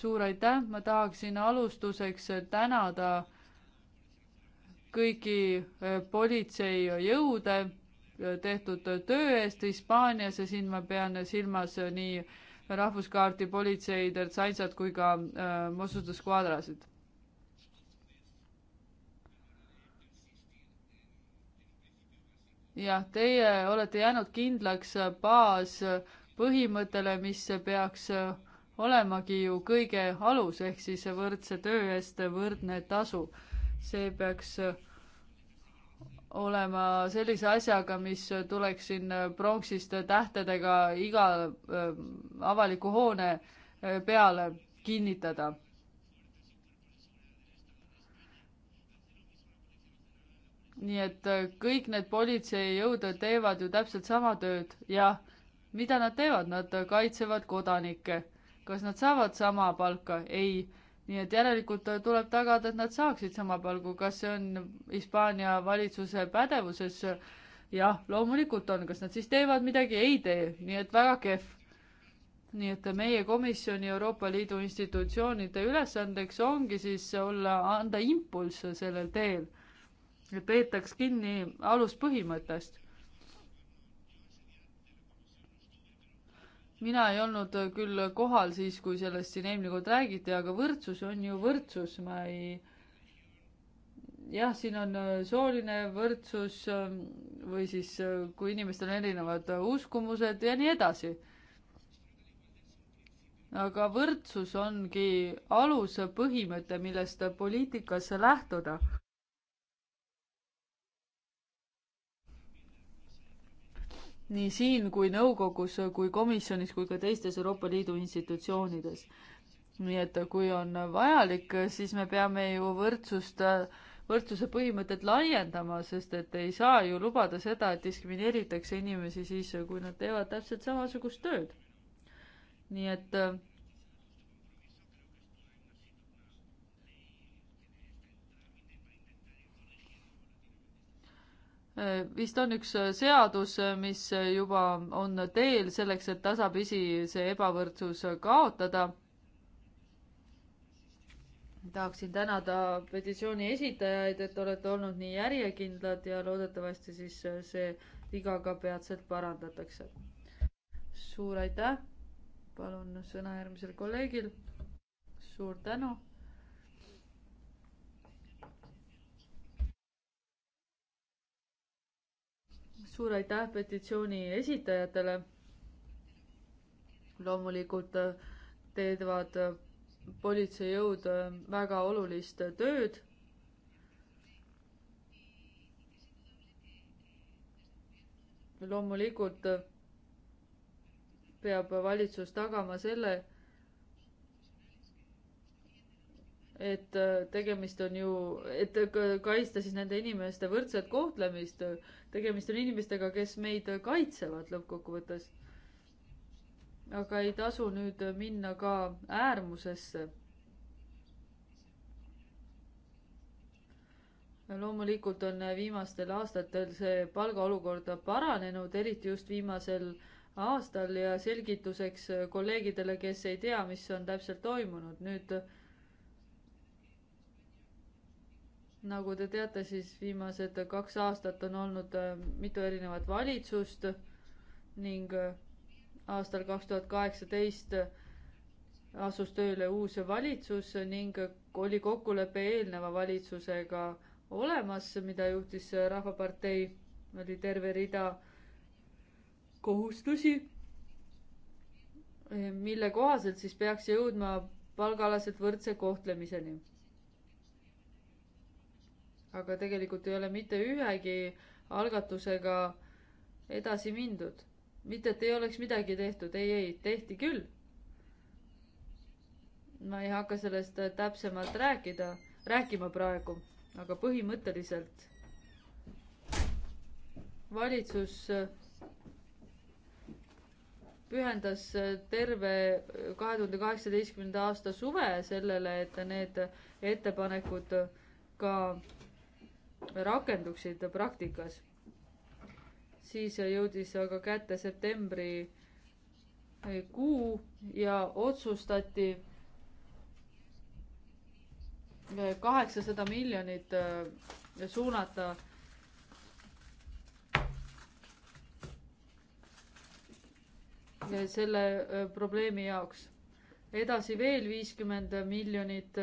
suur aitäh, ma tahaksin alustuseks tänada kõiki äh, politseijõude tehtud töö eest Hispaanias ja siin ma pean silmas nii rahvuskaarti, politseid, ertsaintsat kui ka äh, mosutuskvadrasid. jah, teie olete jäänud kindlaks baaspõhimõttele, mis peaks olemagi ju kõige alus, ehk siis võrdse töö eest võrdne tasu. see peaks äh, olema sellise asjaga, mis tuleks siin pronksist tähtedega iga äh, avaliku hoone äh, peale kinnitada. nii et äh, kõik need politseijõud teevad ju täpselt sama tööd ja mida nad teevad, nad kaitsevad kodanikke. kas nad saavad sama palka? ei nii et järelikult tuleb tagada, et nad saaksid sama palgu, kas see on Hispaania valitsuse pädevuses? jah, loomulikult on, kas nad siis teevad midagi, ei tee, nii et väga kehv. nii et meie komisjoni Euroopa Liidu institutsioonide ülesandeks ongi siis olla, anda impulss sellel teel, et peetaks kinni aluspõhimõttest mina ei olnud äh, küll kohal siis, kui sellest siin eelmine kord räägiti, aga võrdsus on ju võrdsus, ma ei jah, siin on äh, sooline võrdsus ähm, või siis, äh, kui inimestel on erinevad uskumused ja nii edasi. aga võrdsus ongi aluspõhimõte, millest poliitikas lähtuda nii siin kui nõukogus kui komisjonis kui ka teistes Euroopa Liidu institutsioonides. nii et kui on vajalik, siis me peame ju võrdsust, võrdsuse põhimõtet laiendama, sest et ei saa ju lubada seda, et diskrimineeritakse inimesi siis, kui nad teevad täpselt samasugust tööd. nii et äh, vist on üks äh, seadus, äh, mis äh, juba on teel selleks, et tasapisi see ebavõrdsus kaotada. tahaksin tänada petitsiooni esitajaid, et olete olnud nii järjekindlad ja loodetavasti siis see viga ka peatselt parandatakse. suur aitäh, palun sõna järgmisel kolleegil. suur tänu suur aitäh petitsiooni esitajatele. loomulikult äh, teevad äh, politseijõud äh, väga olulist tööd. loomulikult peab valitsus tagama selle, et tegemist on ju, et kaitsta siis nende inimeste võrdset kohtlemist tegemist on inimestega, kes meid kaitsevad lõppkokkuvõttes. aga ei tasu nüüd minna ka äärmusesse. loomulikult on viimastel aastatel see palgaolukord paranenud, eriti just viimasel aastal ja selgituseks kolleegidele, kes ei tea, mis on täpselt toimunud nüüd nagu te teate, siis viimased kaks aastat on olnud äh, mitu erinevat valitsust ning äh, aastal kaks tuhat kaheksateist äh, asus tööle uus valitsus ning oli kokkulepe eelneva valitsusega olemas, mida juhtis Rahvapartei, oli terve rida kohustusi, eh, mille kohaselt siis peaks jõudma palgaalaselt võrdse kohtlemiseni aga tegelikult ei ole mitte ühegi algatusega edasi mindud. mitte, et ei oleks midagi tehtud, ei, ei, tehti küll. ma ei hakka sellest täpsemalt rääkida, rääkima praegu, aga põhimõtteliselt valitsus pühendas terve kahe tuhande kaheksateistkümnenda aasta suve sellele, et need ettepanekud ka rakenduksid praktikas. siis jõudis aga kätte septembri kuu ja otsustati kaheksasada miljonit äh, suunata selle äh, probleemi jaoks. edasi veel viiskümmend miljonit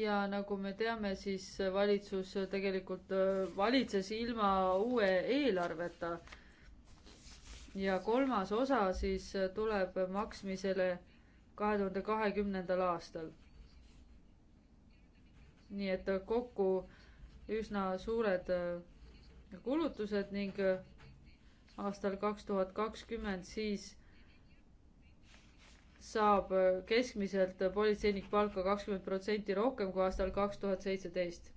ja nagu me teame, siis valitsus tegelikult äh, valitses ilma uue eelarveta. ja kolmas osa siis tuleb maksmisele kahe tuhande kahekümnendal aastal. nii et kokku üsna suured äh, kulutused ning äh, aastal kaks tuhat kakskümmend siis saab äh, keskmiselt äh, politseinik palka kakskümmend protsenti rohkem kui aastal kaks tuhat seitseteist.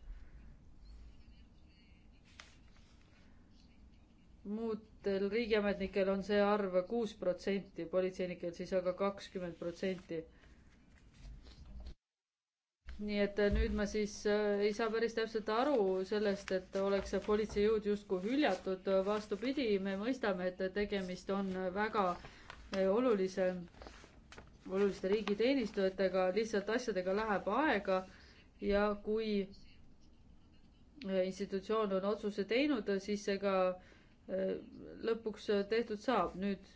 muudel riigiametnikel on see arv kuus protsenti, politseinikel siis aga kakskümmend protsenti. nii et äh, nüüd ma siis ei saa päris täpselt aru sellest, et oleks politseijõud justkui hüljatud, vastupidi, me mõistame, et tegemist on väga olulise oluliste riigiteenistujatega, lihtsalt asjadega läheb aega ja kui eh, institutsioon on otsuse teinud, siis see ka eh, lõpuks tehtud saab. nüüd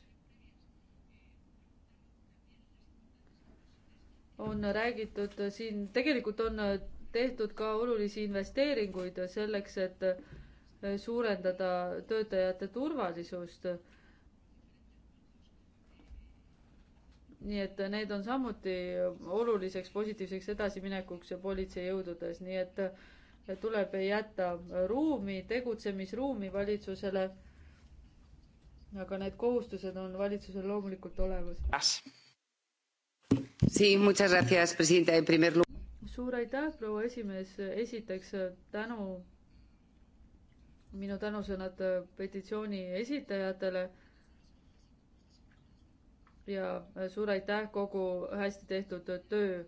on räägitud siin, tegelikult on tehtud ka olulisi investeeringuid selleks, et eh, suurendada töötajate turvalisust nii et need on samuti oluliseks positiivseks edasiminekuks politseijõududes, nii et tuleb jätta ruumi, tegutsemisruumi valitsusele. aga need kohustused on valitsusel loomulikult olemas. suur aitäh, proua esimees, esiteks tänu, minu tänusõnad petitsiooni esitajatele ja äh, suur aitäh kogu hästi tehtud töö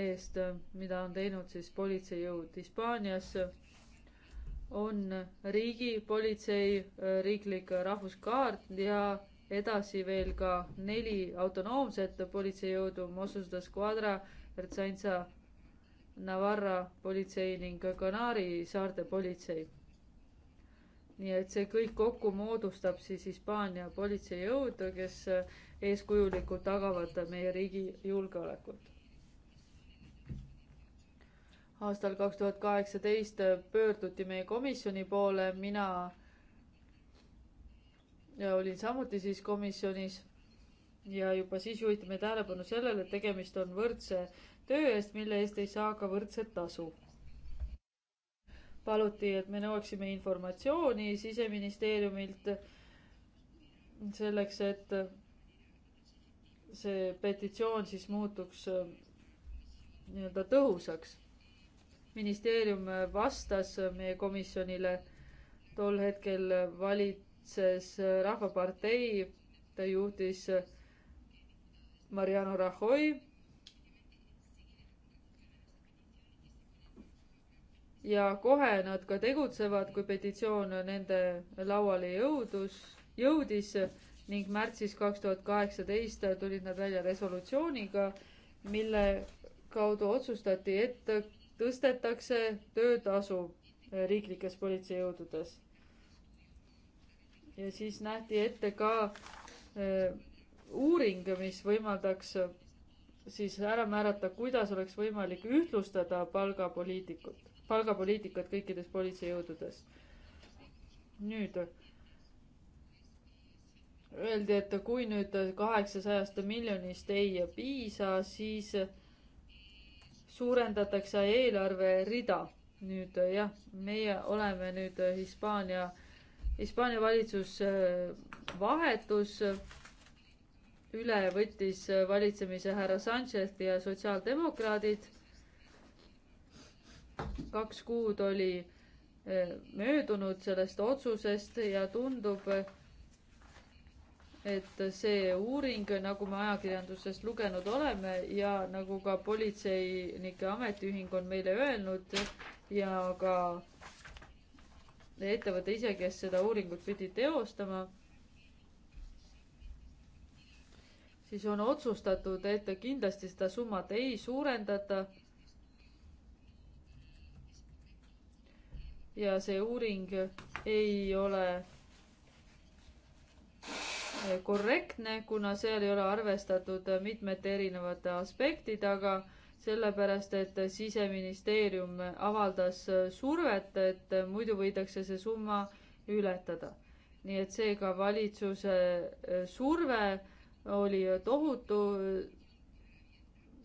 eest, äh, mida on teinud siis politseijõud Hispaanias. on riigipolitsei, äh, riiklik rahvuskaart ja edasi veel ka neli autonoomset politseijõudu, Mossos de Squadra, Ertsaintsa, Navarra politsei ning Kanaari saarte politsei. nii et see kõik kokku moodustab siis Hispaania politseijõud, kes eeskujulikult tagavad meie riigi julgeolekut. aastal kaks tuhat kaheksateist pöörduti meie komisjoni poole, mina olin samuti siis komisjonis ja juba siis juhiti meie tähelepanu sellele, et tegemist on võrdse töö eest, mille eest ei saa ka võrdset tasu. paluti, et me nõuaksime informatsiooni siseministeeriumilt selleks, et see petitsioon siis muutuks äh, nii-öelda tõhusaks. ministeerium äh, vastas äh, meie komisjonile, tol hetkel valitses Rahvapartei, ta juhtis Mariano Rajoy. ja kohe nad ka tegutsevad, kui petitsioon nende lauale jõudus, jõudis ning märtsis kaks tuhat kaheksateist tulid nad välja resolutsiooniga, mille kaudu otsustati, et tõstetakse töötasu eh, riiklikes politseijõududes. ja siis nähti ette ka äh, uuring, mis võimaldaks siis ära määrata, kuidas oleks võimalik ühtlustada palgapoliitikut, palgapoliitikat kõikides politseijõududes. nüüd öeldi, et kui nüüd kaheksasajast miljonist ei piisa, siis suurendatakse eelarverida. nüüd jah, meie oleme nüüd Hispaania, Hispaania valitsus äh, vahetus üle võttis valitsemise härra Sanchez ja sotsiaaldemokraadid. kaks kuud oli äh, möödunud sellest otsusest ja tundub, et et see uuring, nagu me ajakirjandusest lugenud oleme ja nagu ka politseinike ametiühing on meile öelnud ja ka ettevõte ise, kes seda uuringut pidi teostama, siis on otsustatud, et kindlasti seda summat ei suurendata. ja see uuring ei ole korrektne, kuna seal ei ole arvestatud mitmete erinevate aspektidega, sellepärast et siseministeerium avaldas survet, et muidu võidakse see summa ületada. nii et seega valitsuse äh, surve oli tohutu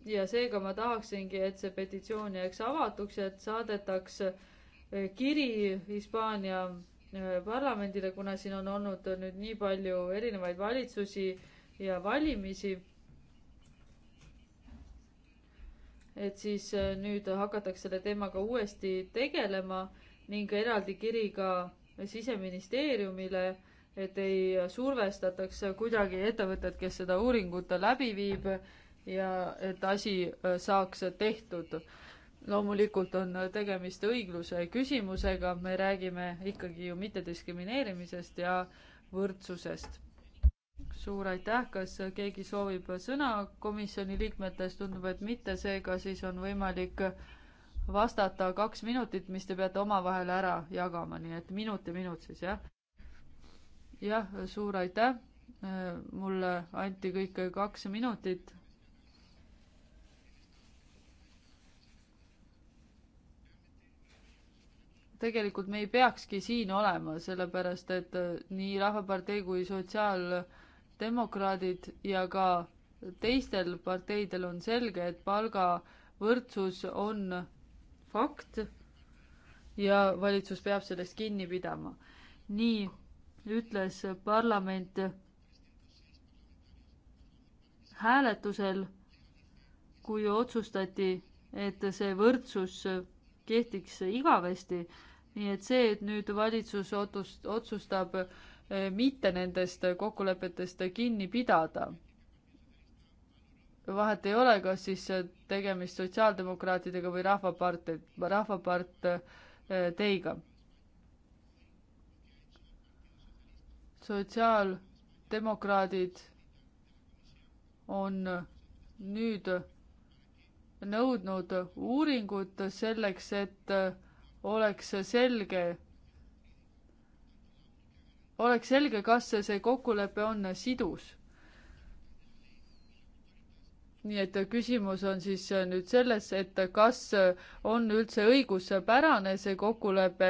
ja seega ma tahaksingi, et see petitsioon jääks avatuks ja et saadetaks äh, kiri Hispaania Äh, parlamendile, kuna siin on olnud nüüd nii palju erinevaid valitsusi ja valimisi. et siis äh, nüüd hakatakse selle teemaga uuesti tegelema ning eraldi kiri ka siseministeeriumile, et ei survestataks kuidagi ettevõtet, kes seda uuringut läbi viib ja et asi äh, saaks tehtud loomulikult on tegemist õigluse küsimusega, me räägime ikkagi ju mittediskrimineerimisest ja võrdsusest. suur aitäh, kas keegi soovib sõna komisjoni liikmetest, tundub, et mitte, seega siis on võimalik vastata kaks minutit, mis te peate omavahel ära jagama, nii et minut ja minut siis, jah? jah, suur aitäh, mulle anti kõik kaks minutit tegelikult me ei peakski siin olema, sellepärast et äh, nii Rahvapartei kui sotsiaaldemokraadid ja ka teistel parteidel on selge, et palgavõrdsus on fakt ja valitsus peab sellest kinni pidama. nii ütles parlament hääletusel, kui otsustati, et see võrdsus kehtiks igavesti nii et see, et nüüd valitsus otust-, otsustab eh, mitte nendest kokkulepetest kinni pidada. vahet ei ole, kas siis tegemist sotsiaaldemokraatidega või Rahvapart-, Rahvaparteiga. Eh, sotsiaaldemokraadid on nüüd nõudnud uuringut selleks, et oleks selge, oleks selge, kas see kokkulepe on sidus. nii et küsimus on siis nüüd selles, et kas on üldse õiguspärane see kokkulepe,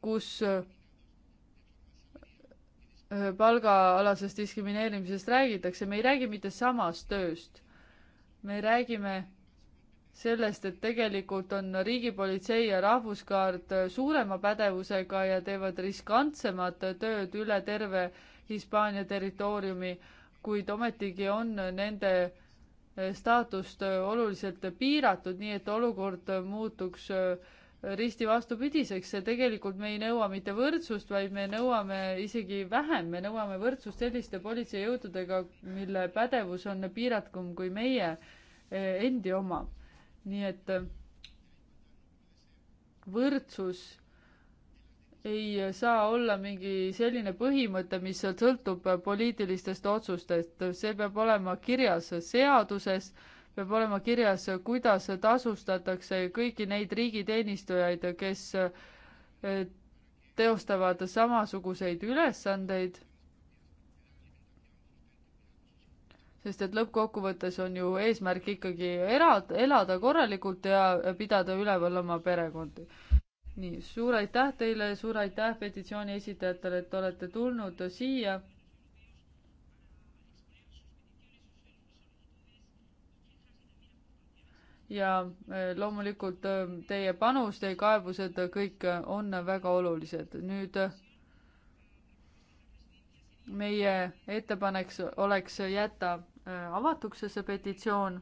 kus palgaalasest diskrimineerimisest räägitakse, me ei räägi mitte samast tööst. me räägime sellest, et tegelikult on riigipolitsei ja rahvuskaart suurema pädevusega ja teevad riskantsemat tööd üle terve Hispaania territooriumi, kuid ometigi on nende staatust oluliselt piiratud, nii et olukord muutuks risti vastupidiseks ja tegelikult me ei nõua mitte võrdsust, vaid me nõuame isegi vähem, me nõuame võrdsust selliste politseijõududega, mille pädevus on piiratum kui meie endi oma nii et äh, võrdsus ei saa olla mingi selline põhimõte, mis sõltub äh, poliitilistest otsustest, see peab olema kirjas seaduses, peab olema kirjas, äh, kuidas tasustatakse kõiki neid riigiteenistujaid, kes teostavad samasuguseid ülesandeid sest et lõppkokkuvõttes on ju eesmärk ikkagi elada, elada korralikult ja pidada üleval oma perekondi. nii, suur aitäh teile, suur aitäh petitsiooni esitajatele, et olete tulnud siia. ja eh, loomulikult eh, teie panus, teie kaebused, eh, kõik on väga olulised. nüüd meie ettepanek oleks jätta Äh, avatuks see petitsioon.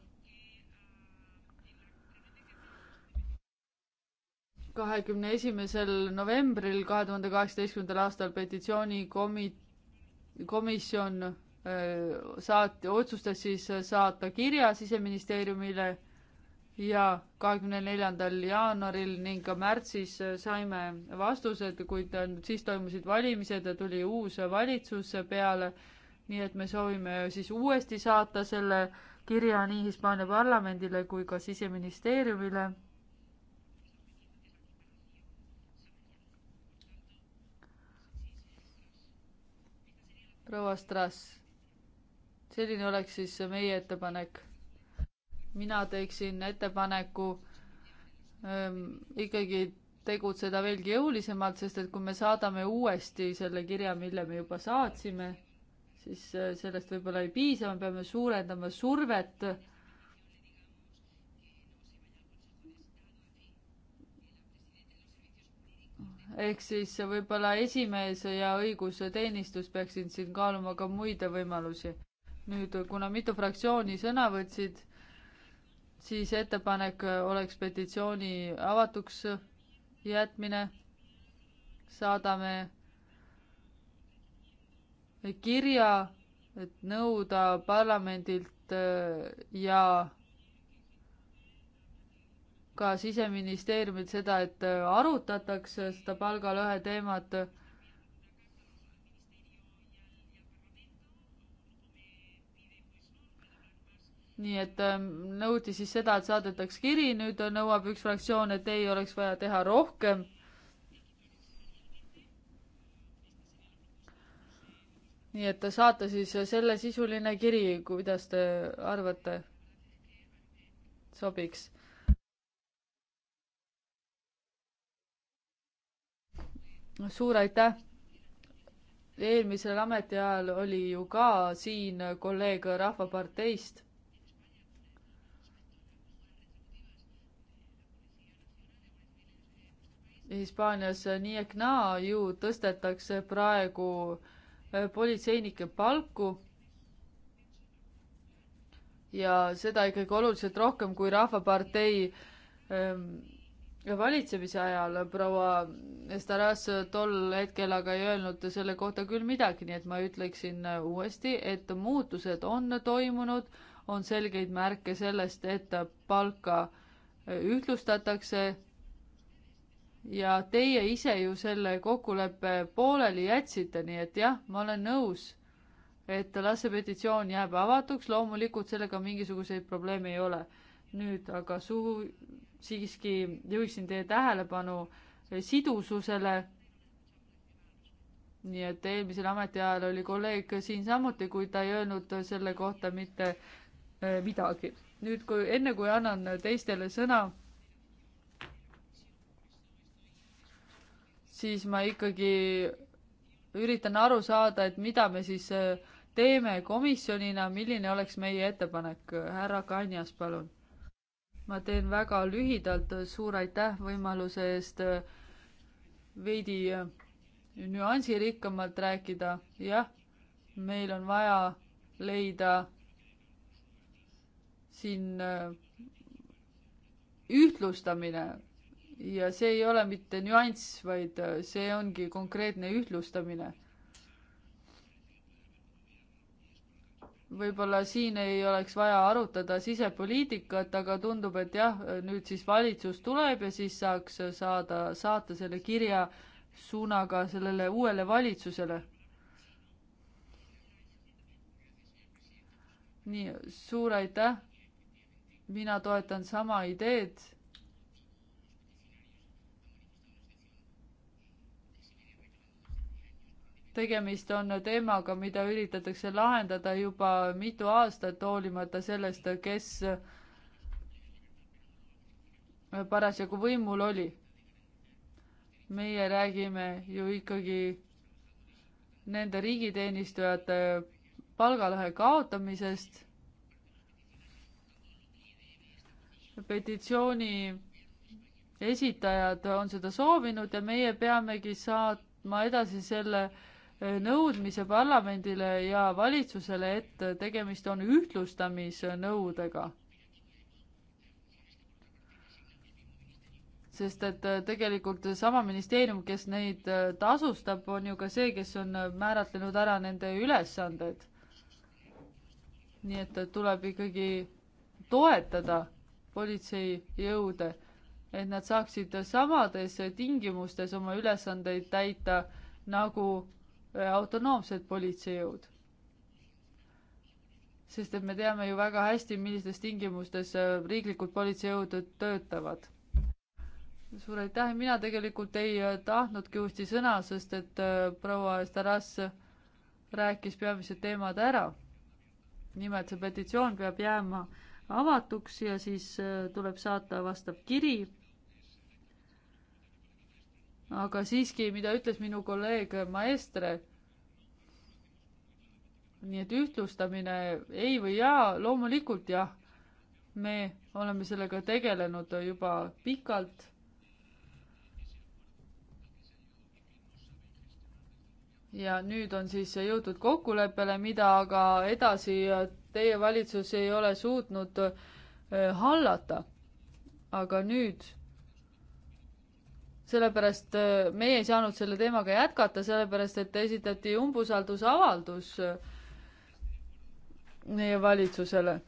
kahekümne esimesel novembril kahe tuhande kaheksateistkümnendal aastal petitsioonikomi-, komisjon äh, saati, otsustas siis saata kirja siseministeeriumile ja kahekümne neljandal jaanuaril ning ka märtsis saime vastused, kuid äh, siis toimusid valimised ja tuli uus valitsus peale nii et me soovime siis uuesti saata selle kirja nii Hispaania parlamendile kui ka siseministeeriumile. proua Strass, selline oleks siis meie ettepanek. mina teeksin ettepaneku ähm, ikkagi tegutseda veelgi jõulisemalt, sest et kui me saadame uuesti selle kirja, mille me juba saatsime siis äh, sellest võib-olla ei piisa, me peame suurendama survet ehk siis võib-olla esimees ja õigusteenistus peaksid siin kaaluma ka muid võimalusi. nüüd, kuna mitu fraktsiooni sõna võtsid, siis ettepanek oleks petitsiooni avatuks jätmine. saadame kirja, et nõuda parlamendilt äh, ja ka siseministeeriumilt seda, et äh, arutatakse seda palgalõhe teemat. nii et ähm, nõuti siis seda, et saadetaks kiri, nüüd nõuab üks fraktsioon, et ei oleks vaja teha rohkem nii et saata siis sellesisuline kiri, kuidas te arvate, sobiks. suur aitäh! eelmisel ametiajal oli ju ka siin kolleeg Rahvaparteist. Hispaanias nii ehk naa ju tõstetakse praegu äh, Äh, politseinike palku. ja seda ikkagi oluliselt rohkem kui Rahvapartei ähm, valitsemise ajal. proua Staras tol hetkel aga ei öelnud selle kohta küll midagi, nii et ma ütleksin äh, uuesti, et muutused on toimunud, on selgeid märke sellest, et palka äh, ühtlustatakse ja teie ise ju selle kokkuleppe pooleli jätsite, nii et jah, ma olen nõus, et lasepetitsioon jääb avatuks, loomulikult sellega mingisuguseid probleeme ei ole. nüüd aga suu-, siiski juhiksin teie tähelepanu eh, sidususele. nii et eelmisel ametiajal oli kolleeg siin samuti, kuid ta ei öelnud selle kohta mitte eh, midagi. nüüd, kui enne, kui annan teistele sõna siis ma ikkagi üritan aru saada, et mida me siis äh, teeme komisjonina, milline oleks meie ettepanek. härra Kanjas, palun. ma teen väga lühidalt, suur aitäh võimaluse eest äh, veidi äh, nüansirikkamalt rääkida, jah, meil on vaja leida siin ühtlustamine ja see ei ole mitte nüanss, vaid äh, see ongi konkreetne ühtlustamine. võib-olla siin ei oleks vaja arutada sisepoliitikat, aga tundub, et jah, nüüd siis valitsus tuleb ja siis saaks saada, saata selle kirja suunaga sellele uuele valitsusele. nii, suur aitäh. mina toetan sama ideed tegemist on teemaga, mida üritatakse lahendada juba mitu aastat, hoolimata sellest, kes parasjagu võimul oli. meie räägime ju ikkagi nende riigiteenistujate palgalõhe kaotamisest. petitsiooni esitajad on seda soovinud ja meie peamegi saatma edasi selle äh, nõudmise parlamendile ja valitsusele, et tegemist on ühtlustamisnõudega. sest et tegelikult sama ministeerium, kes neid tasustab, on ju ka see, kes on määratlenud ära nende ülesanded. nii et tuleb ikkagi toetada politseijõude, et nad saaksid samades tingimustes oma ülesandeid täita nagu Äh, autonoomsed politseijõud. sest et me teame ju väga hästi, millistes tingimustes äh, riiklikud politseijõud töötavad. suur aitäh, mina tegelikult ei äh, tahtnudki uuesti sõna, sest et proua Staras rääkis peamised teemad ära. nimelt see petitsioon peab jääma avatuks ja siis tuleb saata vastav kiri aga siiski, mida ütles minu kolleeg Maestre, nii et ühtlustamine ei või jaa, loomulikult jah. me oleme sellega tegelenud juba pikalt. ja nüüd on siis jõutud kokkuleppele, mida aga edasi teie valitsus ei ole suutnud eh, hallata. aga nüüd sellepärast äh, meie ei saanud selle teemaga jätkata, sellepärast et esitati umbusaldusavaldus äh, meie valitsusele.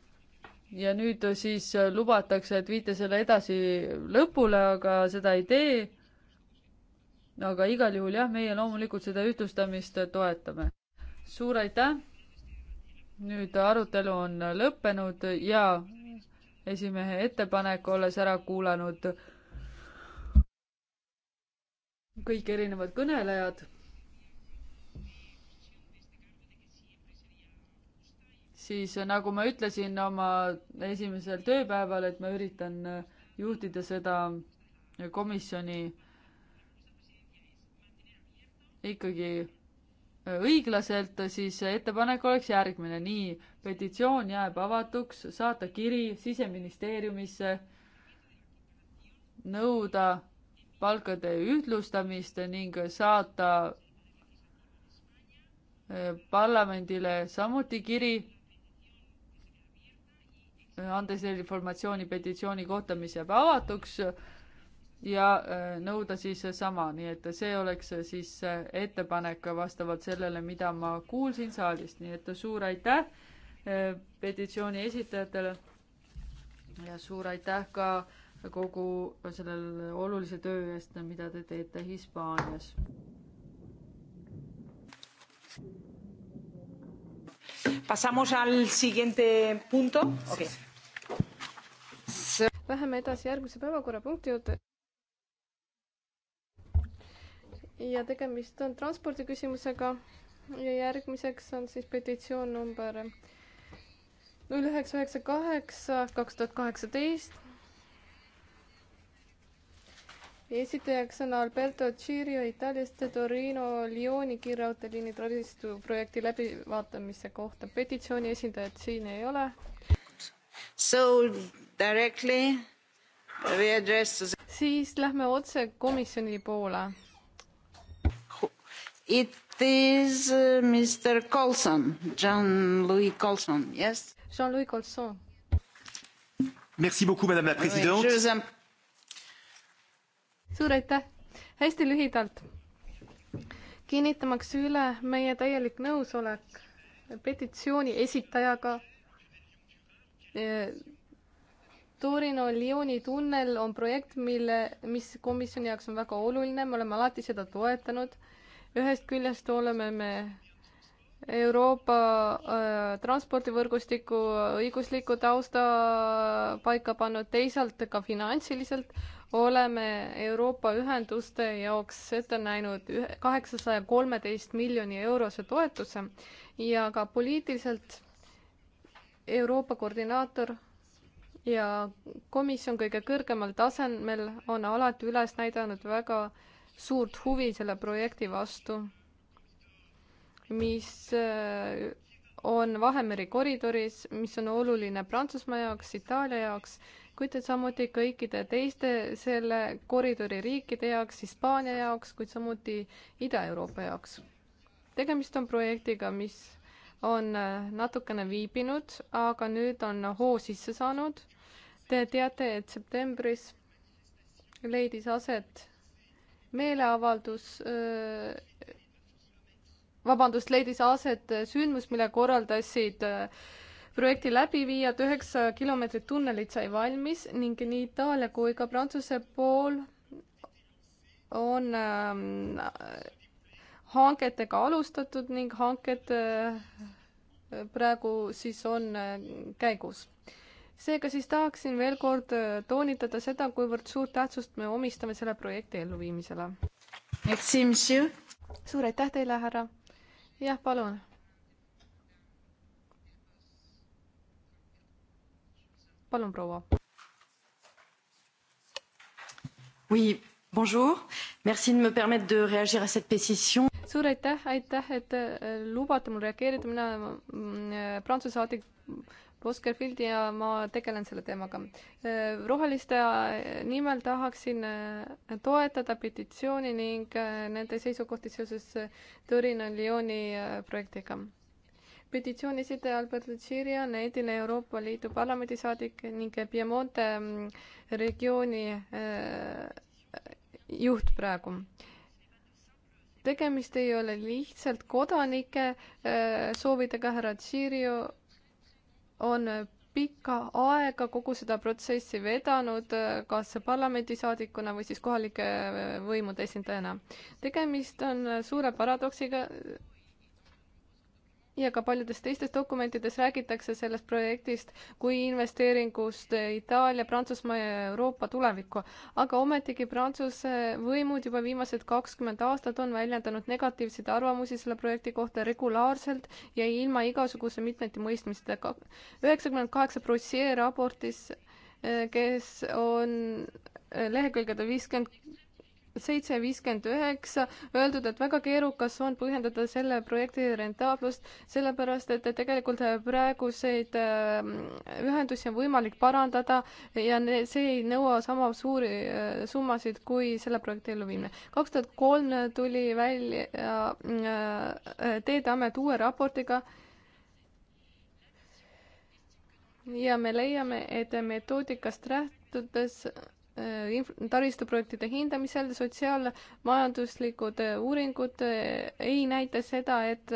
ja nüüd äh, siis lubatakse, et viite selle edasi lõpule, aga seda ei tee. aga igal juhul jah, meie loomulikult seda ühtlustamist toetame. suur aitäh. nüüd arutelu on lõppenud ja esimehe ettepanek, olles ära kuulanud kõik erinevad kõnelejad. siis eh, nagu ma ütlesin oma esimesel tööpäeval, et ma üritan eh, juhtida seda eh, komisjoni ikkagi õiglaselt, siis ettepanek oleks järgmine, nii, petitsioon jääb avatuks, saata kiri siseministeeriumisse, nõuda palkade ühtlustamist ning saata eh, parlamendile samuti kiri, andes informatsiooni petitsiooni kohta, mis jääb avatuks ja eh, nõuda siis sama, nii et see oleks siis eh, ettepanek vastavalt sellele, mida ma kuulsin saalist, nii et suur aitäh petitsiooni esitajatele ja suur aitäh ka äh, kogu sellel olulise töö eest, mida te teete Hispaanias. Pasamos al siguiente punto okay.. Läheme edasi järgmise päevakorrapunkti juurde. ja tegemist on transpordiküsimusega ja järgmiseks on siis petitsioon number null üheksa üheksa kaheksa kaks tuhat kaheksateist esitajaks on Alberto Cirio Itaaliast Torino Lyoni kiirraudteeliini taristu projekti läbivaatamise kohta. petitsiooni esindajat siin ei ole. So directly we address to the... siis lähme otse komisjoni poole. It is uh, Mr Colson, Jean-Louis Colson, yes? Jean-Louis Colson. Merci beaucoup, madame la présidente. Oui, suur aitäh! hästi lühidalt, kinnitamaks üle meie täielik nõusolek petitsiooni esitajaga. Torino Lioni tunnel on projekt, mille, mis komisjoni jaoks on väga oluline, me oleme alati seda toetanud. ühest küljest oleme me Euroopa äh, transpordivõrgustiku õigusliku tausta paika pannud, teisalt ka finantsiliselt oleme Euroopa ühenduste jaoks ette näinud kaheksasaja kolmeteist miljoni eurose toetuse ja ka poliitiliselt Euroopa koordinaator ja komisjon kõige kõrgemal tasemel on alati üles näidanud väga suurt huvi selle projekti vastu, mis äh, on Vahemere koridoris, mis on oluline Prantsusmaa jaoks, Itaalia jaoks kuid samuti kõikide teiste selle koridori riikide jaoks, Hispaania jaoks, kuid samuti Ida-Euroopa jaoks. tegemist on projektiga, mis on äh, natukene viibinud, aga nüüd on hoo sisse saanud. Te teate, et septembris leidis aset meeleavaldus, äh, vabandust, leidis aset sündmus, mille korraldasid äh, projekti läbi viia, et üheksa kilomeetrit tunnelit sai valmis ning nii Itaalia kui ka Prantsuse pool on ähm, hangetega alustatud ning hanked äh, praegu siis on äh, käigus. seega siis tahaksin veel kord äh, toonitada seda, kuivõrd suurt tähtsust me omistame selle projekti elluviimisele. suur aitäh teile, härra. jah, palun palun, proua. Oui, bonjour, merci de me permettre de réagir à cette pétition. suur aitäh, aitäh, et äh, lubate mul reageerida, mina mm, äh, Prantsuse saadik Oskar Fildi ja ma tegelen selle teemaga. Äh, roheliste nimel tahaksin toetada petitsiooni ning nende seisukohti seoses Torino Lyoni projektiga petitsiooni esitaja Alberto Tširi on endine Euroopa Liidu Parlamendi saadik ning Piemonte mm, regiooni äh, juht praegu. tegemist ei ole lihtsalt kodanike äh, soovidega, härra Tširi on pikka aega kogu seda protsessi vedanud, äh, kas parlamendisaadikuna või siis kohalike võimude esindajana. tegemist on suure paradoksiga, ja ka paljudes teistes dokumentides räägitakse sellest projektist kui investeeringust Itaalia, Prantsusmaa ja Euroopa tulevikku. aga ometigi Prantsuse võimud juba viimased kakskümmend aastat on väljendanud negatiivseid arvamusi selle projekti kohta regulaarselt ja ilma igasuguse mitmetimõistmistega. üheksakümmend kaheksa Brossier raportis, eh, kes on eh, lehekülgedel viiskümmend seitse viiskümmend üheksa öeldud, et väga keerukas on põhjendada selle projekti rentaablust, sellepärast et tegelikult praeguseid ähm, ühendusi on võimalik parandada ja see ei nõua sama suuri äh, summasid kui selle projekti elluviimine. kaks tuhat kolm tuli välja äh, Teedeamet uue raportiga ja me leiame, et metoodikast lähtudes Äh, taristuprojektide hindamisel sotsiaalmajanduslikud äh, uuringud äh, ei näita seda, et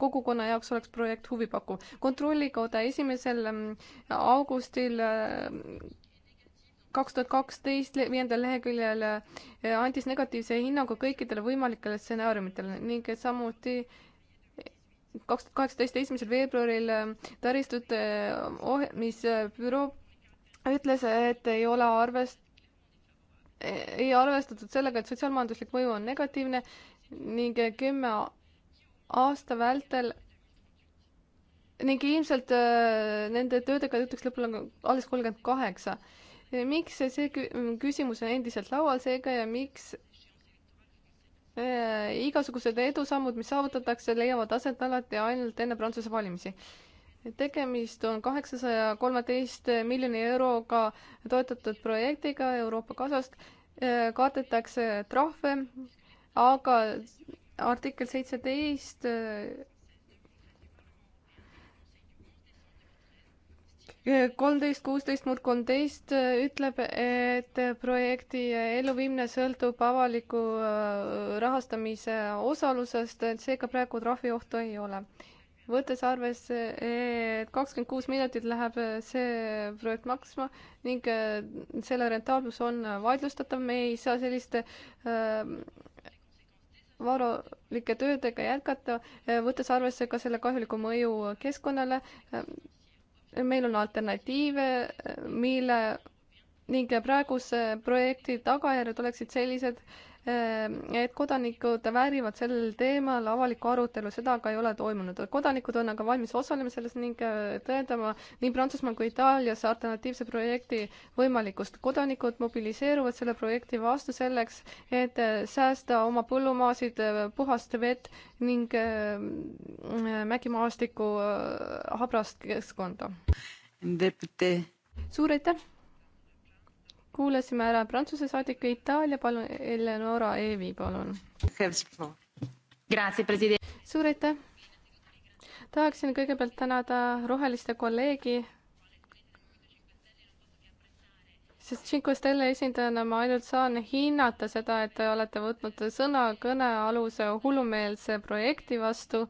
kogukonna jaoks oleks projekt huvipakkuv. kontrollikoda esimesel mm, augustil kaks tuhat kaksteist viiendal leheküljel andis negatiivse hinnangu kõikidele võimalikele stsenaariumitele ning samuti kaks tuhat kaheksateist esimesel veebruaril taristute ohjamisbüroo ütles, et ei ole arvest-, ei arvestatud sellega, et sotsiaalmajanduslik mõju on negatiivne ning kümme aasta vältel ning ilmselt äh, nende töödega jõutakse lõpule alles kolmkümmend kaheksa. miks see küsimus on endiselt laual seega ja miks äh, igasugused edusammud, mis saavutatakse, leiavad aset alati ainult enne Prantsuse valimisi? tegemist on kaheksasaja kolmeteist miljoni euroga toetatud projektiga Euroopa kasast, äh, katetakse trahve, aga artikkel seitseteist äh, kolmteist, kuusteist, muud kolmteist äh, ütleb, et projekti elluviimine sõltub avaliku rahastamise osalusest, seega praegu trahviohtu ei ole võttes arvesse, et kakskümmend kuus miljardit läheb äh, see projekt maksma ning äh, selle rentaablus on vaidlustatav, me ei saa selliste äh, varulike töödega jätkata, äh, võttes arvesse ka selle kahjuliku mõju keskkonnale. meil on alternatiive, mille ning praeguse projekti tagajärjed oleksid sellised, Äh, et kodanikud väärivad sellel teemal avalikku arutelu, seda aga ei ole toimunud. kodanikud on aga valmis osalema selles ning äh, tõendama nii Prantsusmaal kui Itaalias alternatiivse projekti võimalikkust. kodanikud mobiliseeruvad selle projekti vastu selleks, et äh, säästa oma põllumaasid, puhast vett ning mägimaastiku habrast keskkonda. suur aitäh! kuulasime ära Prantsuse saadiku, Itaalia, palun, Eleonora Eevi, palun. suur aitäh! tahaksin kõigepealt tänada roheliste kolleegi, sest Cinque Stelle esindajana ma ainult saan hinnata seda, et te olete võtnud sõna kõnealuse hullumeelse projekti vastu.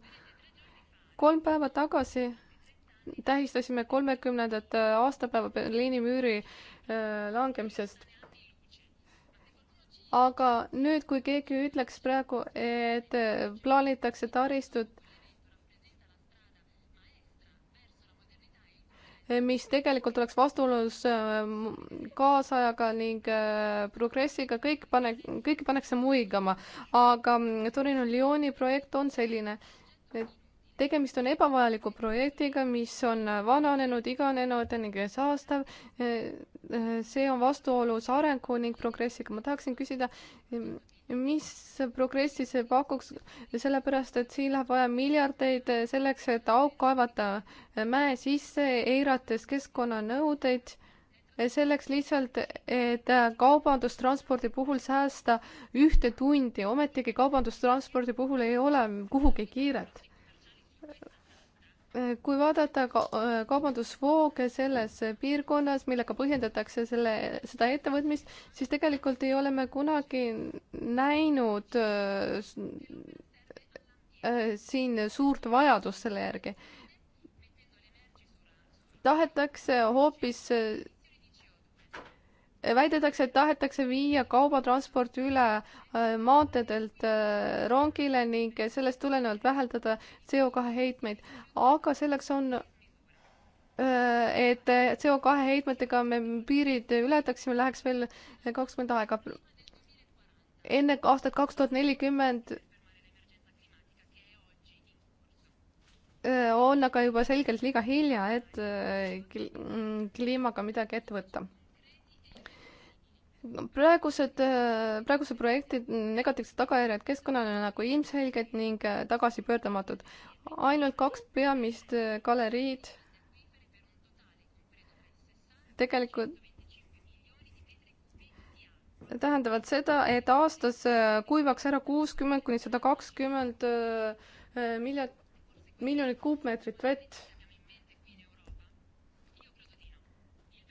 kolm päeva tagasi tähistasime kolmekümnendat aastapäeva Berliini müüri langemisest. aga nüüd, kui keegi ütleks praegu, et plaanitakse taristut, mis tegelikult oleks vastuolus kaasajaga ning progressiga, kõik pane, kõiki pannakse muigama. aga mm, Torino Lyoni projekt on selline, et tegemist on ebavajaliku projektiga, mis on vananenud, iganenud ning saastav. E, e, see on vastuolus arengu ning progressiga. ma tahaksin küsida, mis progressi see pakuks, sellepärast et siin läheb vaja miljardeid selleks, et auk kaevata mäe sisse, eirates keskkonnanõudeid selleks lihtsalt, et kaubandustranspordi puhul säästa ühte tundi, ometigi kaubandustranspordi puhul ei ole kuhugi kiiret kui vaadata ka äh, kaubandusvooge selles piirkonnas, millega põhjendatakse selle, seda ettevõtmist, siis tegelikult ei ole me kunagi näinud äh, siin suurt vajadust selle järgi. tahetakse hoopis äh, väidetakse, et tahetakse viia kaubatransport üle äh, maanteedelt äh, rongile ning sellest tulenevalt vähendada CO2 heitmeid, aga selleks on äh, et CO2 heitmetega me piirid ületaksime, läheks veel kakskümmend aega. enne aastat kaks tuhat nelikümmend on aga juba selgelt liiga hilja, et mm, kliimaga midagi ette võtta praegused, äh, praeguse projekti negatiivsed tagajärjed keskkonnale on nagu ilmselged ning äh, tagasipöördamatud. ainult kaks peamist äh, galeriid tegelikult tähendavad seda, et aastas kuivaks ära kuuskümmend kuni sada kakskümmend miljard, miljonit kuupmeetrit vett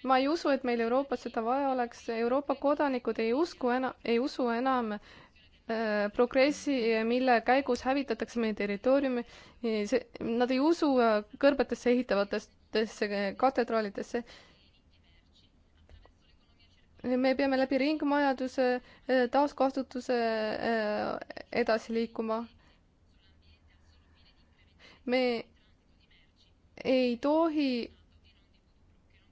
ma ei usu, et meil Euroopas seda vaja oleks, Euroopa kodanikud ei usku enam, ei usu enam äh, progressi, mille käigus hävitatakse meie territooriumi, see, nad ei usu äh, kõrbetesse ehitavatesse äh, katedraalidesse. me peame läbi ringmajanduse, äh, taaskasutuse äh, edasi liikuma. me ei tohi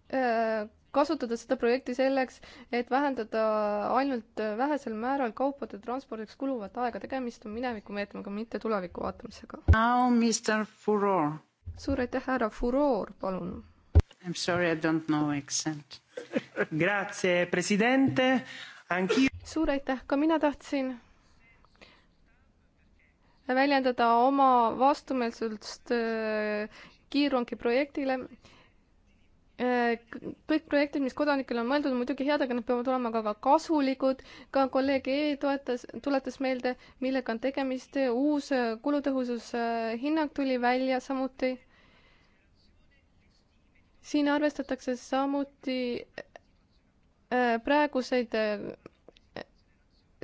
Äh, kasutada seda projekti selleks, et vähendada ainult vähesel määral kaupade transpordiks kuluvat aega, tegemist on minevikumeetmega, mitte tulevikku vaatamisega. suur aitäh, härra Furoor, palun. I am sorry, I don't know accent Grazie, presidente. suur aitäh, ka mina tahtsin väljendada oma vastumeelsust äh, kiirrongi projektile Äh, kõik projektid, mis kodanikele on mõeldud, on muidugi head, aga nad peavad olema ka, ka kasulikud. ka kolleeg E toetas, tuletas meelde, millega on tegemist. uus äh, kulutõhusushinnang äh, tuli välja samuti. siin arvestatakse samuti praeguseid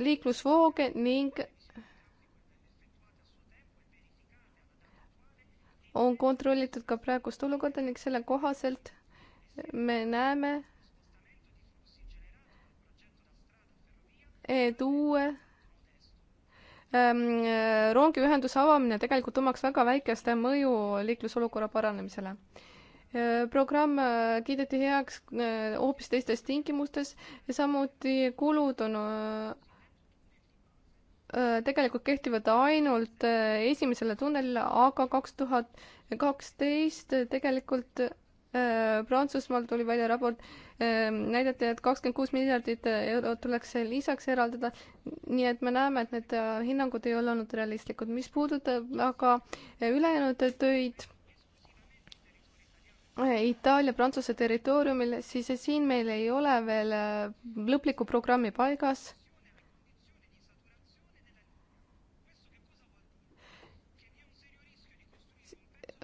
liiklusvooge ning on kontrollitud ka praegust olukorda ning selle kohaselt me näeme, et uue ähm, rongiühenduse avamine tegelikult omaks väga väikest mõju liiklusolukorra paranemisele. Äh, programm äh, kiideti heaks äh, hoopis teistes tingimustes ja samuti kulud on tegelikult kehtivad ainult esimesele tunnelile, aga kaks tuhat kaksteist tegelikult Äh, Prantsusmaal tuli välja raport, ähm, näidati, et kakskümmend kuus miljardit äh, eurot tuleks lisaks eraldada. nii et me näeme, et need äh, hinnangud ei ole olnud realistlikud. mis puudutab aga ülejäänud töid Itaalia-Prantsuse territooriumil, siis siin meil ei ole veel lõplikku programmi paigas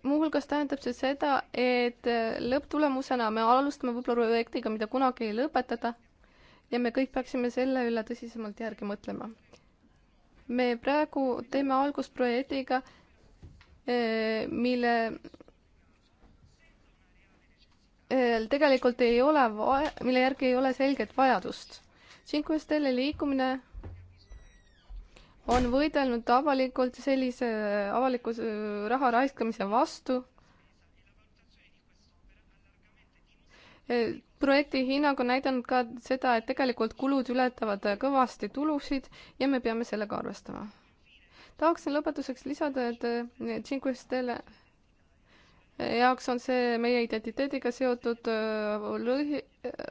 muuhulgas tähendab see seda, et äh, lõpptulemusena me alustame võib-olla projektiga, mida kunagi ei lõpetada ja me kõik peaksime selle üle tõsisemalt järgi mõtlema. me praegu teeme algust projektiga, äh, mille äh, tegelikult ei ole, mille järgi ei ole selget vajadust. Cinque Stelle liikumine on võidelnud avalikult sellise avaliku raha raiskamise vastu. E, projekti hinnang on näidanud ka seda, et tegelikult kulud ületavad kõvasti tulusid ja me peame sellega arvestama. tahaksin lõpetuseks lisada, et e, Cinque Stelle jaoks on see meie identiteediga seotud e, lõhi,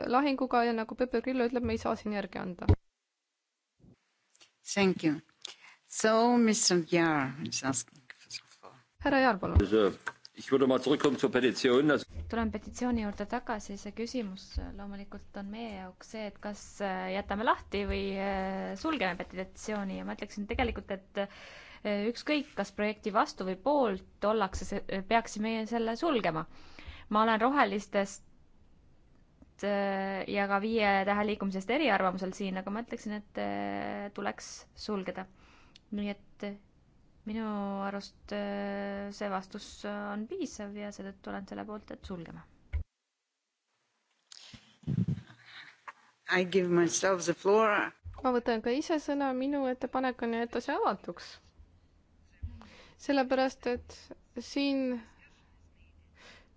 lahinguga ja nagu Pepe Grillo ütleb, me ei saa siin järgi anda. Thank you. So, Mr Jaar is asking for the floor. härra Jaar, palun. tulen petitsiooni juurde tagasi, see küsimus äh, loomulikult on meie jaoks see, et kas äh, jätame lahti või äh, sulgeme petitsiooni ja ma ütleksin tegelikult, et ükskõik, kas projekti vastu või poolt ollakse, peaksime selle sulgema. ma olen rohelistest ja ka viie tähe liikumisest eriarvamusel siin, aga ma ütleksin, et tuleks sulgeda nii et eh, minu arust eh, see vastus on piisav ja seetõttu olen selle poolt, et sulgeme. I give myself the floor. ma võtan ka ise sõna, minu ettepanek on jätta see avatuks. sellepärast, et siin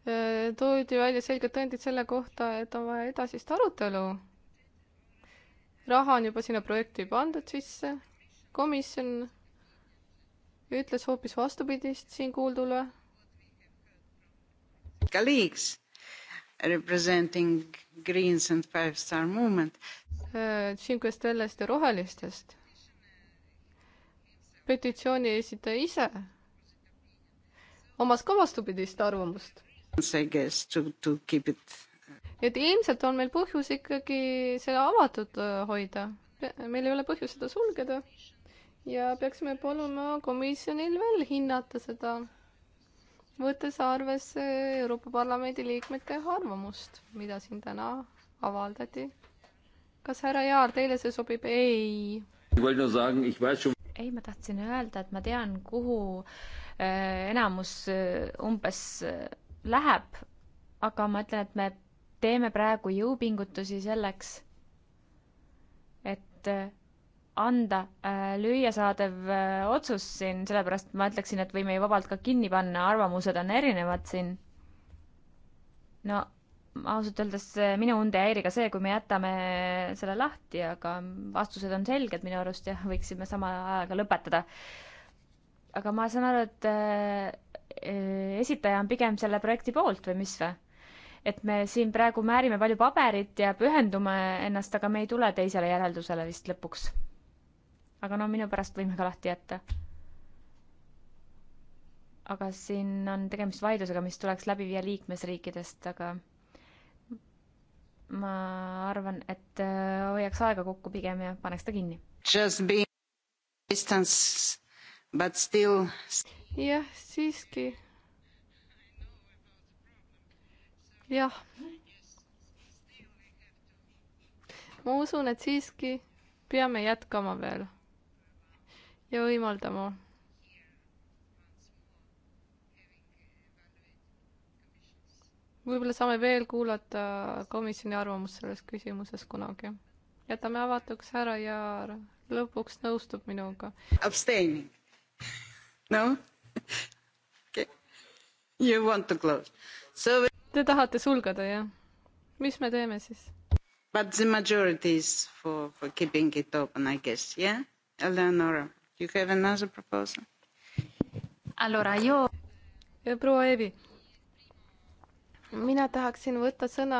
eh, toodi välja selged tõendid selle kohta, et on vaja edasist arutelu. raha on juba sinna projekti pandud sisse komisjon ütles hoopis vastupidist siin kuuldule. Colleagues representing Greens and Five Star Movement. Cinque äh, Stellest ja Rohelistest. petitsiooni esitaja ise omas ka vastupidist arvamust. I guess to, to keep it. Uh, et ilmselt on meil põhjus ikkagi seda avatud äh, hoida. meil ei ole põhjust seda sulgeda ja peaksime paluma komisjonil veel hinnata seda, võttes arvesse Euroopa Parlamendi liikmete arvamust, mida siin täna avaldati. kas härra Jaar, teile see sobib? ei. ei, ma tahtsin öelda, et ma tean, kuhu äh, enamus äh, umbes äh, läheb, aga ma ütlen, et me teeme praegu jõupingutusi selleks, et anda äh, lüüasaadev äh, otsus siin, sellepärast ma ütleksin, et võime ju vabalt ka kinni panna, arvamused on erinevad siin. no ausalt öeldes äh, minu und ei häiri ka see, kui me jätame selle lahti, aga vastused on selged minu arust ja võiksime sama ajaga lõpetada. aga ma saan aru, et esitaja on pigem selle projekti poolt või mis või? et me siin praegu määrime palju paberit ja pühendume ennast, aga me ei tule teisele järeldusele vist lõpuks aga no minu pärast võime ka lahti jätta. aga siin on tegemist vaidlusega, mis tuleks läbi viia liikmesriikidest, aga ma arvan, et äh, hoiaks aega kokku pigem ja paneks ta kinni. Just be distance but still. jah, siiski. jah. ma usun, et siiski peame jätkama veel ja võimaldama võib-olla saame veel kuulata komisjoni arvamust selles küsimuses kunagi. jätame avatuks härra Jaar, lõpuks nõustub minuga. Abstaining. no okay.. You want to close so.... Te tahate sulgeda, jah? mis me teeme siis? But the majority is for, for keeping it open, I guess, yeah? Eleonora You have another proposal? Allora, io... proua Eevi, mina tahaksin võtta sõna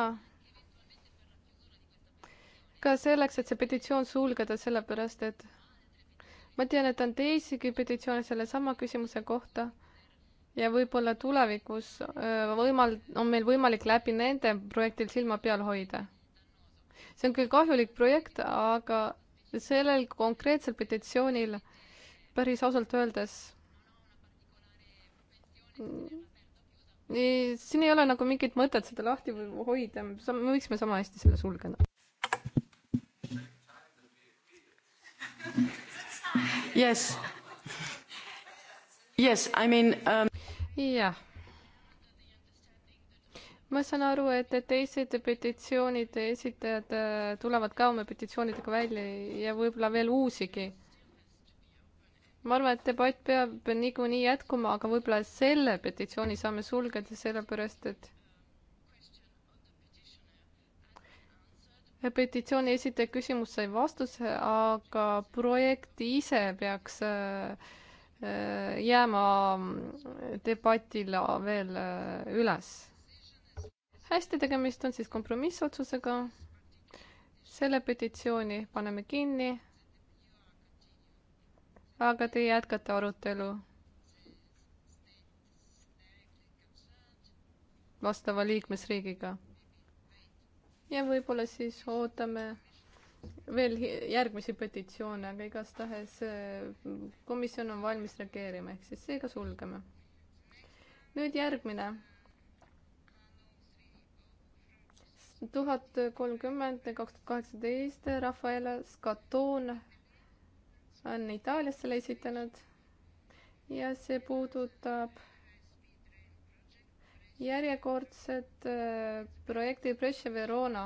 ka selleks, et see petitsioon sulgeda, sellepärast et ma tean, et on teisigi petitsioone sellesama küsimuse kohta ja võib-olla tulevikus äh, võimal-, on meil võimalik läbi nende projektil silma peal hoida. see on küll kahjulik projekt, aga sellel konkreetsel petitsioonil päris ausalt öeldes nii, siin ei ole nagu mingit mõtet seda lahti hoida, me võiksime sama hästi selle sulgeda. Yes. Yes, I mean um.... jah. ma saan aru, et teised petitsioonide esitajad äh, tulevad ka oma petitsioonidega välja ja võib-olla veel uusigi ma arvan, et debatt peab niikuinii jätkuma, aga võib-olla selle petitsiooni saame sulgeda, sellepärast et petitsiooni esitaja küsimus sai vastuse, aga projekt ise peaks äh, jääma debatile veel äh, üles. hästi, tegemist on siis kompromissotsusega. selle petitsiooni paneme kinni aga te jätkate arutelu vastava liikmesriigiga. ja võib-olla siis ootame veel järgmisi petitsioone, aga igastahes eh, komisjon on valmis reageerima, ehk siis seega sulgeme. nüüd järgmine. tuhat kolmkümmend, kaks tuhat kaheksateist, Rafaela Skatoon on Itaalias selle esitanud ja see puudutab järjekordset äh, projekti Brescia Verona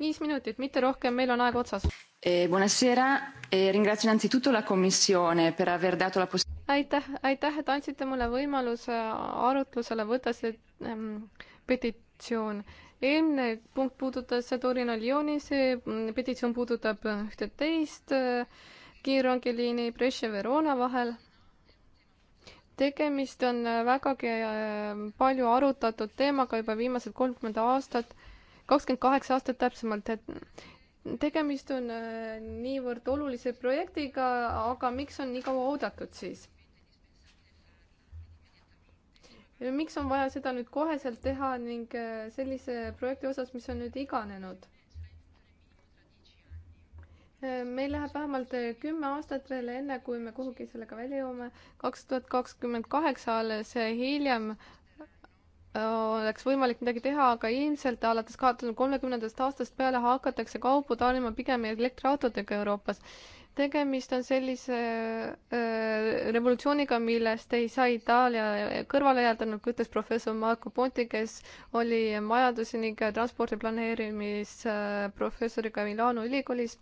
viis minutit, mitte rohkem, meil on aeg otsas eh,. Buonasera eh,, ringrazio innanzitutto la commissione per aver dato la poss-. aitäh, aitäh, et andsite mulle võimaluse arutlusele võtta see ähm, peti-, petitsioon. eelmine punkt puudutas Torino Lyoni, see petitsioon puudutab ühte teist äh, kiirrongiliini Brescia-Verona vahel. tegemist on vägagi äh, palju arutatud teemaga juba viimased kolmkümmend aastat, kakskümmend kaheksa aastat täpsemalt, et tegemist on äh, niivõrd olulise projektiga, aga miks on nii kaua oodatud siis? miks on vaja seda nüüd koheselt teha ning äh, sellise projekti osas, mis on nüüd iganenud? Äh, meil läheb vähemalt äh, kümme aastat veel, enne kui me kuhugi sellega välja jõuame. kaks tuhat kakskümmend kaheksa alles hiljem oleks võimalik midagi teha, aga ilmselt alates kahe tuhande kolmekümnendast aastast peale hakatakse kaupu tarnima pigem elektriautodega Euroopas tegemist on sellise äh, revolutsiooniga, millest ei saa Itaalia kõrvale jääda, nagu ütles professor Marco Ponti, kes oli majanduse ning transpordi planeerimisprofessoriga äh, Milano ülikoolis.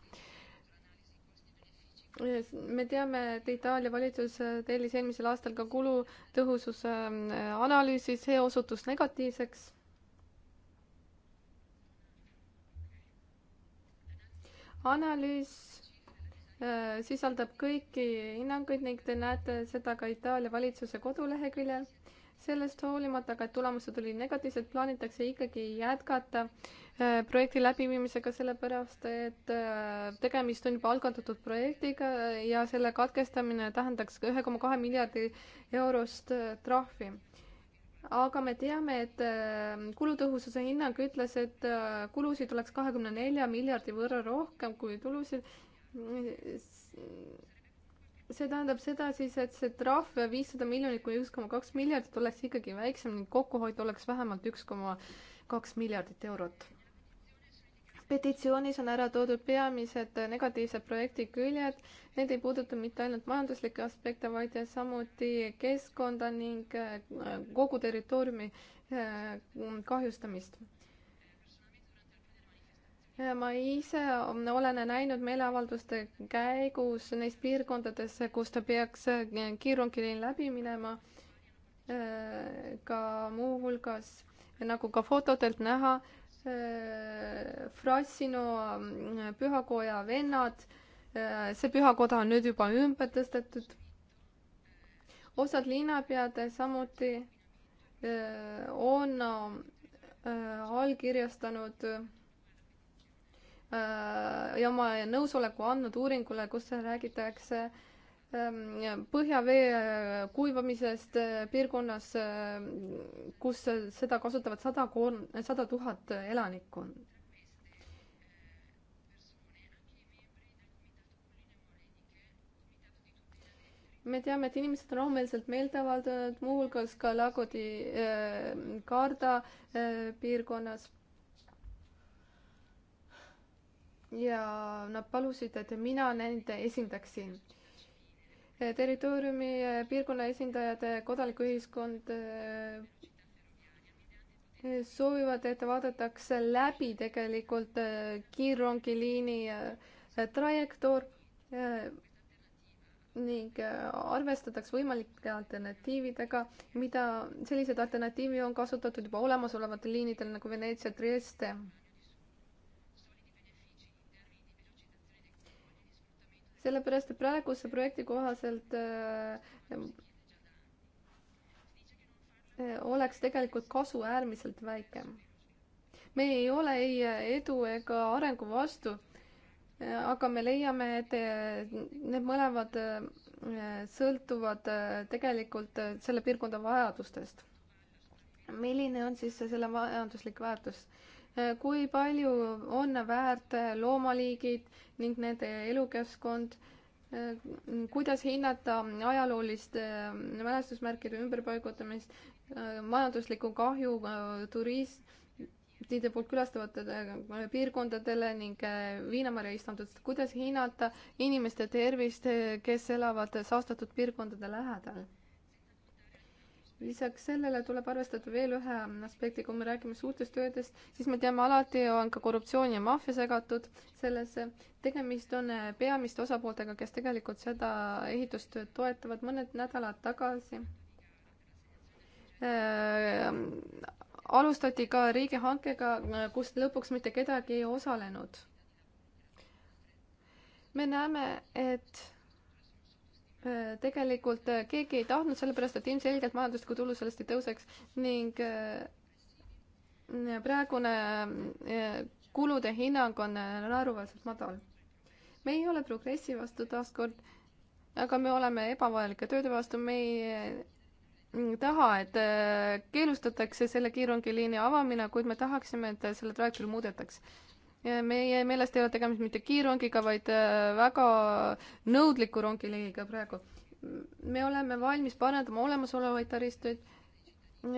me teame, et Itaalia valitsus tellis eelmisel aastal ka kulutõhususe äh, analüüsi, see osutus negatiivseks analüüs Äh, sisaldab kõiki hinnanguid ning te näete seda ka Itaalia valitsuse koduleheküljel. sellest hoolimata, aga et tulemused olid negatiivsed, plaanitakse ikkagi jätkata äh, projekti läbiviimisega, sellepärast et äh, tegemist on juba algatatud projektiga ja selle katkestamine tähendaks ühe koma kahe miljardi eurost trahvi aga me teame, et kulutõhususe hinnang ütles, et kulusid oleks kahekümne nelja miljardi võrra rohkem kui tulusid see tähendab seda siis, et see trahv viissada miljonit kuni üks koma kaks miljardit oleks ikkagi väiksem ning kokkuhoid oleks vähemalt üks koma kaks miljardit eurot. petitsioonis on ära toodud peamised negatiivsed projekti küljed, need ei puuduta mitte ainult majanduslikke aspekte, vaid samuti keskkonda ning kogu territooriumi eh, kahjustamist ma ise olen näinud meeleavalduste käigus neis piirkondades, kus ta peaks kiirrongiline läbi minema, äh, ka muuhulgas, nagu ka fotodelt näha, äh, Frassino äh, pühakoja vennad, see pühakoda on nüüd juba ümber tõstetud. osad linnapead samuti on allkirjastanud no, Äh, ja oma nõusoleku andnud uuringule, kus räägitakse ähm, põhjavee äh, kuivamisest äh, piirkonnas, kus seda kasutavad sada kolm, sada tuhat elanikku. me teame, et inimesed on rahumeelselt meelt avaldanud, muuhulgas ka Lagodi äh, Garda äh, piirkonnas ja nad palusid, et mina nende esindaksin eh, territooriumi eh, piirkonna esindajad, eh, kodanikuühiskond soovivad, et vaadatakse läbi tegelikult kiirrongiliini trajektoor ning arvestataks võimalike alternatiividega, mida, selliseid alternatiive on kasutatud juba olemasolevatel liinidel nagu Veneetsia, Trieste sellepärast, et praeguse projekti kohaselt äh, äh, oleks tegelikult kasu äärmiselt väike. me ei ole ei edu ega arengu vastu, äh, aga me leiame, et need mõlemad sõltuvad tegelikult selle piirkonna vajadustest. milline on siis selle majanduslik väärtus? kui palju on väärt loomaliigid ning nende elukeskkond, kuidas hinnata ajalooliste äh, mälestusmärkide ümberpaigutamist, äh, majanduslikku kahju äh, turistide poolt külastavatele piirkondadele ning Viinamarja istandust, kuidas hinnata inimeste tervist, kes elavad saastatud piirkondade lähedal lisaks sellele tuleb arvestada veel ühe aspekti, kui me räägime suurtest töödest, siis me teame, alati on ka korruptsioon ja maffia segatud sellesse. tegemist on eh, peamiste osapooltega, kes tegelikult seda ehitustööd toetavad mõned nädalad tagasi äh,. alustati ka riigihankega, eh, kus lõpuks mitte kedagi ei osalenud. me näeme, et Äh, tegelikult äh, keegi ei tahtnud, sellepärast et ilmselgelt majanduslikku tulu sellest ei tõuseks ning äh, praegune kulude hinnang on naeruväärselt madal. me ei ole progressi vastu taaskord, aga me oleme ebavajalike tööde vastu, me ei taha, et keelustatakse selle kiirrongiliini avamine, kuid me tahaksime, et selle trajektoori muudetaks meie meelest ei ole tegemist mitte kiirrongiga, vaid äh, väga nõudliku rongiliigiga praegu. me oleme valmis parandama olemasolevaid taristuid.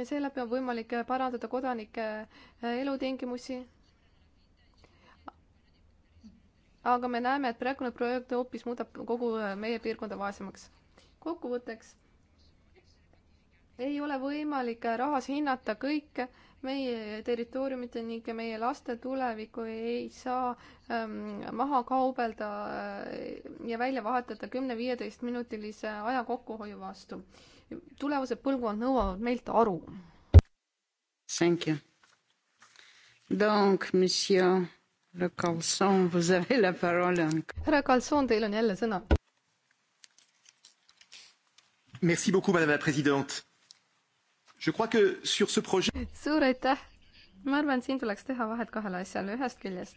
seeläbi on võimalik äh, parandada kodanike äh, elutingimusi. aga me näeme, et praegune projekt hoopis muudab kogu meie piirkonda vaesemaks. kokkuvõtteks ei ole võimalik rahas hinnata kõike meie territooriumite ning meie laste tulevikku ei saa ähm, maha kaubelda äh, ja välja vahetada kümne-viieteist minutilise aja kokkuhoiu vastu. tulevased põlvkond nõuavad meilt aru. Thank you. Donc, monsieur Le Calçon, vous avez la parole. härra Calçon, teil on jälle sõna. Merci beaucoup, madame la présidente suur aitäh! ma arvan, et siin tuleks teha vahet kahele asjale, ühest küljest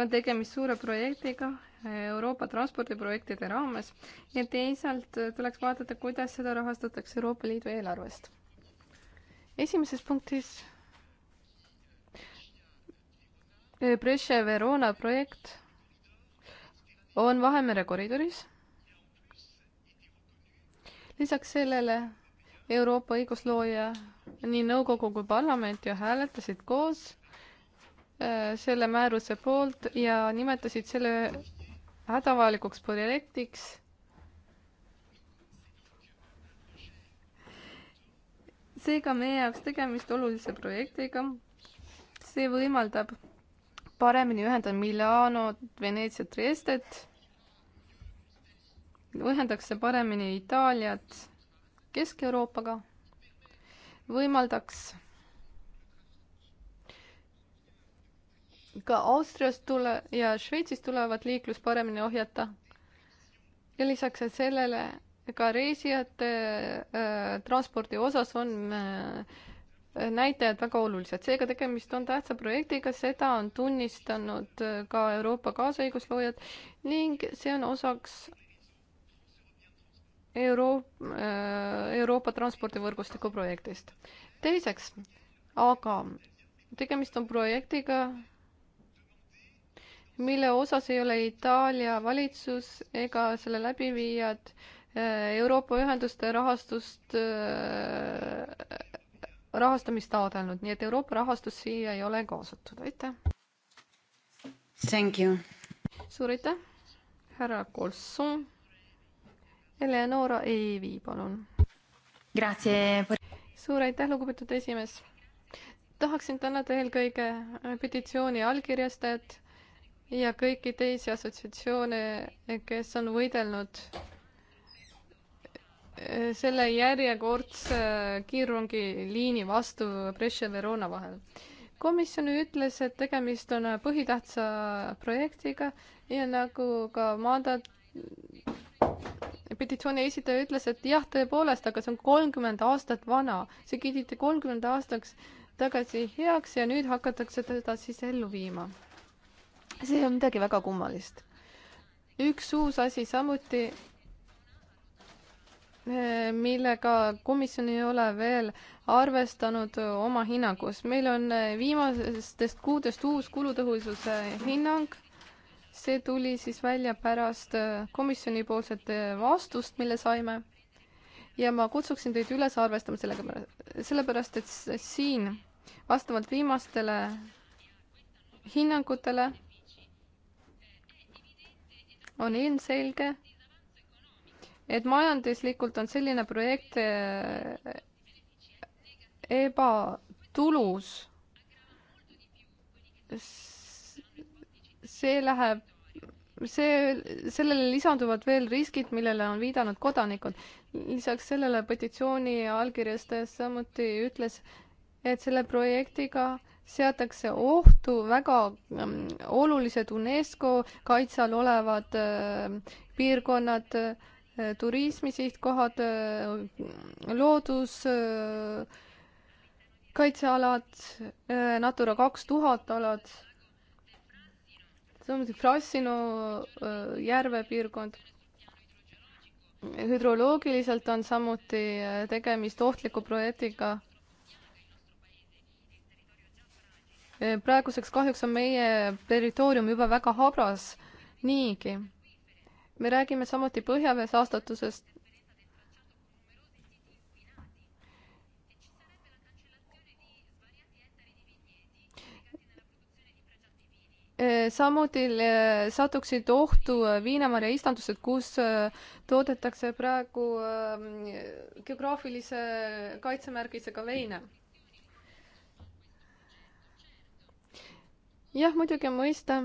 on tegemist suure projektiga Euroopa transpordiprojektide raames ja teisalt tuleks vaadata, kuidas seda rahastatakse Euroopa Liidu eelarvest. esimeses punktis Breše-Verona projekt on Vahemere koridoris lisaks sellele Euroopa õiguslooja, nii nõukogu kui parlament ju hääletasid koos äh, selle määruse poolt ja nimetasid selle hädavajalikuks projektiks seega meie jaoks tegemist olulise projektiga. see võimaldab paremini ühendada Milano, Veneetsiat, Triestet ühendaks see paremini Itaaliat Kesk-Euroopaga, võimaldaks ka Austriast tule- ja Šveitsist tulevat liiklust paremini ohjata. ja lisaks sellele ka reisijate äh, transpordi osas on äh, näitajad väga olulised, seega tegemist on tähtsa projektiga, seda on tunnistanud äh, ka Euroopa kaasõigusloojad ning see on osaks Euro-, äh, Euroopa transpordivõrgustiku projektist. teiseks, aga tegemist on projektiga, mille osas ei ole Itaalia valitsus ega selle läbiviijad äh, Euroopa ühenduste rahastust, äh, rahastamist taotlenud, nii et Euroopa rahastus siia ei ole kaasatud, aitäh. Thank you. suur aitäh, härra Colson Eleonora Eevi, palun. suur aitäh, lugupeetud esimees. tahaksin tänada eelkõige petitsiooni allkirjastajat ja kõiki teisi assotsiatsioone, kes on võidelnud eh, selle järjekordse kiirrongiliini vastu Brescia-Verona vahel. komisjon ütles, et tegemist on põhitähtsa projektiga ja nagu ka maandat-, petitsiooni esitaja ütles, et jah, tõepoolest, aga see on kolmkümmend aastat vana, see kiideti kolmkümmend aastaks tagasi heaks ja nüüd hakatakse teda siis ellu viima. see on midagi väga kummalist. üks uus asi samuti, eh, millega komisjon ei ole veel arvestanud oma hinnangus. meil on eh, viimastest kuudest uus kulutõhususe hinnang see tuli siis välja pärast äh, komisjonipoolset äh, vastust, mille saime. ja ma kutsuksin teid üles arvestama sellega, sellepärast et siin vastavalt viimastele hinnangutele on ilmselge, et majanduslikult on selline projekt äh, ebatulus see läheb, see, sellele lisanduvad veel riskid, millele on viidanud kodanikud. lisaks sellele petitsiooni allkirjastajas samuti ütles, et selle projektiga seatakse ohtu väga ähm, olulised UNESCO kaitse all olevad äh, piirkonnad äh,, turismisihtkohad äh,, loodus äh,, kaitsealad äh,, Natura kaks tuhat alad samuti Frassinu järve piirkond. hüdroloogiliselt on samuti tegemist ohtliku projektiga. praeguseks kahjuks on meie territoorium juba väga habras niigi. me räägime samuti põhjavee saastatusest samuti äh, satuksid ohtu äh, viinamarja istandused, kus äh, toodetakse praegu geograafilise kaitsemärgisega veine. jah, muidugi mõista.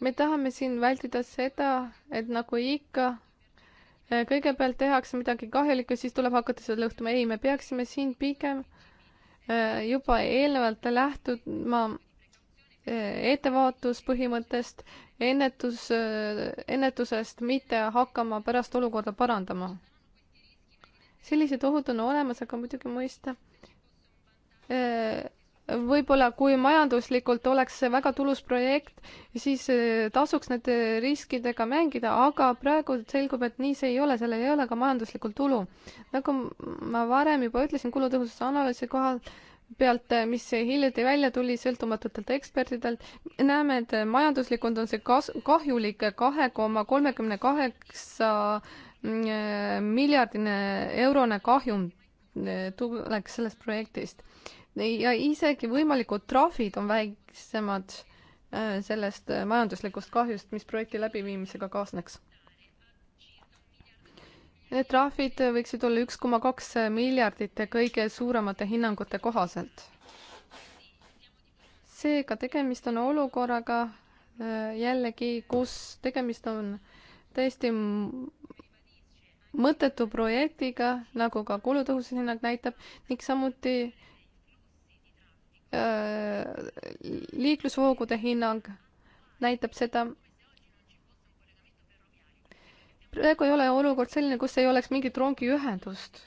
me tahame siin vältida seda, et nagu ikka, kõigepealt tehakse midagi kahjulikku, siis tuleb hakata seda lõhtuma. ei, me peaksime siin pigem juba eelnevalt lähtuma ettevaatuspõhimõttest, ennetus, ennetusest, mitte hakkama pärast olukorda parandama. sellised ohud on olemas, aga muidugi mõista. Eh, võib-olla kui majanduslikult oleks see väga tulus projekt, siis eh, tasuks nende riskidega mängida, aga praegu selgub, et nii see ei ole, sellel ei ole ka majanduslikku tulu. nagu ma varem juba ütlesin, kulutõhususe analüüsi kohal pealt, äh, mis hiljuti välja tuli sõltumatutelt ekspertidelt, näeme, et majanduslikult on see kas-, kahjulik kahe koma kolmekümne kaheksa mm, äh, miljardine eurone kahjum äh, tuleks sellest projektist. ja isegi võimalikud trahvid on väiksemad sellest majanduslikust kahjust, mis projekti läbiviimisega kaasneks. Eh, trahvid eh, võiksid olla üks koma kaks eh, miljardit kõige suuremate hinnangute kohaselt. seega tegemist on olukorraga jällegi, kus tegemist on täiesti mõttetu projektiga, nagu ka kulutõhusus hinnang näitab, ning samuti liiklusvoogude hinnang näitab seda, praegu ei ole olukord selline, kus ei oleks mingit rongiühendust.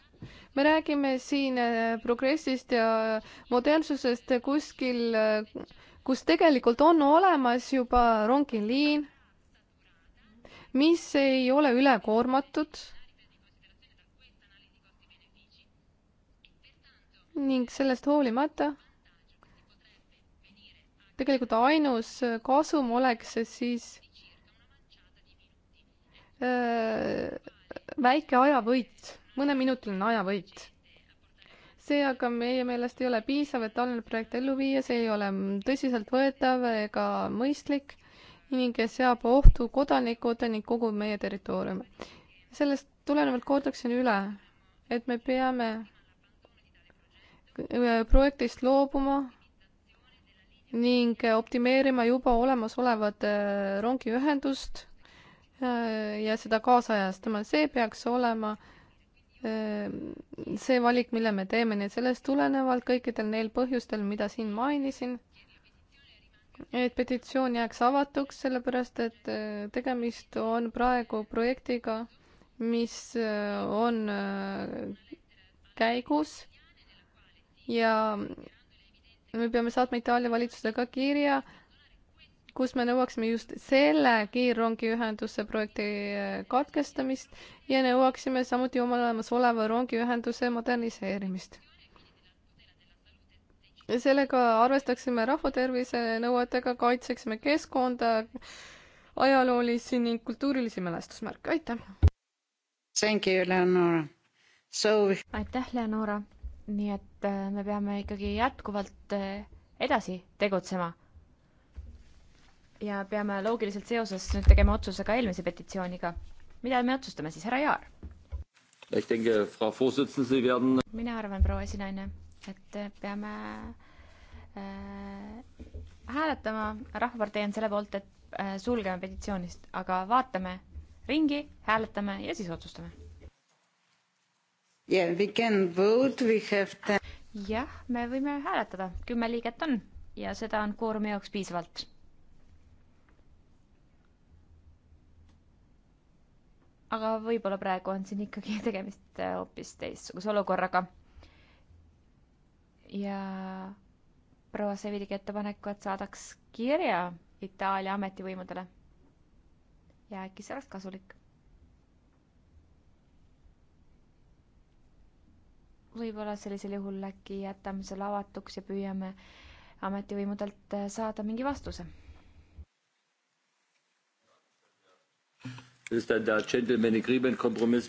me räägime siin äh, progressist ja modernsusest kuskil, äh, kus tegelikult on olemas juba rongiliin, mis ei ole ülekoormatud ning sellest hoolimata tegelikult ainus äh, kasum oleks siis väike ajavõit, mõneminutiline ajavõit. see aga meie meelest ei ole piisav, et taoline projekt ellu viia, see ei ole tõsiseltvõetav ega mõistlik ning seab ohtu kodanikud ning kogu meie territooriumi. sellest tulenevalt kordaksin üle, et me peame projektist loobuma ning optimeerima juba olemasolevat rongiühendust Äh, ja seda kaasajastama, see peaks olema äh, see valik, mille me teeme, nii et sellest tulenevalt kõikidel neil põhjustel, mida siin mainisin, et petitsioon jääks avatuks, sellepärast et äh, tegemist on praegu projektiga, mis on käigus ja me peame saatma Itaalia valitsusele ka kirja kus me nõuaksime just selle kiirrongiühenduse projekti äh, katkestamist ja nõuaksime samuti oma olemasoleva rongiühenduse moderniseerimist. sellega arvestaksime rahvatervise nõuetega, kaitseksime keskkonda, ajaloolisi ning kultuurilisi mälestusmärke, aitäh! So... aitäh, Leonora! nii et äh, me peame ikkagi jätkuvalt äh, edasi tegutsema ja peame loogiliselt seoses nüüd tegema otsuse ka eelmise petitsiooniga. mida me otsustame siis, härra Jaar? Werden... mina arvan, proua esinaine, et peame äh, hääletama, Rahvapartei on selle poolt, et äh, sulgeme petitsioonist, aga vaatame ringi, hääletame ja siis otsustame. Yeah, we can vote, we have ten jah, me võime hääletada, kümme liiget on ja seda on kvoorumi jaoks piisavalt aga võib-olla praegu on siin ikkagi tegemist äh, hoopis teistsuguse olukorraga. ja proua Sevidigi ettepaneku, et saadaks kirja Itaalia ametivõimudele. ja äkki see oleks kasulik. võib-olla sellisel juhul äkki jätame selle avatuks ja püüame ametivõimudelt äh, saada mingi vastuse is that the gentleman agreement kompromiss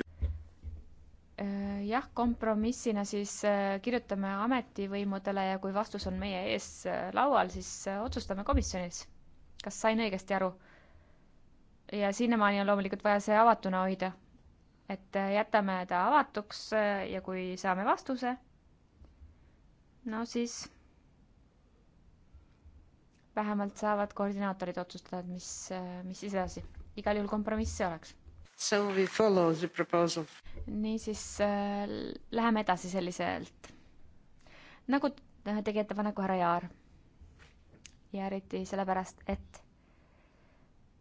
äh, jah, kompromissina siis äh, kirjutame ametivõimudele ja kui vastus on meie ees äh, laual, siis otsustame komisjonis. kas sain õigesti aru? ja sinnamaani on loomulikult vaja see avatuna hoida. et jätame ta avatuks ja kui saame vastuse, no siis vähemalt saavad koordinaatorid otsustada, et mis, mis siis edasi igal juhul kompromiss see oleks. So we follow the proposal. niisiis äh, läheme edasi selliselt, nagu äh, tegi ettepaneku härra Jaar. ja eriti sellepärast, et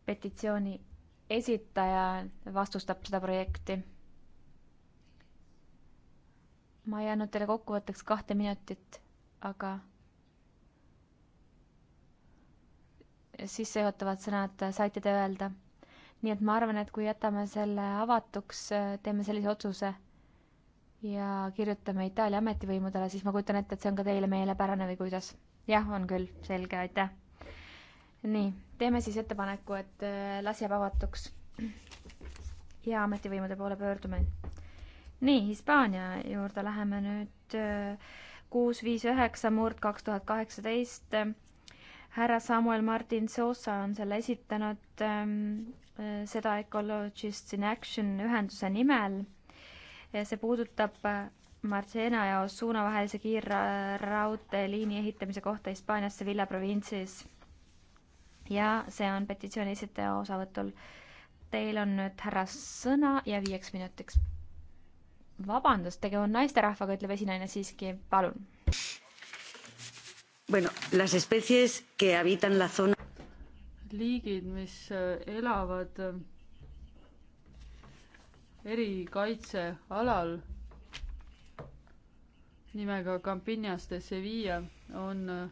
petitsiooni esitaja vastustab seda projekti. ma ei andnud teile kokkuvõtteks kahte minutit, aga sissejuhatavad sõnad saite te öelda nii et ma arvan, et kui jätame selle avatuks, äh, teeme sellise otsuse ja kirjutame Itaalia ametivõimudele, siis ma kujutan ette, et see on ka teile meelepärane või kuidas? jah, on küll, selge, aitäh. nii, teeme siis ettepaneku, et äh, las jääb avatuks ja ametivõimude poole pöördume. nii, Hispaania juurde läheme nüüd äh, kuus, viis, üheksa murd kaks tuhat kaheksateist härra Samuel Martin Sosa on selle esitanud ähm,. Äh, seda Ecologists in Action ühenduse nimel. see puudutab äh, Marcena ja Osuna vahelise kiirraudteeliini ehitamise kohta Hispaanias Sevilla provintsis. ja see on petitsiooni esitaja osavõtul. Teil on nüüd härra sõna ja viieks minutiks. vabandust, tegu on naisterahvaga, ütleb esinaine siiski, palun. Bueno, las especies que habitan la zona liigid, mis äh, elavad äh, erikaitsealal nimega Campinas de Sevilla on äh,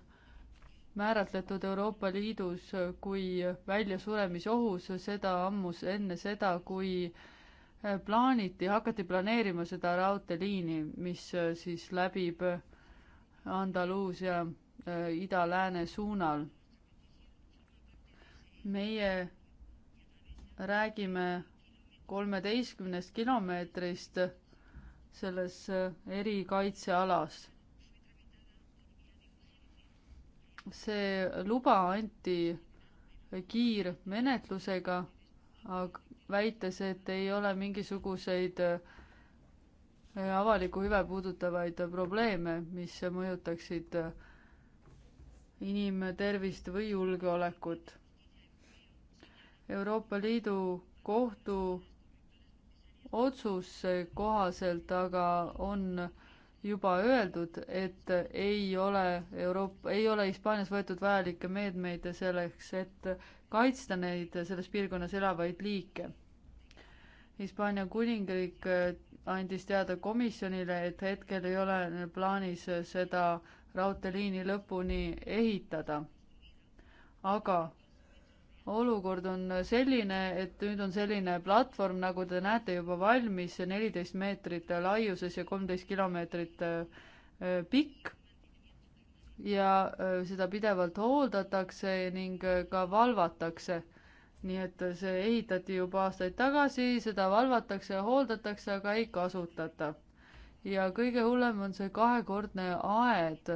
määratletud Euroopa Liidus kui väljasuremisohus, seda ammus enne seda, kui plaaniti, hakati planeerima seda raudteeliini, mis siis läbib Andaluusia ida-lääne suunal meie räägime kolmeteistkümnest kilomeetrist selles äh, erikaitsealas. see luba anti kiirmenetlusega, väites, et ei ole mingisuguseid äh, avalikku hüve puudutavaid probleeme, mis mõjutaksid äh, inimtervist või julgeolekut Euroopa Liidu kohtu otsuse kohaselt aga on juba öeldud, et ei ole Euroopa, ei ole Hispaanias võetud vajalikke meetmeid selleks, et kaitsta neid selles piirkonnas elavaid liike. Hispaania kuningriik andis teada komisjonile, et hetkel ei ole plaanis seda raudteeliini lõpuni ehitada. aga olukord on selline, et nüüd on selline platvorm, nagu te näete, juba valmis, neliteist meetrit laiuses ja kolmteist kilomeetrit äh, pikk. ja äh, seda pidevalt hooldatakse ning äh, ka valvatakse. nii et see ehitati juba aastaid tagasi, seda valvatakse ja hooldatakse, aga ei kasutata. ja kõige hullem on see kahekordne aed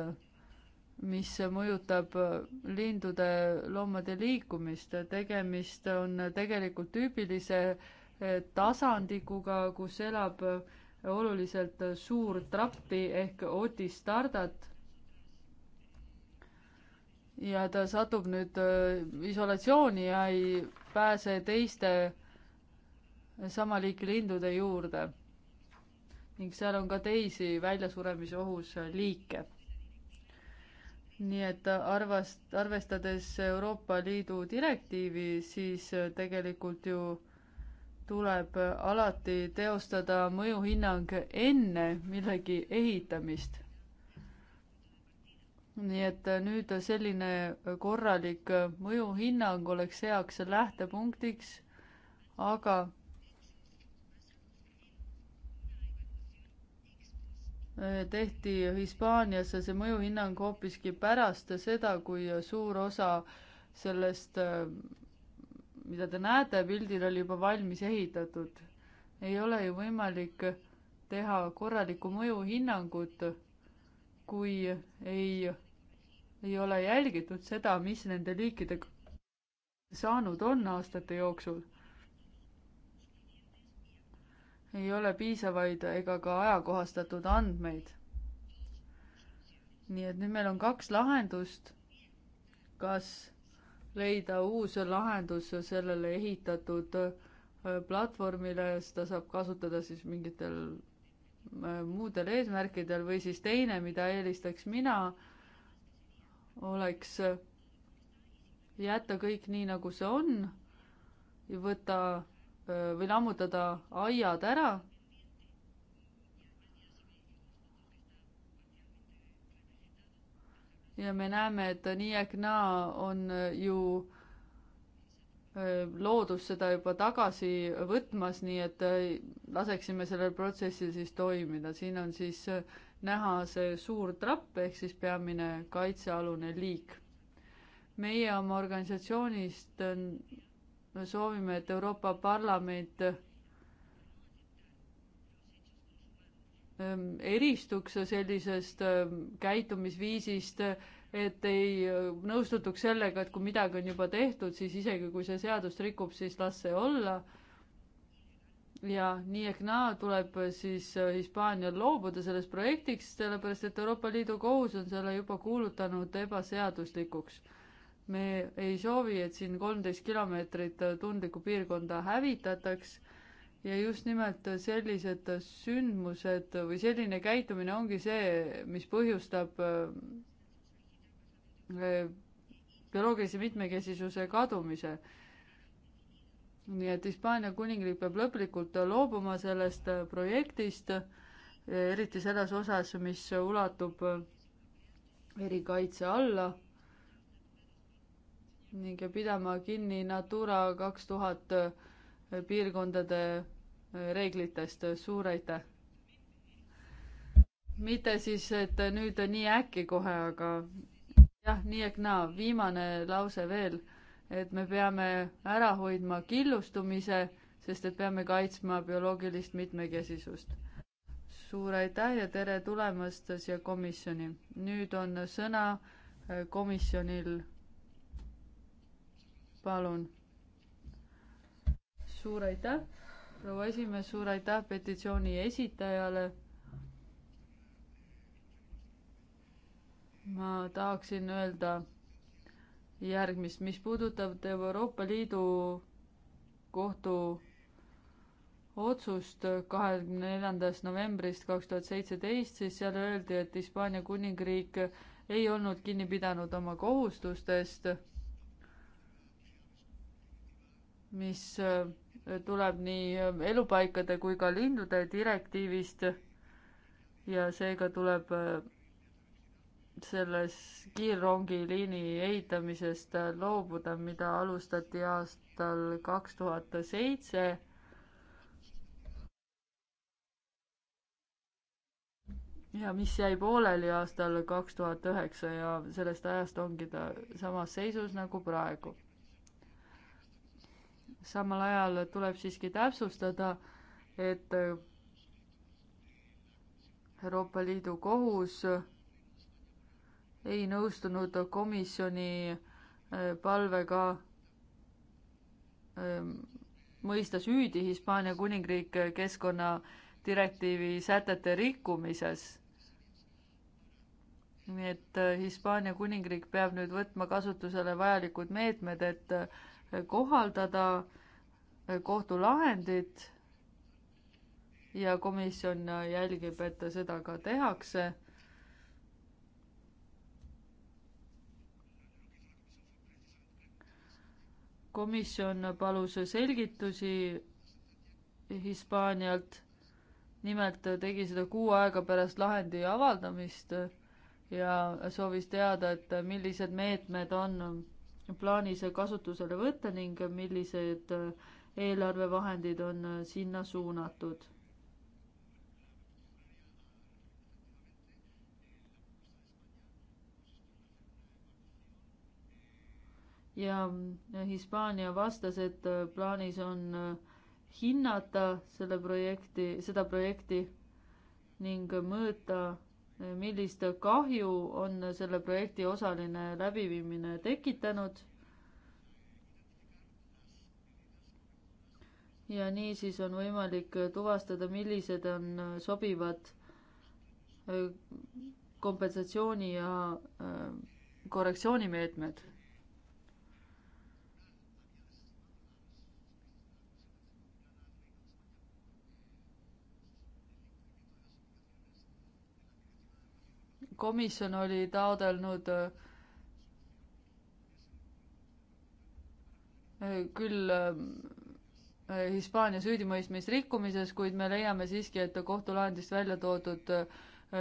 mis mõjutab äh, lindude, loomade liikumist, tegemist on tegelikult tüübilise äh, tasandikuga, kus elab äh, oluliselt suur trappi ehk otistardat. ja ta satub nüüd isolatsiooni ja ei pääse teiste sama liiki lindude juurde. ning seal on ka teisi väljasuremise ohus liike nii et arvast-, arvestades Euroopa Liidu direktiivi, siis tegelikult ju tuleb alati teostada mõjuhinnang enne millegi ehitamist. nii et nüüd selline korralik mõjuhinnang oleks heaks lähtepunktiks, aga tehti Hispaaniasse see mõjuhinnang hoopiski pärast seda, kui suur osa sellest, mida te näete pildil, oli juba valmis ehitatud. ei ole ju võimalik teha korralikku mõjuhinnangut, kui ei, ei ole jälgitud seda, mis nende liikidega saanud on aastate jooksul ei ole piisavaid ega ka ajakohastatud andmeid. nii et nüüd meil on kaks lahendust. kas leida uus lahendus sellele ehitatud äh, platvormile, seda saab kasutada siis mingitel äh, muudel eesmärkidel või siis teine, mida eelistaks mina, oleks äh, jätta kõik nii, nagu see on ja võtta või lammutada aiad ära. ja me näeme, et nii ehk naa on ju loodus seda juba tagasi võtmas, nii et laseksime sellel protsessil siis toimida. siin on siis näha see suur trapp ehk siis peamine kaitsealune liik. meie oma organisatsioonist me soovime, et Euroopa Parlament ähm, eristuks sellisest ähm, käitumisviisist, et ei äh, nõustutuks sellega, et kui midagi on juba tehtud, siis isegi kui see seadust rikub, siis las see olla. ja nii ehk naa tuleb äh, siis äh, Hispaanial loobuda sellest projektiks, sellepärast et Euroopa Liidu kohus on selle juba kuulutanud ebaseaduslikuks me ei soovi, et siin kolmteist kilomeetrit tundlikku piirkonda hävitataks ja just nimelt sellised sündmused või selline käitumine ongi see, mis põhjustab äh, bioloogilise mitmekesisuse kadumise. nii et Hispaania kuningriik peab lõplikult loobuma sellest projektist, eriti selles osas, mis ulatub erikaitse alla ning pidama kinni Natura kaks tuhat eh, piirkondade eh, reeglitest, suur aitäh! mitte siis, et nüüd nii äkki kohe, aga jah, nii ehk naa, viimane lause veel, et me peame ära hoidma killustumise, sest et peame kaitsma bioloogilist mitmekesisust. suur aitäh ja tere tulemast siia komisjoni. nüüd on sõna eh, komisjonil palun. suur aitäh, proua esimees, suur aitäh petitsiooni esitajale. ma tahaksin öelda järgmist, mis puudutab Euroopa Liidu kohtu otsust kahekümne neljandast novembrist kaks tuhat seitseteist, siis seal öeldi, et Hispaania kuningriik ei olnud kinni pidanud oma kohustustest mis äh, tuleb nii äh, elupaikade kui ka lindude direktiivist ja seega tuleb äh, selles kiirrongiliini ehitamisest loobuda, mida alustati aastal kaks tuhat seitse. ja mis jäi pooleli aastal kaks tuhat üheksa ja sellest ajast ongi ta samas seisus nagu praegu samal ajal tuleb siiski täpsustada, et äh, Euroopa Liidu kohus ei nõustunud komisjoni äh, palvega ähm, mõista süüdi Hispaania kuningriik keskkonnadirektiivi sätete rikkumises. nii et äh, Hispaania kuningriik peab nüüd võtma kasutusele vajalikud meetmed, et kohaldada äh, kohtulahendit ja komisjon jälgib, et seda ka tehakse. komisjon palus selgitusi Hispaanialt. nimelt tegi seda kuu aega pärast lahendi avaldamist ja soovis teada, et millised meetmed on plaanis kasutusele võtta ning millised äh, eelarvevahendid on äh, sinna suunatud. ja äh, Hispaania vastas, et plaanis on hinnata selle projekti, seda projekti ning mõõta millist kahju on selle projekti osaline läbiviimine tekitanud. ja niisiis on võimalik tuvastada, millised on sobivad äh, kompensatsiooni ja äh, korrektsioonimeetmed komisjon oli taodelnud äh, küll äh, Hispaania süüdimõistmist rikkumises, kuid me leiame siiski, et kohtulahendist välja toodud äh,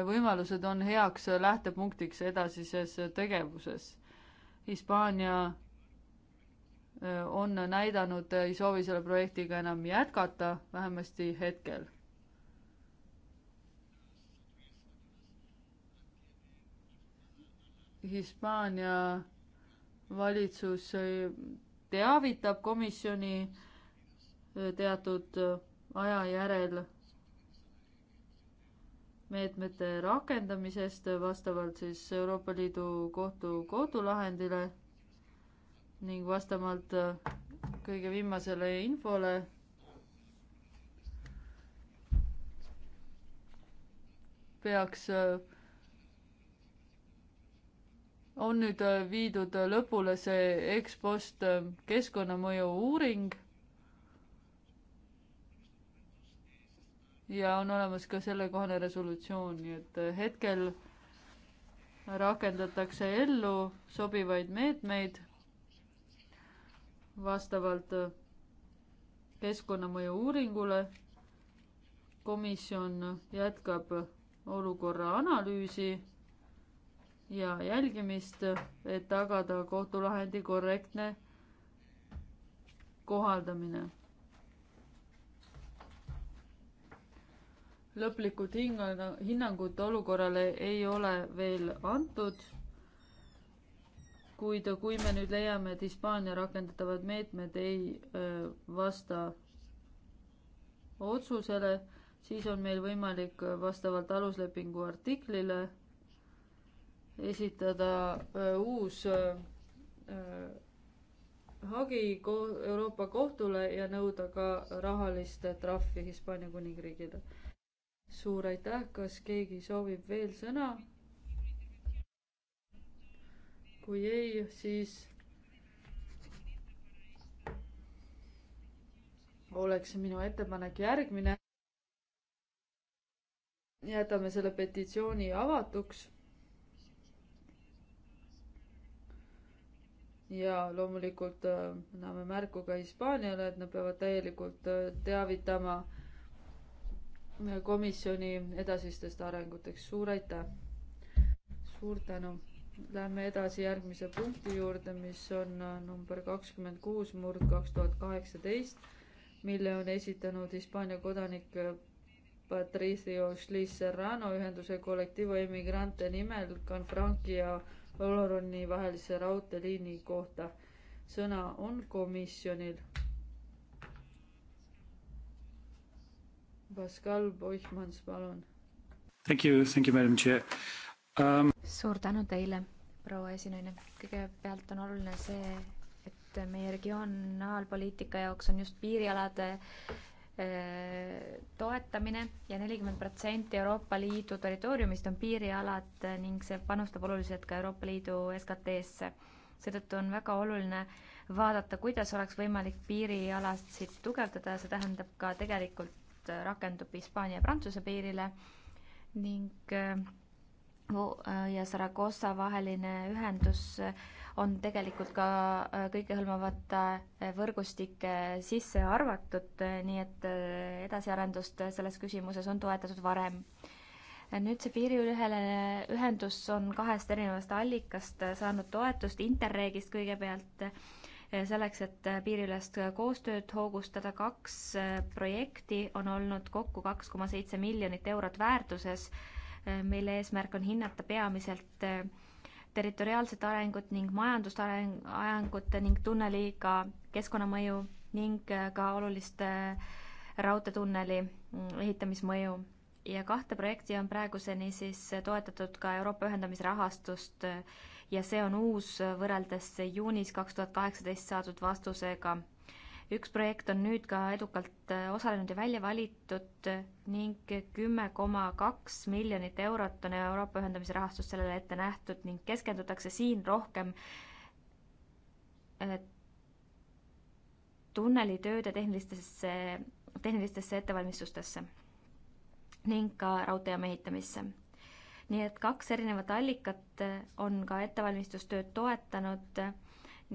võimalused on heaks lähtepunktiks edasises tegevuses. Hispaania on näidanud, ei soovi selle projektiga enam jätkata, vähemasti hetkel Hispaania valitsus teavitab komisjoni eh, teatud eh, aja järel meetmete rakendamisest eh, vastavalt siis Euroopa Liidu kohtu kohtulahendile ning vastavalt kõige viimasele infole peaks on nüüd äh, viidud äh, lõpule see ekspost äh, keskkonnamõju uuring. ja on olemas ka sellekohane resolutsioon, nii et hetkel rakendatakse ellu sobivaid meetmeid vastavalt keskkonnamõju uuringule. komisjon jätkab olukorra analüüsi ja jälgimist, et tagada kohtulahendi korrektne kohaldamine. lõplikud hinnangud olukorrale ei ole veel antud, kuid kui me nüüd leiame, et Hispaania rakendatavad meetmed ei vasta otsusele, siis on meil võimalik vastavalt aluslepingu artiklile esitada äh, uus äh, äh, hagi ko-, Euroopa kohtule ja nõuda ka rahalist trahvi Hispaania kuningriigile. suur aitäh, kas keegi soovib veel sõna? kui ei, siis oleks minu ettepanek järgmine. jätame selle petitsiooni avatuks ja loomulikult anname äh, märku ka Hispaaniale, et nad peavad täielikult äh, teavitama äh, komisjoni edasistest arenguteks. suur aitäh! suur tänu! Läheme edasi järgmise punkti juurde, mis on number kakskümmend kuus murd kaks tuhat kaheksateist, mille on esitanud Hispaania kodanik Patricio Schliss Serrano ühenduse Colectivo Emigrante nimel Canfranci ja Oloroni vahelise raudteeliini kohta. sõna on komisjonil. Pascal Boihmans, palun. Thank you, thank you, madam chair um.... suur tänu teile, proua esinaine. kõigepealt on oluline see, et meie regionaalpoliitika jaoks on just piirialade äh, toetamine ja nelikümmend protsenti Euroopa Liidu territooriumist on piirialad eh, ning see panustab oluliselt ka Euroopa Liidu SKT-sse. seetõttu on väga oluline vaadata, kuidas oleks võimalik piirialasid tugevdada, see tähendab ka tegelikult eh, rakendub Hispaania ja Prantsuse piirile ning eh, ja Saragossa vaheline ühendus on tegelikult ka äh, kõikehõlmavate äh, võrgustike sisse arvatud, äh, nii et edasiarendust selles küsimuses on toetatud varem. nüüd see piiriülene ühendus on kahest erinevast allikast saanud toetust, Interregist kõigepealt selleks, et piiriülest koostööd hoogustada, kaks projekti on olnud kokku kaks koma seitse miljonit eurot väärtuses, mille eesmärk on hinnata peamiselt territoriaalset arengut ning majandust arengut ning tunneli ka keskkonnamõju ning äh, ka olulist äh, raudteetunneli mm, ehitamismõju. ja kahte projekti on praeguseni siis toetatud ka Euroopa ühendamisrahastust äh, ja see on uus võrreldes juunis kaks tuhat kaheksateist saadud vastusega üks projekt on nüüd ka edukalt äh, osalenud ja välja valitud äh, ning kümme koma kaks miljonit eurot on Euroopa ühendamise rahastust sellele ette nähtud ning keskendutakse siin rohkem äh, tunnelitööde tehnilistesse, tehnilistesse ettevalmistustesse ning ka raudtee mehitamisse nii et kaks erinevat allikat on ka ettevalmistustööd toetanud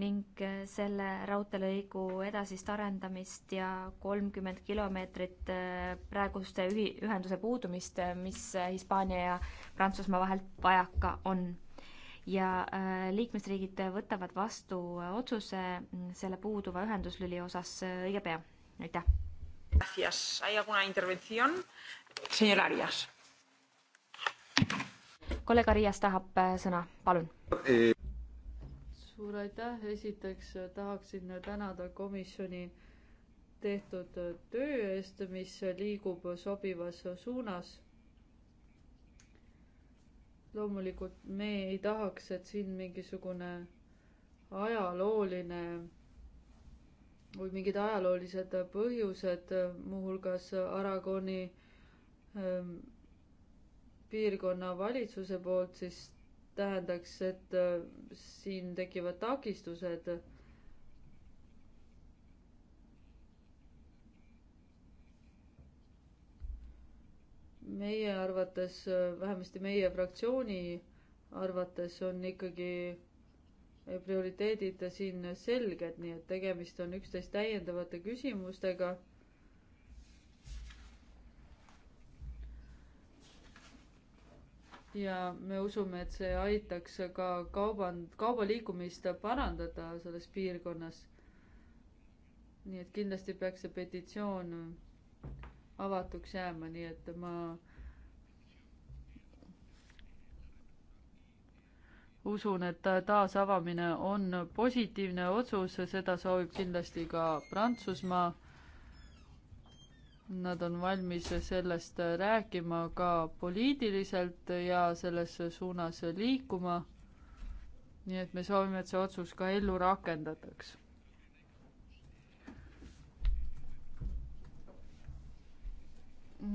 ning eh, selle raudteelõigu edasist arendamist ja kolmkümmend kilomeetrit eh, praeguste ühi-, ühenduse puudumist, eh, mis Hispaania ja Prantsusmaa vahelt vajaka on. ja liikmesriigid võtavad vastu otsuse mm, selle puuduva ühenduslüli osas õige pea, aitäh. Gracias, hay alguna intervención? Señor Arias. kolleeg Arias tahab sõna, palun e suur aitäh, esiteks äh, tahaksin äh, tänada komisjoni tehtud äh, töö eest, mis liigub sobivas suunas. loomulikult me ei tahaks, et siin mingisugune ajalooline või mingid ajaloolised põhjused, muuhulgas Aragoni ähm, piirkonna valitsuse poolt siis tähendaks, et äh, siin tekivad takistused. meie arvates, äh, vähemasti meie fraktsiooni arvates on ikkagi äh, prioriteedid siin selged, nii et tegemist on üksteist täiendavate küsimustega ja me usume, et see aitaks ka kauband-, kauba liikumist parandada selles piirkonnas. nii et kindlasti peaks see petitsioon avatuks jääma, nii et ma usun, et taasavamine on positiivne otsus, seda soovib kindlasti ka Prantsusmaa nad on valmis sellest rääkima ka poliitiliselt ja selles suunas liikuma. nii et me soovime, et see otsus ka ellu rakendataks.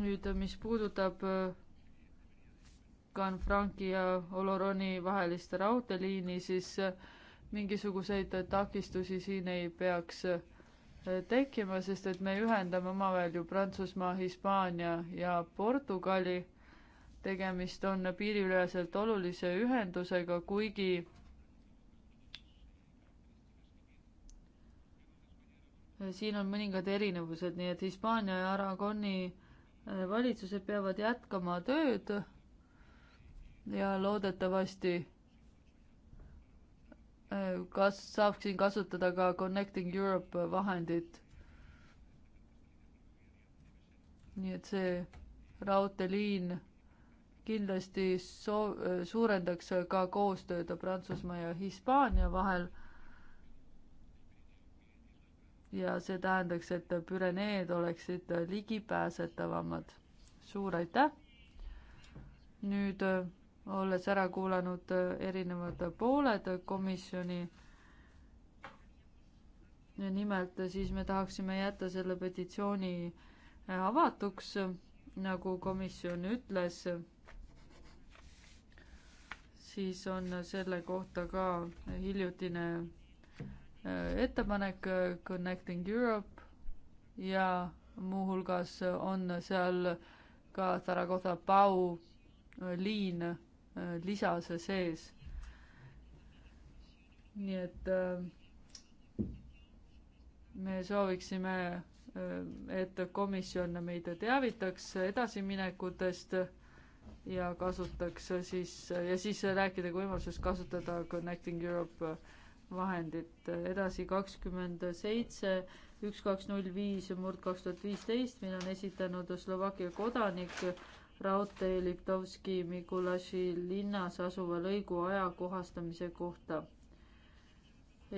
nüüd, mis puudutab äh, Canfranchi ja Oloroni vahelist raudteeliini, siis äh, mingisuguseid takistusi siin ei peaks äh, tekkima, sest et me ühendame omavahel ju Prantsusmaa, Hispaania ja Portugali. tegemist on piiriüleselt olulise ühendusega, kuigi siin on mõningad erinevused, nii et Hispaania ja Aragoni äh, valitsused peavad jätkama tööd ja loodetavasti Äh, kas saaksin kasutada ka Connecting Europe vahendit? nii et see raudteeliin kindlasti soo-, äh, suurendaks ka koostööd Prantsusmaa ja Hispaania vahel. ja see tähendaks, et Püreneed oleksid ligipääsetavamad. suur aitäh! nüüd äh, olles ära kuulanud äh, erinevad pooled komisjoni. nimelt äh, siis me tahaksime jätta selle petitsiooni äh, avatuks, nagu komisjon ütles. siis on selle kohta ka hiljutine ettepanek Connecting Europe ja muuhulgas on seal ka Zaragoza Pau liin Äh, lisas sees. nii et äh, me sooviksime, äh, et komisjon meid teavitaks edasiminekutest ja kasutaks siis, ja siis rääkida ka võimalusest kasutada Connecting Europe vahendit. edasi kakskümmend seitse, üks, kaks, null viis, murd kaks tuhat viisteist, mille on esitanud Slovakkia kodanik raudtee Liptovski-Mikulaši linnas asuva lõigu ajakohastamise kohta.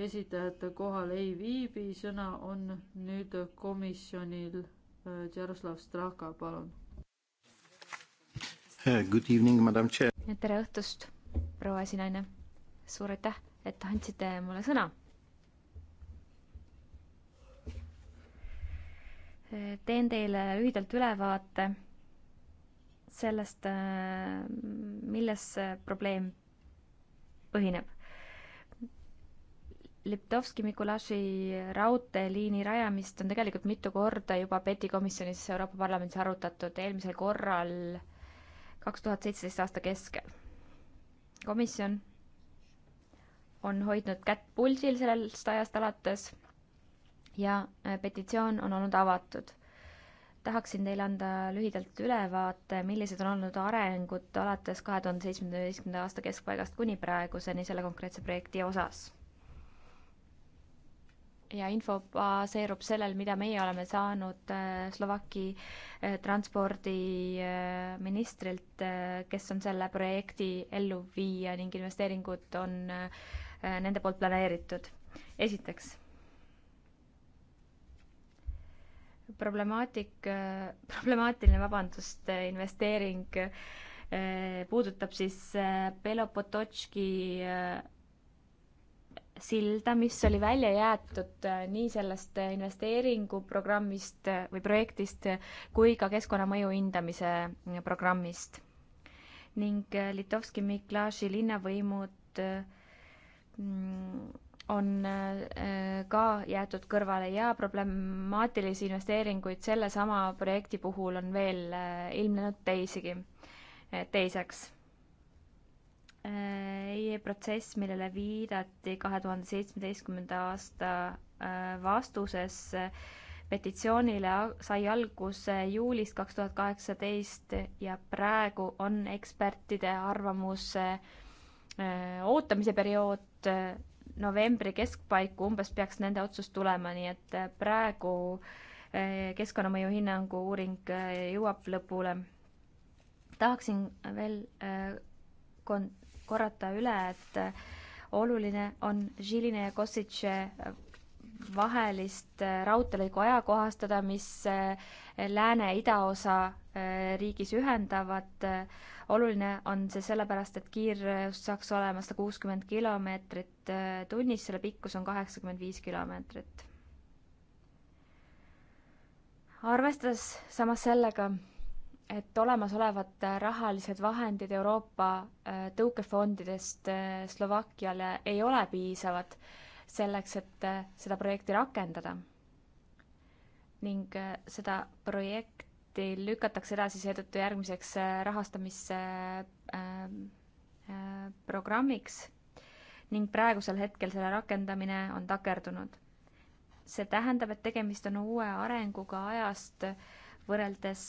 esitajate kohal ei viibi, sõna on nüüd komisjonil. Jaroslav Strahka, palun. Good evening, madam chair. tere õhtust, proua esinaine. suur aitäh, et andsite mulle sõna teen teile lühidalt ülevaate sellest, äh, milles probleem põhineb. Liptovski-Mikulaši raudteeliini rajamist on tegelikult mitu korda juba PETi komisjonis Euroopa Parlamendis arutatud, eelmisel korral kaks tuhat seitseteist aasta keskel. komisjon on hoidnud kätt pulsil sellest ajast alates ja äh, petitsioon on olnud avatud tahaksin teile anda lühidalt ülevaate, millised on olnud arengud alates kahe tuhande seitsmeteistkümnenda aasta keskpaigast kuni praeguseni selle konkreetse projekti osas. ja info baseerub sellel, mida meie oleme saanud äh, Slovaki äh, transpordiministrilt, äh, kes on selle projekti elluviija ning investeeringud on nende poolt planeeritud. esiteks problemaatik, äh, problemaatiline, vabandust, äh, investeering äh, puudutab siis Belopototški silda, mis oli välja jäetud nii sellest investeeringuprogrammist või projektist kui ka keskkonnamõju hindamise programmist. ning Litovski Miklaši linnavõimud mm, on äh, ka jäetud kõrvale ja problemaatilisi investeeringuid sellesama projekti puhul on veel äh, ilmnenud teisigi. Äh, teiseks, e protsess, millele viidati kahe tuhande seitsmeteistkümnenda aasta vastuses petitsioonile, sai alguse juulist kaks tuhat kaheksateist ja praegu on ekspertide arvamuse ootamise periood novembri keskpaiku umbes peaks nende otsus tulema, nii et äh, praegu äh, keskkonnamõju hinnangu uuring äh, jõuab lõpule. tahaksin veel kon-, korrata üle, et oluline on Žiline ja Kossitše vahelist raudteelõigu ajakohastada, mis lääne idaosa äh, riigis ühendavad. Äh, oluline on see sellepärast, et kiirus saaks olema sada kuuskümmend kilomeetrit äh, tunnis, selle pikkus on kaheksakümmend viis kilomeetrit. arvestades samas sellega, et olemasolevad rahalised vahendid Euroopa tõukefondidest Slovakkiale ei ole piisavad selleks, et seda projekti rakendada ning äh, seda projekti lükatakse edasi seetõttu järgmiseks äh, rahastamisprogrammiks äh, ning praegusel hetkel selle rakendamine on takerdunud. see tähendab, et tegemist on uue arenguga ajast võrreldes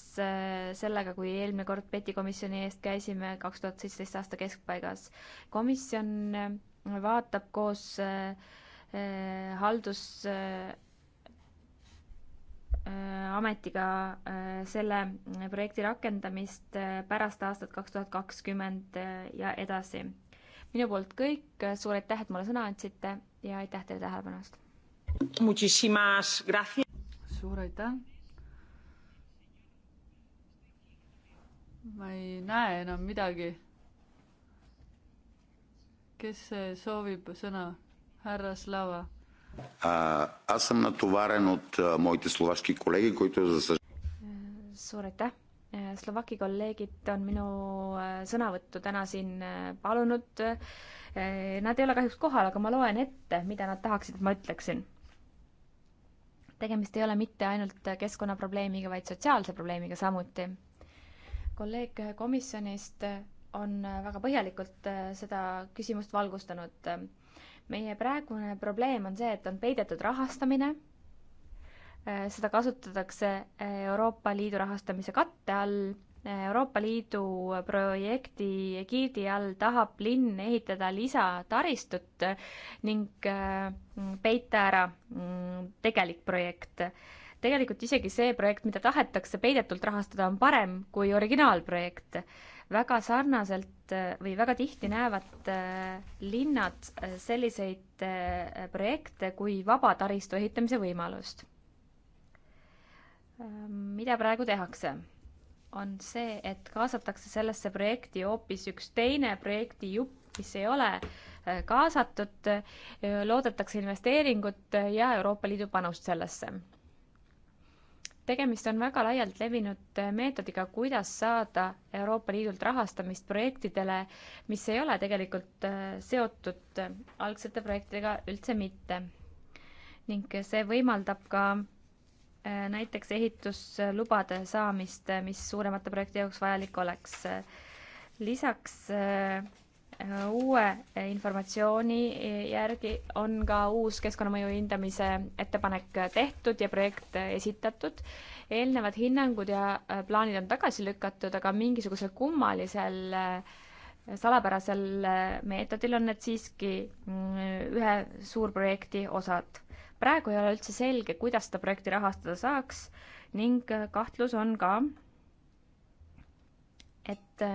sellega, kui eelmine kord PETi komisjoni eest käisime kaks tuhat seitseteist aasta keskpaigas. komisjon vaatab koos haldus- Äh, ametiga äh, selle äh, projekti rakendamist pärast aastat kaks tuhat kakskümmend ja edasi. minu poolt kõik, suur aitäh, et mulle sõna andsite ja aitäh teile tähelepanu eest! suur aitäh! ma ei näe enam midagi. kes soovib sõna? härra Slava Uh, аз съм натоварен от uh, моите словашки колеги, които за съжаление. Suur aitäh! Slovaki kolleegid on minu sõnavõttu täna siin palunud. Nad ei ole kahjuks kohal, aga ma loen ette, mida nad tahaksid, et ma ütleksin. tegemist ei ole mitte ainult keskkonnaprobleemiga, vaid sotsiaalse probleemiga samuti. kolleeg komisjonist on väga põhjalikult e, seda küsimust valgustanud meie praegune probleem on see, et on peidetud rahastamine, äh, seda kasutatakse äh, Euroopa Liidu rahastamise katte all, äh, Euroopa Liidu projekti egiidi all tahab linn ehitada lisataristut ning peita ära mm, tegelik projekt. tegelikult isegi see projekt, mida tahetakse peidetult rahastada, on parem kui originaalprojekt väga sarnaselt äh, või väga tihti näevad äh, linnad äh, selliseid projekte kui vaba taristu ehitamise võimalust. mida praegu tehakse? on see, et kaasatakse sellesse projekti hoopis üks teine projektijupp, mis ei ole kaasatud, loodetakse investeeringut ja Euroopa Liidu panust sellesse tegemist on väga laialt levinud äh, meetodiga, kuidas saada Euroopa Liidult rahastamist projektidele, mis ei ole tegelikult äh, seotud äh, algsete projektidega üldse mitte. ning see võimaldab ka näiteks ehituslubade saamist, mis suuremate projekti jaoks vajalik oleks. lisaks Äh, uue äh, informatsiooni äh, järgi on ka uus keskkonnamõju hindamise ettepanek tehtud ja projekt esitatud. eelnevad hinnangud ja plaanid on tagasi lükatud, aga mingisugusel kummalisel salapärasel meetodil on need siiski mm, ühe suurprojekti osad. praegu ei ole üldse selge, kuidas seda projekti rahastada saaks ning kahtlus on ka, et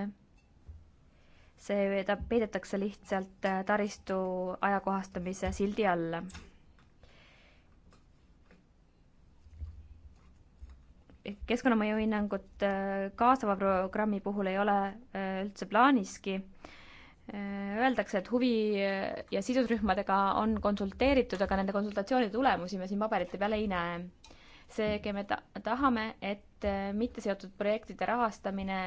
see peidetakse lihtsalt äh, taristu ajakohastamise sildi alla. keskkonnamõju hinnangut äh, kaasava programmi puhul ei ole äh, üldse plaaniski. Öeldakse, et huvi- ja sidusrühmadega on konsulteeritud, aga nende konsultatsiooni tulemusi me siin paberite peal ei näe seega me ta-, tahame, et mitteseotud projektide rahastamine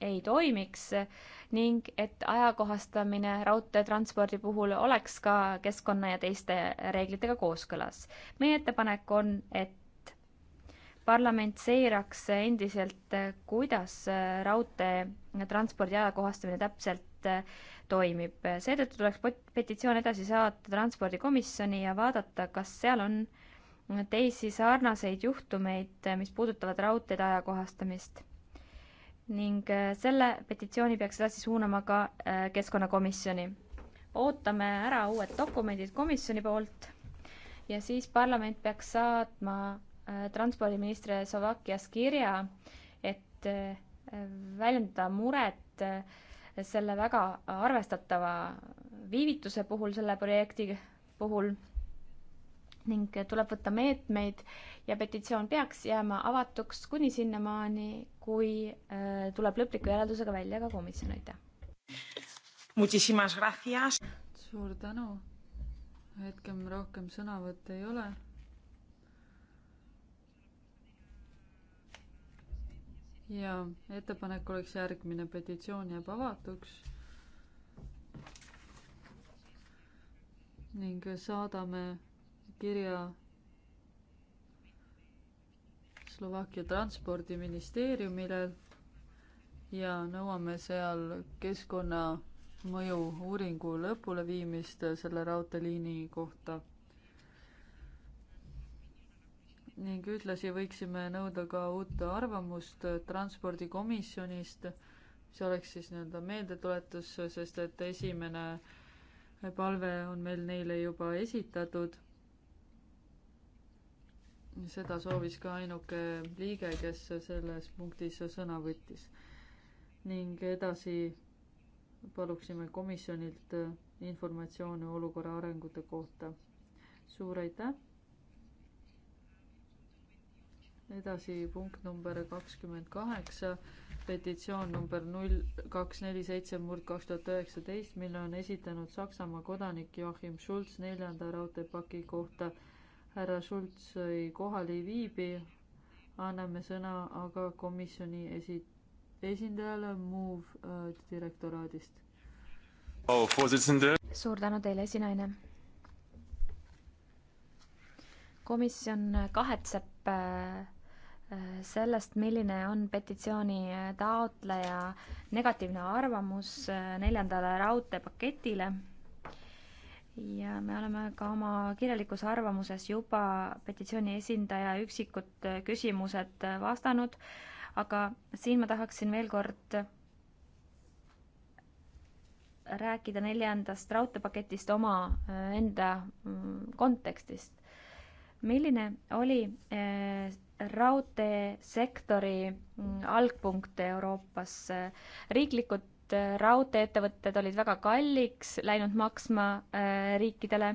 ei toimiks ning et ajakohastamine raudteetranspordi puhul oleks ka keskkonna ja teiste reeglitega kooskõlas. meie ettepanek on, et parlament seiraks endiselt, kuidas raudteetranspordi ajakohastamine täpselt toimib. seetõttu tuleks petitsioon edasi saata Transpordikomisjoni ja vaadata, kas seal on teisi sarnaseid juhtumeid, mis puudutavad raudteede ajakohastamist ning äh, selle petitsiooni peaks edasi suunama ka äh, keskkonnakomisjoni. ootame ära uued dokumendid komisjoni poolt ja siis parlament peaks saatma äh, transpordiministrile Slovakkias kirja, et väljendada muret selle väga arvestatava viivituse puhul, selle projekti puhul ning tuleb võtta meetmeid ja petitsioon peaks jääma avatuks kuni sinnamaani, kui äh, tuleb lõpliku järeldusega välja ka komisjon, aitäh. suur tänu. hetkel rohkem sõnavõtte ei ole. ja ettepanek oleks järgmine, petitsioon jääb avatuks ning saadame kirja Slovakkia transpordiministeeriumile ja nõuame seal keskkonnamõju uuringu lõpuleviimist selle raudteeliini kohta. ning ühtlasi võiksime nõuda ka uut arvamust transpordikomisjonist, see oleks siis nii-öelda meeldetuletus, sest et esimene palve on meil neile juba esitatud seda soovis ka ainuke liige, kes selles punktis sõna võttis. ning edasi paluksime komisjonilt informatsiooni olukorra arengute kohta. suur aitäh! edasi punkt number kakskümmend kaheksa, petitsioon number null kaks neli seitse murd kaks tuhat üheksateist, mille on esitanud Saksamaa kodanik Joachim Schulz neljanda raudteepaki kohta härra Schulz kohal ei viibi, anname sõna aga komisjoni esi-, esindajale MOVE äh, direktoraadist. suur tänu teile, esinaine. komisjon kahetseb äh, sellest, milline on petitsiooni äh, taotleja negatiivne arvamus neljandale raudteepaketile ja me oleme ka oma kirjalikus arvamuses juba petitsiooni esindaja üksikud äh, küsimused äh, vastanud, aga siin ma tahaksin veel kord rääkida neljandast raudteepaketist omaenda äh, mm, kontekstist. milline oli raudteesektori mm, algpunkt Euroopas. riiklikud et äh, raudtee-ettevõtted olid väga kalliks läinud maksma äh, riikidele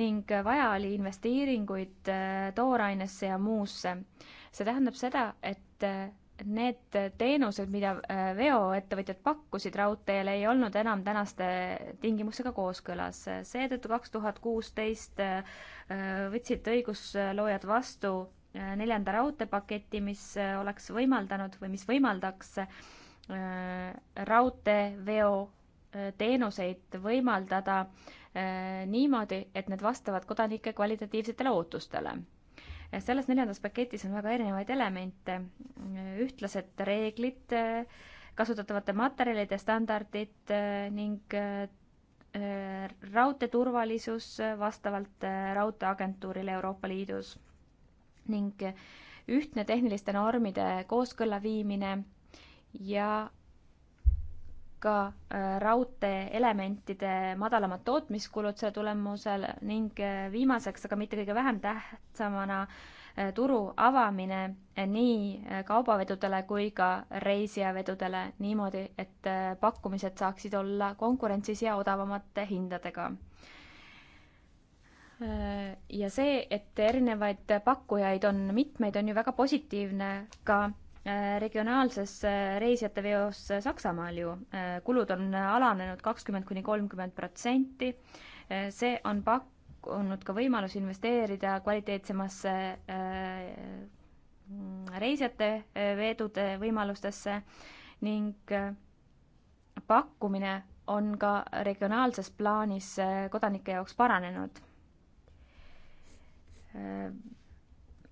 ning vaja oli investeeringuid äh, toorainesse ja muusse. see tähendab seda, et need teenused, mida veoettevõtjad pakkusid raudteele, ei olnud enam tänaste tingimustega kooskõlas. seetõttu kaks tuhat kuusteist võtsid õigusloojad vastu neljanda raudteepaketi, mis oleks võimaldanud või mis võimaldaks äh, Äh, raudteeveoteenuseid äh, võimaldada äh, niimoodi, et need vastavad kodanike kvalitatiivsetele ootustele. selles neljandas paketis on väga erinevaid elemente, ühtlased reeglid, kasutatavate materjalide standardid ning raudtee turvalisus vastavalt Raudteeagentuurile Euroopa Liidus ning ühtne tehniliste normide kooskõlla viimine ja ka äh, raudteeelementide madalamad tootmiskulud selle tulemusel ning äh, viimaseks, aga mitte kõige vähem tähtsamana, äh, turu avamine nii kaubavedudele kui ka reisijavedudele niimoodi, et pakkumised saaksid olla konkurentsis ja odavamate hindadega. ja see, et erinevaid pakkujaid on mitmeid, on ju väga positiivne ka Äh, regionaalses äh, reisijateveos äh, Saksamaal ju. kulud on alanenud kakskümmend kuni kolmkümmend protsenti. see on pakkunud ka võimalus investeerida kvaliteetsemasse reisijate veedude võimalustesse ning pakkumine on ka regionaalses plaanis kodanike jaoks paranenud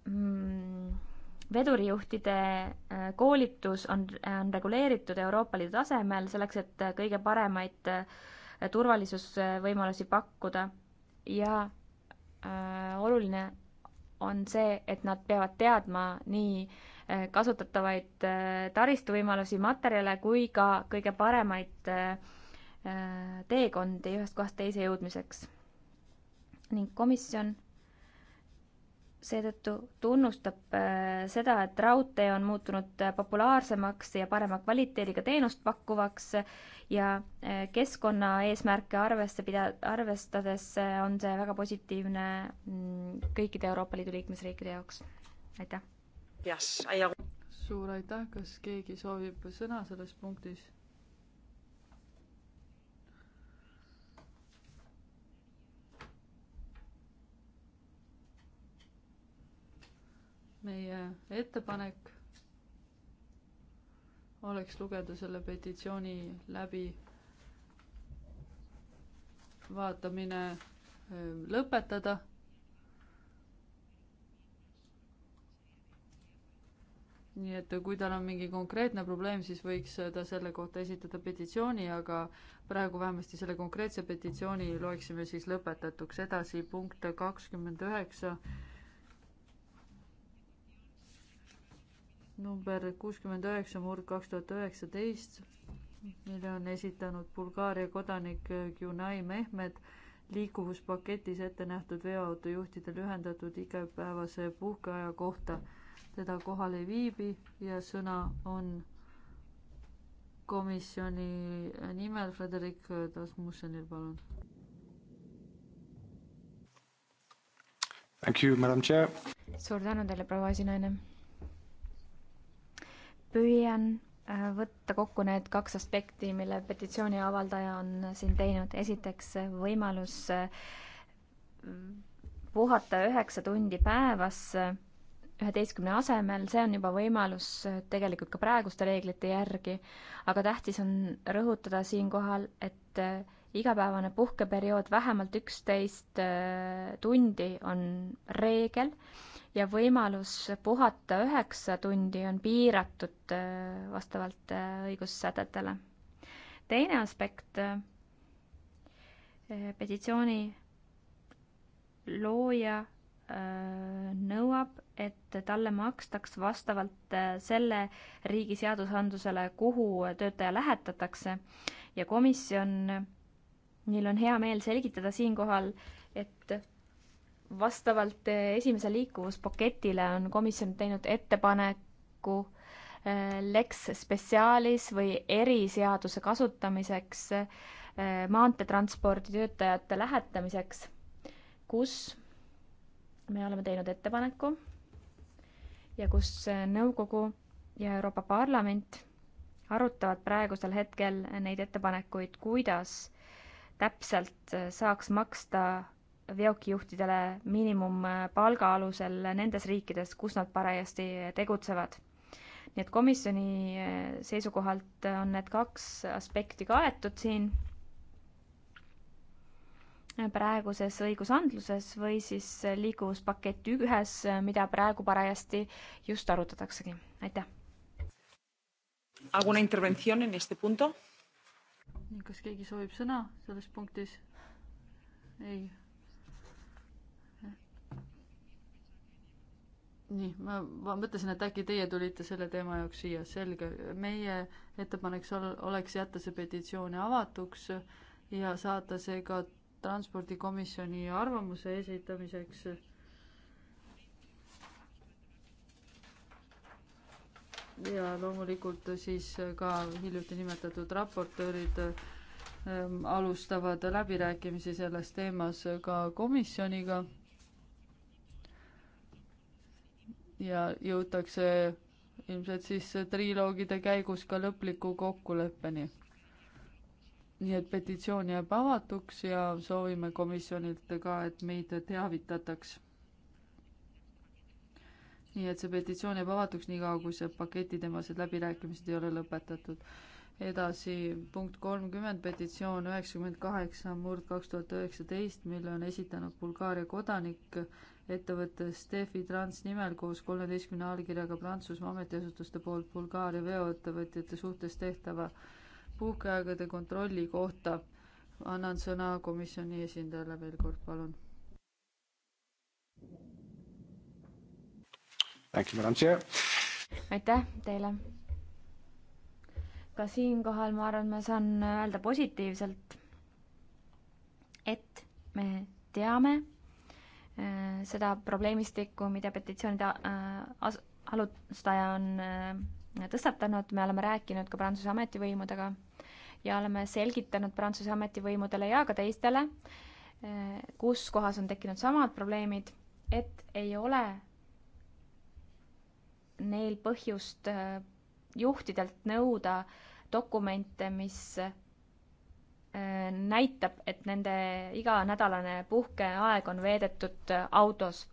mm vedurijuhtide äh, koolitus on, on reguleeritud Euroopa Liidu tasemel selleks, et äh, kõige paremaid äh, turvalisusvõimalusi pakkuda ja äh, oluline on see, et nad peavad teadma nii äh, kasutatavaid äh, taristuvõimalusi, materjale kui ka kõige paremaid äh, teekondi ühest kohast teise jõudmiseks. ning komisjon äh, seetõttu tunnustab äh, seda, et raudtee on muutunud äh, populaarsemaks ja parema kvaliteediga teenust pakkuvaks ja äh, keskkonnaeesmärke arvesse pida-, arvestades on see väga positiivne mm, kõikide Euroopa Liidu liikmesriikide jaoks. aitäh! suur aitäh, kas keegi soovib sõna selles punktis? meie ettepanek oleks lugeda selle petitsiooni läbi vaatamine lõpetada. nii et kui tal on mingi konkreetne probleem, siis võiks ta selle kohta esitada petitsiooni, aga praegu vähemasti selle konkreetse petitsiooni loeksime siis lõpetatuks. edasi punkt kakskümmend üheksa number kuuskümmend üheksa murd kaks tuhat üheksateist, mille on esitanud Bulgaaria kodanik Gunai Mehmed liikuvuspaketis ette nähtud veoautojuhtide lühendatud igapäevase puhkeaja kohta. teda kohal ei viibi ja sõna on komisjoni nimel Frederik Dasmussenil, palun. suur tänu teile, proua esinaine püüan äh, võtta kokku need kaks aspekti, mille petitsiooni avaldaja on siin teinud. esiteks äh, võimalus äh, puhata üheksa tundi päevas üheteistkümne asemel, see on juba võimalus tegelikult ka praeguste reeglite järgi, aga tähtis on rõhutada siinkohal, et igapäevane puhkeperiood vähemalt üksteist äh, tundi on reegel ja võimalus puhata üheksa tundi on piiratud äh, vastavalt äh, õigussätetele. teine aspekt petitsiooni looja nõuab, et talle makstaks vastavalt selle riigi seadusandlusele, kuhu töötaja lähetatakse ja komisjon Neil on hea meel selgitada siinkohal, et vastavalt äh, esimese liikuvuspaketile on komisjon teinud ettepaneku äh, Lex Specialis või eriseaduse kasutamiseks äh, maanteetranspordi töötajate lähetamiseks, kus me oleme teinud ettepaneku ja kus nõukogu ja Euroopa Parlament arutavad praegusel hetkel neid ettepanekuid, kuidas täpselt äh, saaks maksta veokijuhtidele miinimumpalga alusel nendes riikides, kus nad parajasti äh, tegutsevad. nii et komisjoni äh, seisukohalt on need kaks aspekti kaetud siin praeguses õigusandluses või siis liikuvuspakett ühes, mida praegu parajasti just arutataksegi. aitäh. ¿Alguna intervención en este punto? ning kas keegi soovib sõna selles punktis? ei. nii, ma, ma mõtlesin, et äkki teie tulite selle teema jaoks siia, selge. meie ettepanek ol, oleks jätta see petitsioon avatuks ja saata see ka transpordikomisjoni arvamuse esitamiseks ja loomulikult siis ka hiljuti nimetatud raportöörid ähm, alustavad läbirääkimisi selles teemas ka komisjoniga. ja jõutakse ilmselt siis triloogide käigus ka lõpliku kokkuleppeni. nii et petitsioon jääb avatuks ja soovime komisjonilt ka, et meid teavitataks nii et see petitsioon jääb avatuks niikaua, kui see paketiteemased läbirääkimised ei ole lõpetatud. edasi punkt kolmkümmend, petitsioon üheksakümmend kaheksa murd kaks tuhat üheksateist, mille on esitanud Bulgaaria kodanik ettevõtte Steffi Trans nimel koos kolmeteistkümne allkirjaga Prantsusmaa ametiasutuste poolt Bulgaaria veoettevõtjate suhtes tehtava puhkeaegade kontrolli kohta. annan sõna komisjoni esindajale veel kord, palun aitäh teile. ka siinkohal ma arvan, ma saan öelda positiivselt, et me teame äh, seda probleemistikku, mida petitsioonide äh, as-, alustaja on äh, tõstatanud, me oleme rääkinud ka Prantsuse ametivõimudega ja oleme selgitanud Prantsuse ametivõimudele ja ka teistele, kus kohas on tekkinud samad probleemid, et ei ole neil põhjust äh, juhtidelt nõuda dokumente, mis äh, näitab, et nende iganädalane puhkeaeg on veedetud äh, autos.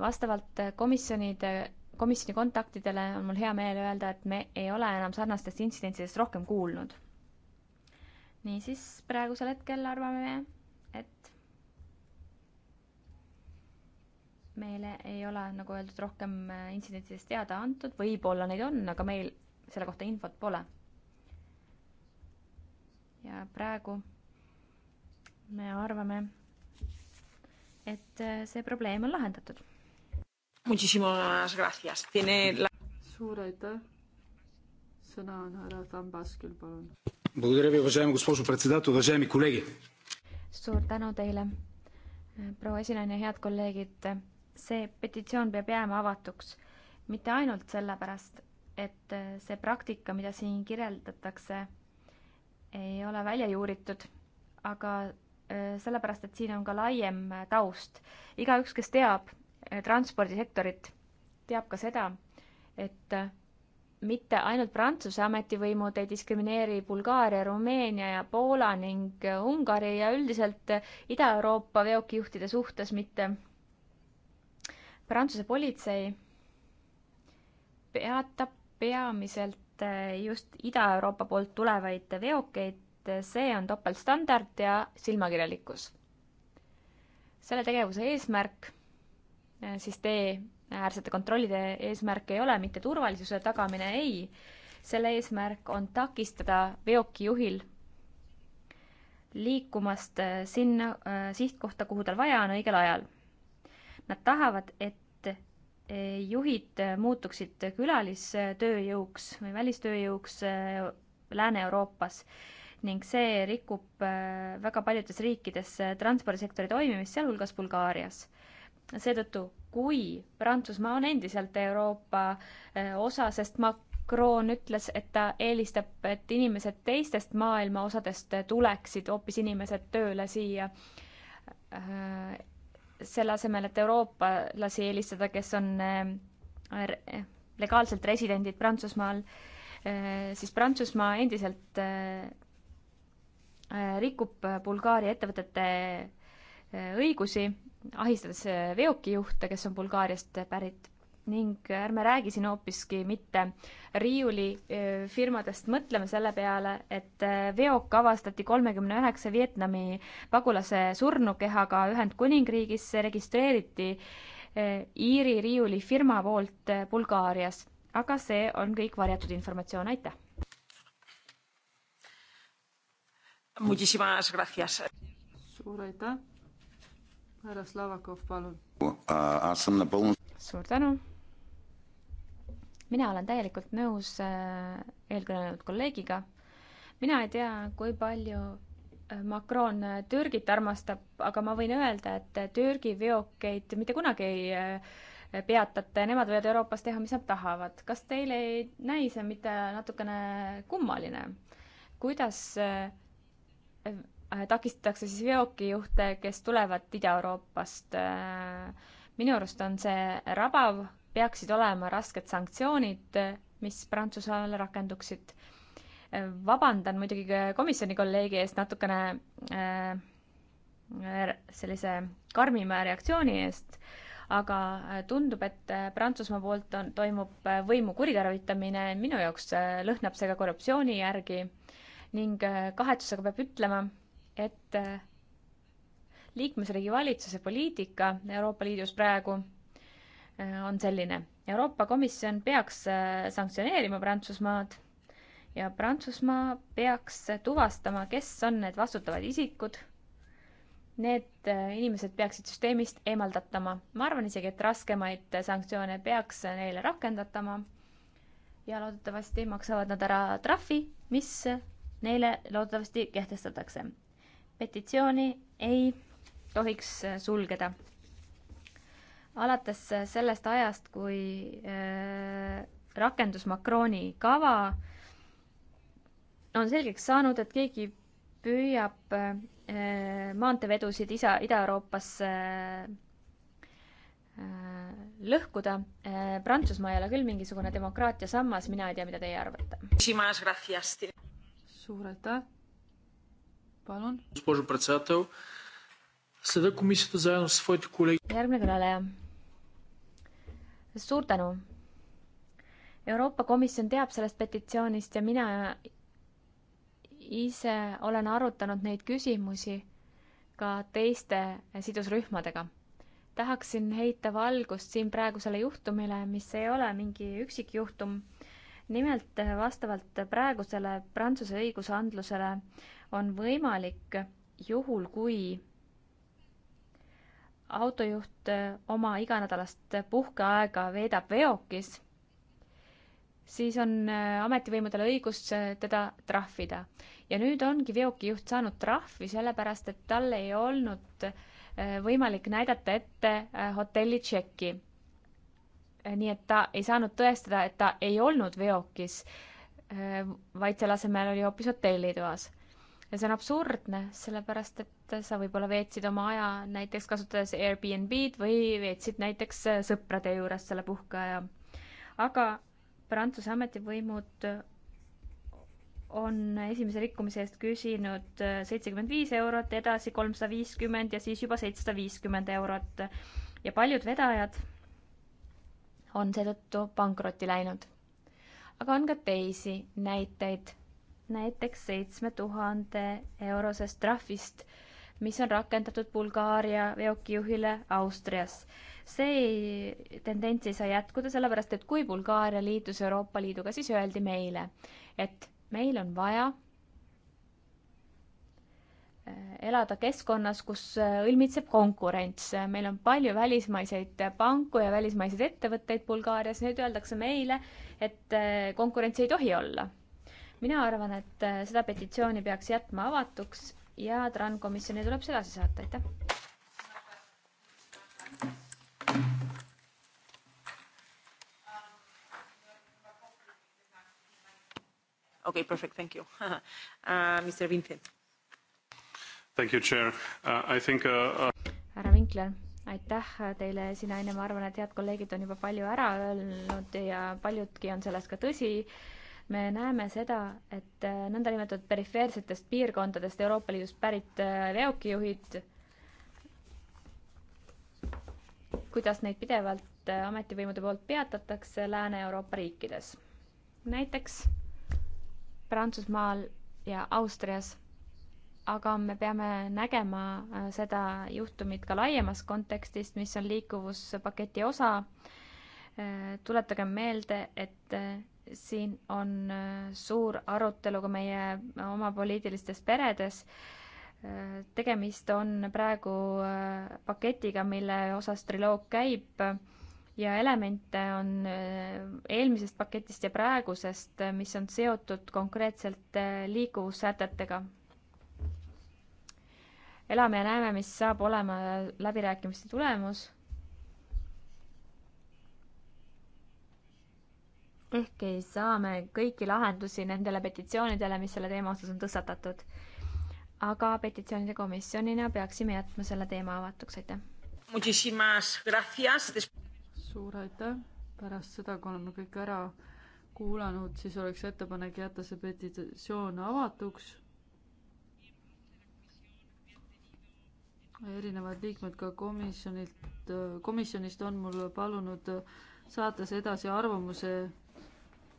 vastavalt komisjonide, komisjoni kontaktidele on mul hea meel öelda, et me ei ole enam sarnastest intsidentidest rohkem kuulnud. niisiis, praegusel hetkel arvame me, et meile ei ole, nagu öeldud, rohkem äh, intsidentidest teada antud, võib-olla neid on, aga meil selle kohta infot pole. ja praegu me arvame, et äh, see probleem on lahendatud. suur aitäh. sõna on härra Tambaskil, palun. suur tänu teile, э, proua esinaine, head kolleegid see petitsioon peab jääma avatuks mitte ainult sellepärast, et äh, see praktika, mida siin kirjeldatakse, ei ole välja juuritud, aga äh, sellepärast, et siin on ka laiem äh, taust. igaüks, kes teab transpordisektorit, teab ka seda, et mitte ainult Prantsuse ametivõimud ei diskrimineeri Bulgaaria, Rumeenia ja Poola ning Ungari ja üldiselt Ida-Euroopa veokijuhtide suhtes mitte Prantsuse politsei peatab peamiselt eh, just Ida-Euroopa poolt tulevaid veokeid, see on topeltstandard ja silmakirjalikkus. selle tegevuse eesmärk, eh, siis teeäärsete kontrollide eesmärk ei ole mitte turvalisuse tagamine, ei, selle eesmärk on takistada veokijuhil liikumast eh, sinna äh, sihtkohta, kuhu tal vaja on õigel ajal Nad tahavad, et e, juhid muutuksid külalistööjõuks või välistööjõuks e, Lääne-Euroopas ning see rikub e, väga paljudes riikides transpordisektori toimimist, sealhulgas Bulgaarias. seetõttu, kui Prantsusmaa on endiselt Euroopa osa, sest Macron ütles, et ta eelistab, et inimesed teistest maailma osadest tuleksid hoopis inimesed tööle siia selle asemel, et eurooplasi eelistada, kes on äh, legaalselt residendid Prantsusmaal, äh, siis Prantsusmaa endiselt äh, rikub Bulgaaria ettevõtete õigusi, ahistades veokijuhte, kes on Bulgaariast pärit ning ärme räägi siin hoopiski mitte riiulifirmadest, mõtleme selle peale, et veok avastati kolmekümne üheksa Vietnami pagulase surnukehaga Ühendkuningriigis, see registreeriti Iiri riiulifirma poolt Bulgaarias. aga see on kõik varjatud informatsioon, aitäh! suur aitäh! härra Slavakov, palun! Uh, suur tänu! mina olen täielikult nõus äh, eelkõnelenud kolleegiga. mina ei tea, kui palju äh, Macron äh, Türgit armastab, aga ma võin öelda, et Türgi veokeid mitte kunagi ei peatate, nemad võivad Euroopas teha, mis nad tahavad. kas teile ei näi see mitte natukene kummaline? kuidas takistatakse siis veokijuhte, kes tulevad Ida-Euroopast? minu arust on see rabav peaksid olema rasked sanktsioonid, mis Prantsusmaale rakenduksid. vabandan muidugi komisjoni kolleegi eest natukene äh, sellise karmima reaktsiooni eest, aga äh, tundub, et Prantsusmaa poolt on, toimub äh, võimu kuritarvitamine, minu jaoks äh, lõhnab see ka korruptsiooni järgi ning kahetsusega peab ütlema, et liikmesriigi valitsuse poliitika Euroopa Liidus praegu Äh, on selline. Euroopa Komisjon peaks äh, sanktsioneerima Prantsusmaad ja Prantsusmaa peaks tuvastama, kes on need vastutavad isikud. Need äh, inimesed peaksid süsteemist eemaldatama. ma arvan isegi, et raskemaid sanktsioone peaks neile rakendatama. ja loodetavasti maksavad nad ära trahvi, mis neile loodetavasti kehtestatakse. petitsiooni ei tohiks sulgeda alates sellest ajast, kui äh, rakendus Macroni kava, on selgeks saanud, et keegi püüab äh, maanteevedusid isa, Ida-Euroopasse äh, lõhkuda. Prantsusmaa ei ole küll mingisugune demokraatia sammas, mina ei tea, mida teie arvate. suur aitäh. palun. Съда комисията заедно с своите колеги. järgmine kõneleja. suur tänu. Euroopa Komisjon teab sellest petitsioonist ja mina ise olen arutanud neid küsimusi ka teiste sidusrühmadega. tahaksin heita valgust siin praegusele juhtumile, mis ei ole mingi üksikjuhtum. nimelt vastavalt praegusele Prantsuse õigusandlusele on võimalik juhul, kui autojuht eh, oma iganädalast puhkeaega veedab veokis, siis on eh, ametivõimudel õigus eh, teda trahvida. ja nüüd ongi veokijuht saanud trahvi sellepärast, et tal ei olnud võimalik näidata ette hotelli tšeki. nii et ta ei saanud tõestada, et ta ei olnud veokis, vaid selle asemel oli hoopis hotellitoas ja see on absurdne, sellepärast et sa võib-olla veetsid oma aja näiteks kasutades Airbnb-d või veetsid näiteks äh, sõprade juures selle puhkeaja. aga Prantsuse ametivõimud on esimese rikkumise eest küsinud äh, seitsekümmend viis eurot, edasi kolmsada viiskümmend ja siis juba seitsesada viiskümmend eurot. ja paljud vedajad on seetõttu pankrotti läinud. aga on ka teisi näiteid näiteks seitsme tuhande eurosest trahvist, mis on rakendatud Bulgaaria veokijuhile Austrias. see tendents ei saa jätkuda, sellepärast et kui Bulgaaria liitus Euroopa Liiduga, siis öeldi meile, et meil on vaja äh, elada keskkonnas, kus äh, õlmitseb konkurents. meil on palju välismaiseid panku ja välismaiseid ettevõtteid Bulgaarias, nüüd öeldakse meile, et äh, konkurentsi ei tohi olla mina arvan, et äh, seda petitsiooni peaks jätma avatuks ja TRAN komisjoni tuleb see edasi saata, aitäh. Okay, perfect. Thank you. Uh, Mr. Winkler. Thank you, Chair. Uh, I think uh, uh härra Winkler, aitäh teile sina enne, ma arvan, et head kolleegid on juba palju ära öelnud ja paljudki on selles ka tõsi me näeme seda, et äh, nõndanimetatud perifeersetest piirkondadest Euroopa Liidust pärit äh, veokijuhid, kuidas neid pidevalt äh, ametivõimude poolt peatatakse Lääne-Euroopa riikides. näiteks Prantsusmaal ja Austrias aga me peame nägema seda juhtumit ka laiemas kontekstis, mis on liikuvuspaketi osa. tuletagem meelde, et siin on äh, suur arutelu ka meie oma poliitilistes peredes. Äh, tegemist on praegu äh, paketiga, mille osas triloog käib ja elemente on eelmisest paketist ja praegusest, mis on seotud konkreetselt liikuvussätetega. elame ja näeme, mis saab olema läbirääkimiste tulemus ehkki saame kõiki lahendusi nendele petitsioonidele, mis selle teema osas on tõstatatud. aga petitsioonide komisjonina peaksime jätma selle teema avatuks, aitäh. suur aitäh, pärast seda, kui oleme kõik ära kuulanud, siis oleks ettepanek jätta see petitsioon avatuks. erinevad liikmed ka komisjonilt, komisjonist on mul palunud saata see edasi arvamuse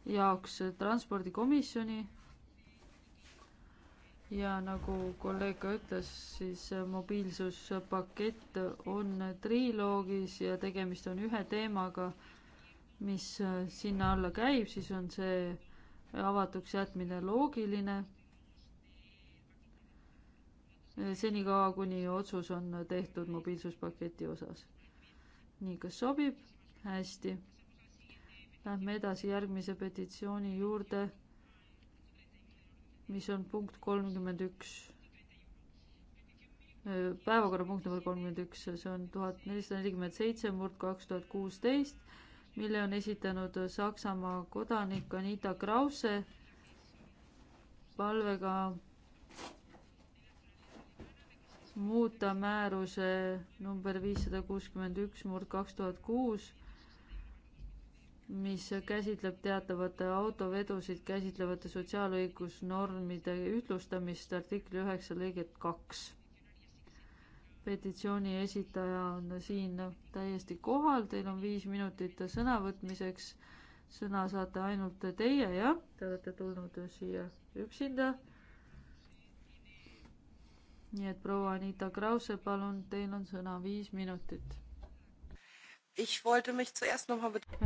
jaoks transpordikomisjoni ja nagu kolleeg ka ütles, siis mobiilsuspakett on triloogis ja tegemist on ühe teemaga, mis sinna alla käib, siis on see avatuks jätmine loogiline. senikaua, kuni otsus on tehtud mobiilsuspaketi osas. nii, kas sobib? hästi Lähme edasi järgmise petitsiooni juurde, mis on punkt kolmkümmend üks. Äh, päevakorrapunkt number kolmkümmend üks, see on tuhat nelisada nelikümmend seitse murd kaks tuhat kuusteist, mille on esitanud Saksamaa kodanik Anita Krause palvega muuta määruse number viissada kuuskümmend üks murd kaks tuhat kuus mis käsitleb teatavate autovedusid käsitlevate sotsiaalõigusnormide ühtlustamist artikli üheksa lõiget kaks. petitsiooni esitaja on siin täiesti kohal, teil on viis minutit sõnavõtmiseks. sõna saate ainult teie, jah, te olete tulnud siia üksinda. nii et proua Anita Krause, palun, teil on sõna viis minutit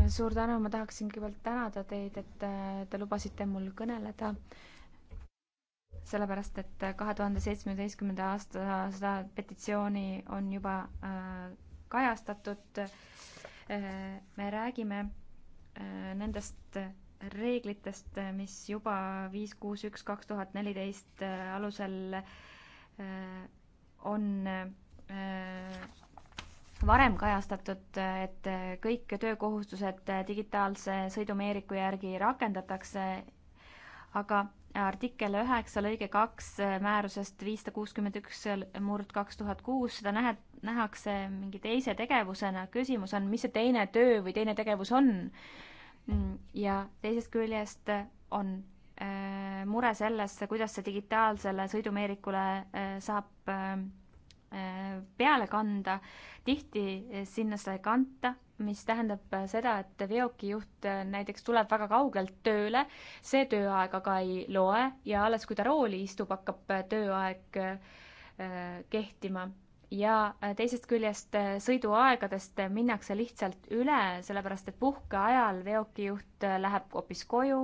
suur tänu, ma tahaksin kõigepealt tänada teid, et äh, te lubasite mul kõneleda. sellepärast, et kahe tuhande seitsmeteistkümnenda aasta seda petitsiooni on juba äh, kajastatud äh,. me räägime äh, nendest reeglitest, mis juba viis, kuus, üks, kaks tuhat neliteist äh, alusel äh, on varem kajastatud, et kõik töökohustused digitaalse sõidumeeriku järgi rakendatakse, aga artikkel üheksa lõige kaks määrusest viissada kuuskümmend üks murd kaks tuhat kuus, seda nähe, nähakse mingi teise tegevusena, küsimus on, mis see teine töö või teine tegevus on. ja teisest küljest on äh, mure selles, kuidas see digitaalsele sõidumeerikule äh, saab äh, Äh, peale kanda. tihti äh, sinna seda ei kanta, mis tähendab äh, seda, et veokijuht näiteks tuleb väga kaugelt tööle, see tööaeg aga ei loe ja alles, kui ta rooli istub, hakkab tööaeg kehtima ja teisest küljest sõiduaegadest minnakse lihtsalt üle, sellepärast et puhkeajal veokijuht läheb hoopis koju,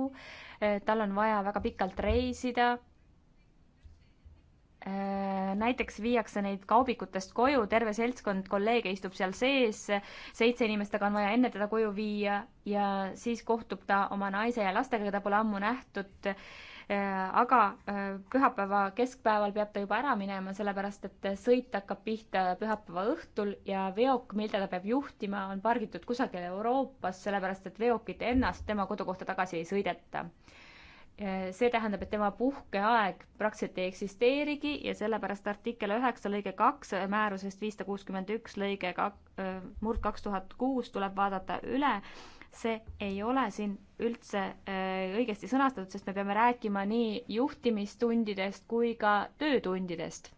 tal on vaja väga pikalt reisida Äh, näiteks viiakse neid kaubikutest koju, terve seltskond kolleege istub seal sees, seitse inimest aga on vaja enne teda koju viia ja siis kohtub ta oma naise ja lastega, keda pole ammu nähtud. Äh, aga äh, pühapäeva keskpäeval peab ta juba ära minema, sellepärast et sõit hakkab pihta pühapäeva õhtul ja veok, mida ta peab juhtima, on pargitud kusagil Euroopas, sellepärast et veokit ennast tema kodukohta tagasi ei sõideta Äh, see tähendab, et tema puhkeaeg praktiliselt ei eksisteerigi ja sellepärast artikkel üheksa lõige kaks määrusest viissada kuuskümmend üks lõige kak-, äh, murd kaks tuhat kuus tuleb vaadata üle. see ei ole siin üldse äh, õigesti sõnastatud, sest me peame rääkima nii juhtimistundidest kui ka töötundidest.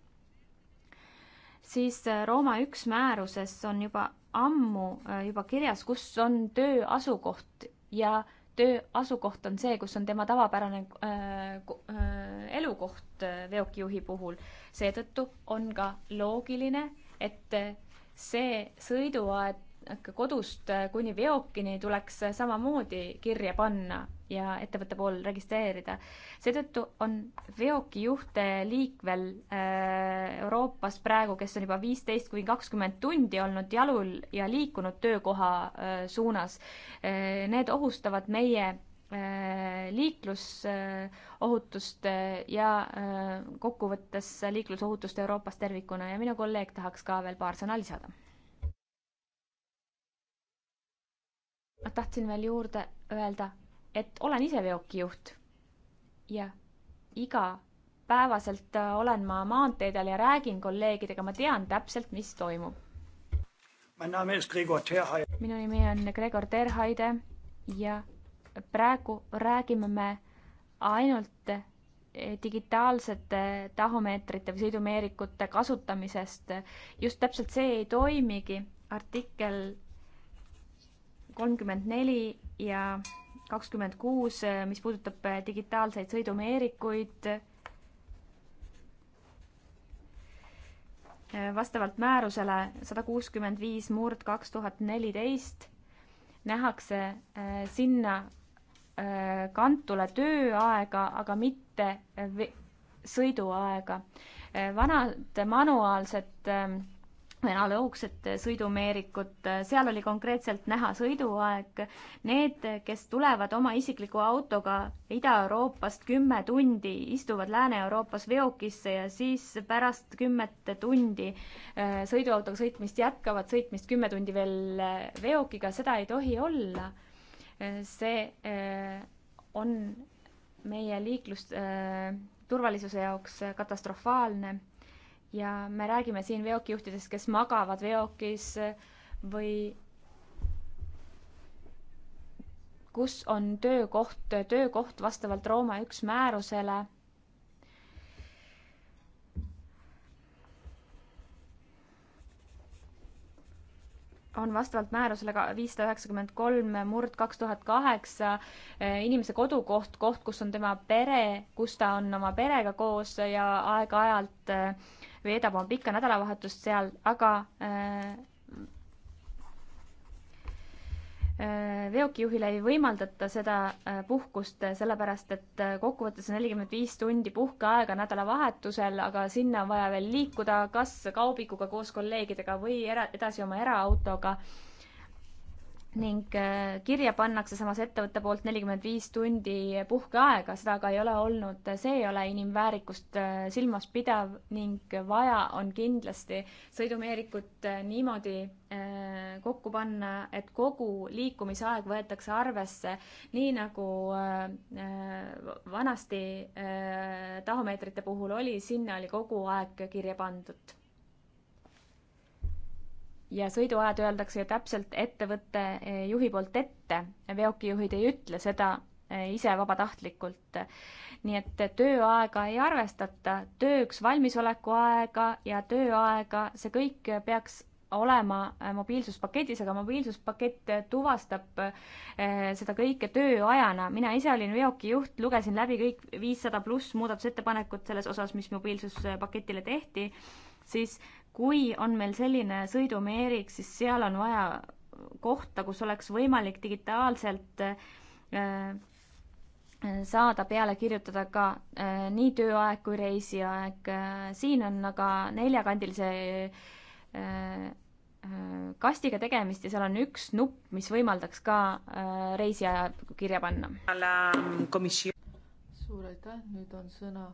siis Rooma üks määruses on juba ammu juba kirjas, kus on töö asukoht ja töö asukoht on see, kus on tema tavapärane äh, äh elukoht äh, veokijuhi puhul. seetõttu on ka loogiline, et äh, see sõiduaed kodust äh, kuni veokini tuleks samamoodi kirja panna ja ettevõtte pool registreerida. seetõttu on veokijuhte liikvel äh, Euroopas praegu, kes on juba viisteist kuni kakskümmend tundi olnud jalul ja liikunud töökoha äh, suunas. Need ohustavad meie liiklusohutust ja kokkuvõttes liiklusohutust Euroopas tervikuna ja minu kolleeg tahaks ka veel paar sõna lisada tahtsin veel juurde öelda, et olen ise veokijuht ja igapäevaselt äh, olen ma maanteedel ja räägin kolleegidega, ma tean täpselt, mis toimub. minu nimi on Gregor Terhaide ja praegu räägime me ainult äh, digitaalsete tahumeetrite või sõidumeerikute kasutamisest. just täpselt see ei toimigi. artikkel kolmkümmend neli ja kakskümmend kuus, mis puudutab äh, digitaalseid sõidumeerikuid. Äh, vastavalt määrusele sada kuuskümmend viis murd kaks tuhat neliteist nähakse äh, sinna kantule tööaega, aga mitte sõiduaega. vanad manuaalsed ähm, Venale hoogsat sõidumeerikut, seal oli konkreetselt näha sõiduaeg. Need, kes tulevad oma isikliku autoga Ida-Euroopast kümme tundi, istuvad Lääne-Euroopas veokisse ja siis pärast kümmet tundi äh, sõiduautoga sõitmist jätkavad sõitmist kümme tundi veel äh, veokiga, seda ei tohi olla. Äh, see on meie liiklus turvalisuse jaoks katastrofaalne ja me räägime siin veokijuhtidest, kes magavad veokis või kus on töökoht, töökoht vastavalt Rooma üks määrusele on vastavalt määrusele ka viissada üheksakümmend kolm murd kaks tuhat kaheksa eh, inimese kodukoht, koht, kus on tema pere, kus ta on oma perega koos ja aeg-ajalt eh, veedab oma pikka nädalavahetust seal, aga äh, äh veokijuhil ei võimaldata seda äh, puhkust, sellepärast et äh, kokkuvõttes on nelikümmend viis tundi puhkeaega nädalavahetusel, aga sinna on vaja veel liikuda kas kaubikuga koos kolleegidega või era, edasi oma eraautoga ning äh, kirja pannakse samas ettevõtte poolt nelikümmend viis tundi puhkeaega, seda aga ei ole olnud, see ei ole inimväärikust äh, silmas pidav ning vaja on kindlasti sõidumeerikut äh, niimoodi kokku panna, et kogu liikumisaeg võetakse arvesse, nii nagu vanasti tahomeetrite puhul oli, sinna oli kogu aeg kirja pandud ja sõiduajad öeldakse ju täpselt ettevõtte eh, juhi poolt ette, veokijuhid ei ütle seda eh, ise vabatahtlikult. nii et tööaega ei arvestata, tööks valmisoleku aega ja tööaega, see kõik peaks olema eh, mobiilsuspaketis, aga mobiilsuspakett tuvastab seda kõike tööajana. mina ise olin veokijuht, lugesin läbi kõik viissada pluss muudatusettepanekut selles osas, mis mobiilsuspaketile tehti, siis kui on meil selline sõidumeerik, siis seal on vaja kohta, kus oleks võimalik digitaalselt äh, saada peale kirjutada ka äh, nii tööaeg kui reisiaeg. Äh, siin on aga neljakandilise kastiga tegemist ja seal on üks nupp, mis võimaldaks ka reisiaja kirja panna. Ähm, suur aitäh, nüüd on sõna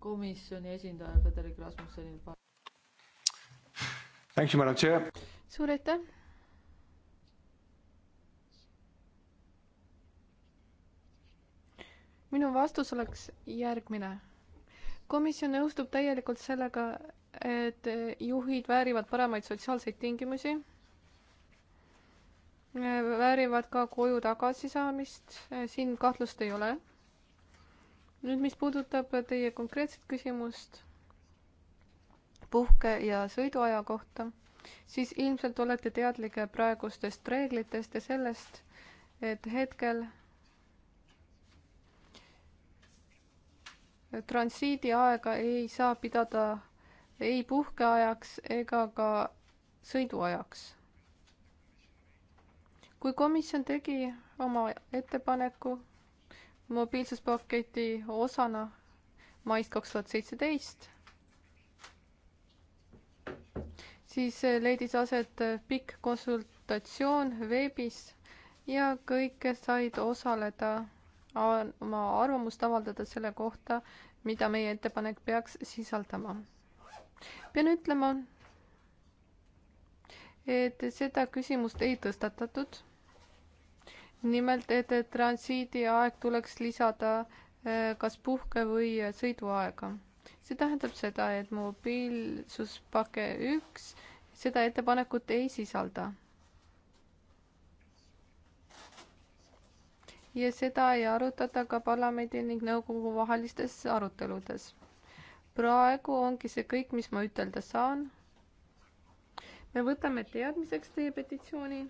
komisjoni esindajal Frederik Rasmussenil. Thank you, madam chair. suur aitäh. minu vastus oleks järgmine. komisjon nõustub täielikult sellega, et juhid väärivad paremaid sotsiaalseid tingimusi. väärivad ka koju tagasisaamist, siin kahtlust ei ole nüüd, mis puudutab teie konkreetset küsimust puhke- ja sõiduaja kohta, siis ilmselt olete teadlik praegustest reeglitest ja sellest, et hetkel transiidiaega ei saa pidada ei puhkeajaks ega ka sõiduajaks. kui komisjon tegi oma ettepaneku mobiilsuspaketi osana maist kaks tuhat seitseteist. siis eh, leidis aset eh, pikk konsultatsioon veebis ja kõik said osaleda, oma arvamust avaldada selle kohta, mida meie ettepanek peaks sisaldama. pean ütlema, et seda küsimust ei tõstatatud nimelt, et transiidiaeg tuleks lisada eh, kas puhke- või sõiduaega. see tähendab seda, et mobiilsuspake üks seda ettepanekut ei sisalda. ja seda ei arutata ka parlamendi ning nõukogu vahelistes aruteludes. praegu ongi see kõik, mis ma ütelda saan. me võtame teadmiseks teie petitsiooni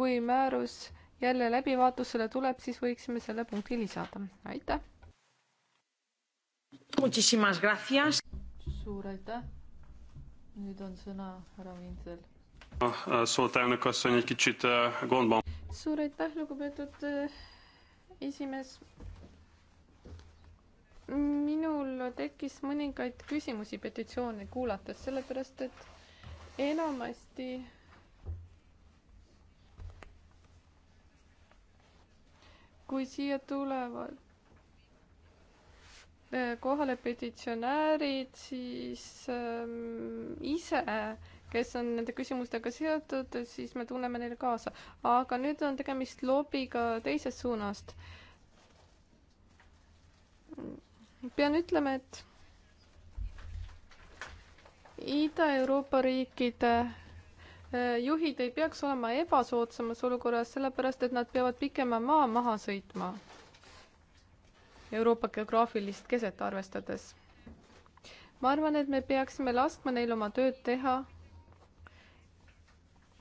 kui määrus jälle läbivaatusele tuleb, siis võiksime selle punkti lisada. aitäh! suur aitäh! nüüd on sõna härra Vintsel. Ah, ah, äh, suur aitäh, lugupeetud äh, esimees! minul tekkis mõningaid küsimusi petitsioone kuulates, sellepärast et enamasti kui siia tulevad äh, kohale petitsionäärid siis ähm, ise, kes on nende küsimustega seotud, siis me tunneme neile kaasa. aga nüüd on tegemist lobiga teisest suunast. pean ütlema, et Ida-Euroopa riikide Äh, juhid ei peaks olema ebasoodsamas olukorras, sellepärast et nad peavad pikema maa maha sõitma. Euroopa geograafilist keset arvestades. ma arvan, et me peaksime laskma neil oma tööd teha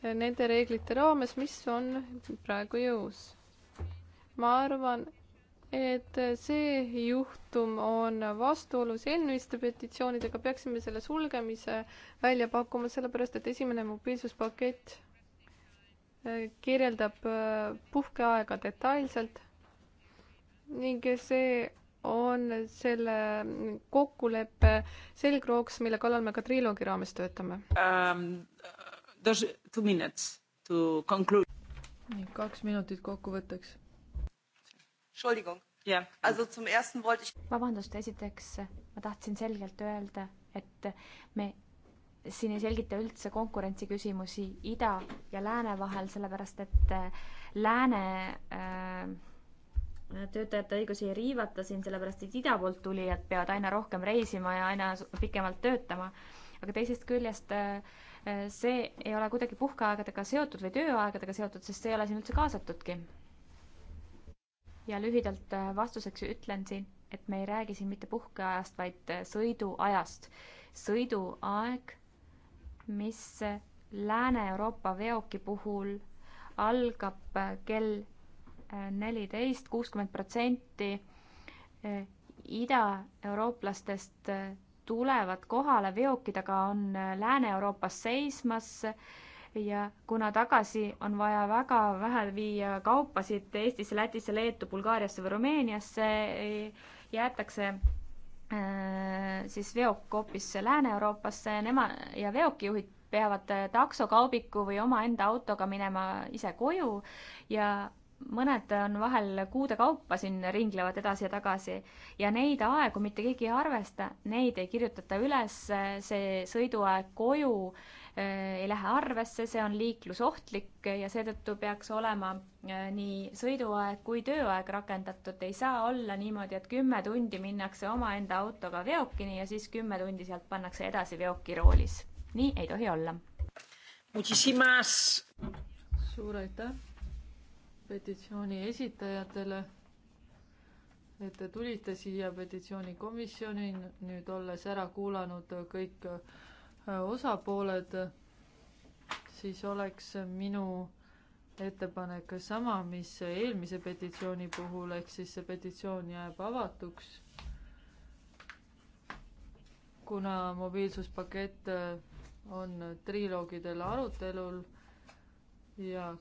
nende reeglite raames, mis on praegu jõus. ma arvan, et see juhtum on vastuolus eelmiste petitsioonidega, peaksime selle sulgemise välja pakkuma, sellepärast et esimene mobiilsuspakett äh, kirjeldab äh, puhkeaega detailselt ning see on selle kokkuleppe selgrooks, mille kallal me ka triloogi raames töötame um,. Uh, two minutes to conclude. nii, kaks minutit kokkuvõtteks Entschuldigung. jah yeah.. Also zum ersten wollte ich. vabandust, esiteks ma tahtsin selgelt öelda, et me siin ei selgita üldse konkurentsiküsimusi ida ja lääne vahel, sellepärast et äh, lääne äh, töötajate õigusi ei riivata siin, sellepärast et ida poolt tulijad peavad aina rohkem reisima ja aina pikemalt töötama. aga teisest küljest äh, äh, see ei ole kuidagi puhkeaegadega seotud või tööaegadega seotud, sest see ei ole siin üldse kaasatudki ja lühidalt äh, vastuseks ütlen siin, et me ei räägi siin mitte puhkeajast, vaid äh, sõiduajast. sõiduaeg, mis äh, Lääne-Euroopa veoki puhul algab kell neliteist, kuuskümmend protsenti idaeurooplastest tulevad kohale, veokid aga on Lääne-Euroopas seismas ja kuna tagasi on vaja väga vähe viia kaupasid Eestisse, Lätisse, Leetu, Bulgaariasse või Rumeeniasse, jäetakse äh, siis veok hoopis Lääne-Euroopasse, nema- ja veokijuhid peavad äh, taksokaubiku või omaenda autoga minema ise koju ja mõned on vahel kuude kaupa siin ringlevad edasi ja tagasi ja neid aegu mitte keegi ei arvesta, neid ei kirjutata üles, see sõiduaeg koju Äh, ei lähe arvesse, see on liiklusohtlik ja seetõttu peaks olema äh, nii sõiduaeg kui tööaeg rakendatud. ei saa olla niimoodi, et kümme tundi minnakse omaenda autoga veokini ja siis kümme tundi sealt pannakse edasi veokiroolis. nii ei tohi olla. suur aitäh petitsiooni esitajatele et te tulite siia petitsioonikomisjoni, nüüd olles ära kuulanud kõik osapooled, siis oleks minu ettepanek sama, mis eelmise petitsiooni puhul, ehk siis see petitsioon jääb avatuks, kuna mobiilsuspakett on triloogidel arutelul ja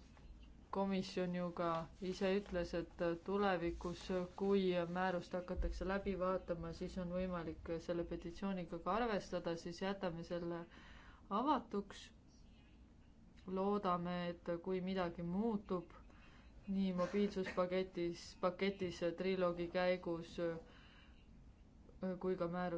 komisjon ju ka ise ütles, et tulevikus, kui määrust hakatakse läbi vaatama, siis on võimalik selle petitsiooniga ka arvestada, siis jätame selle avatuks. loodame, et kui midagi muutub nii mobiilsuspaketis, paketis triloogi käigus äh, kui ka määrus.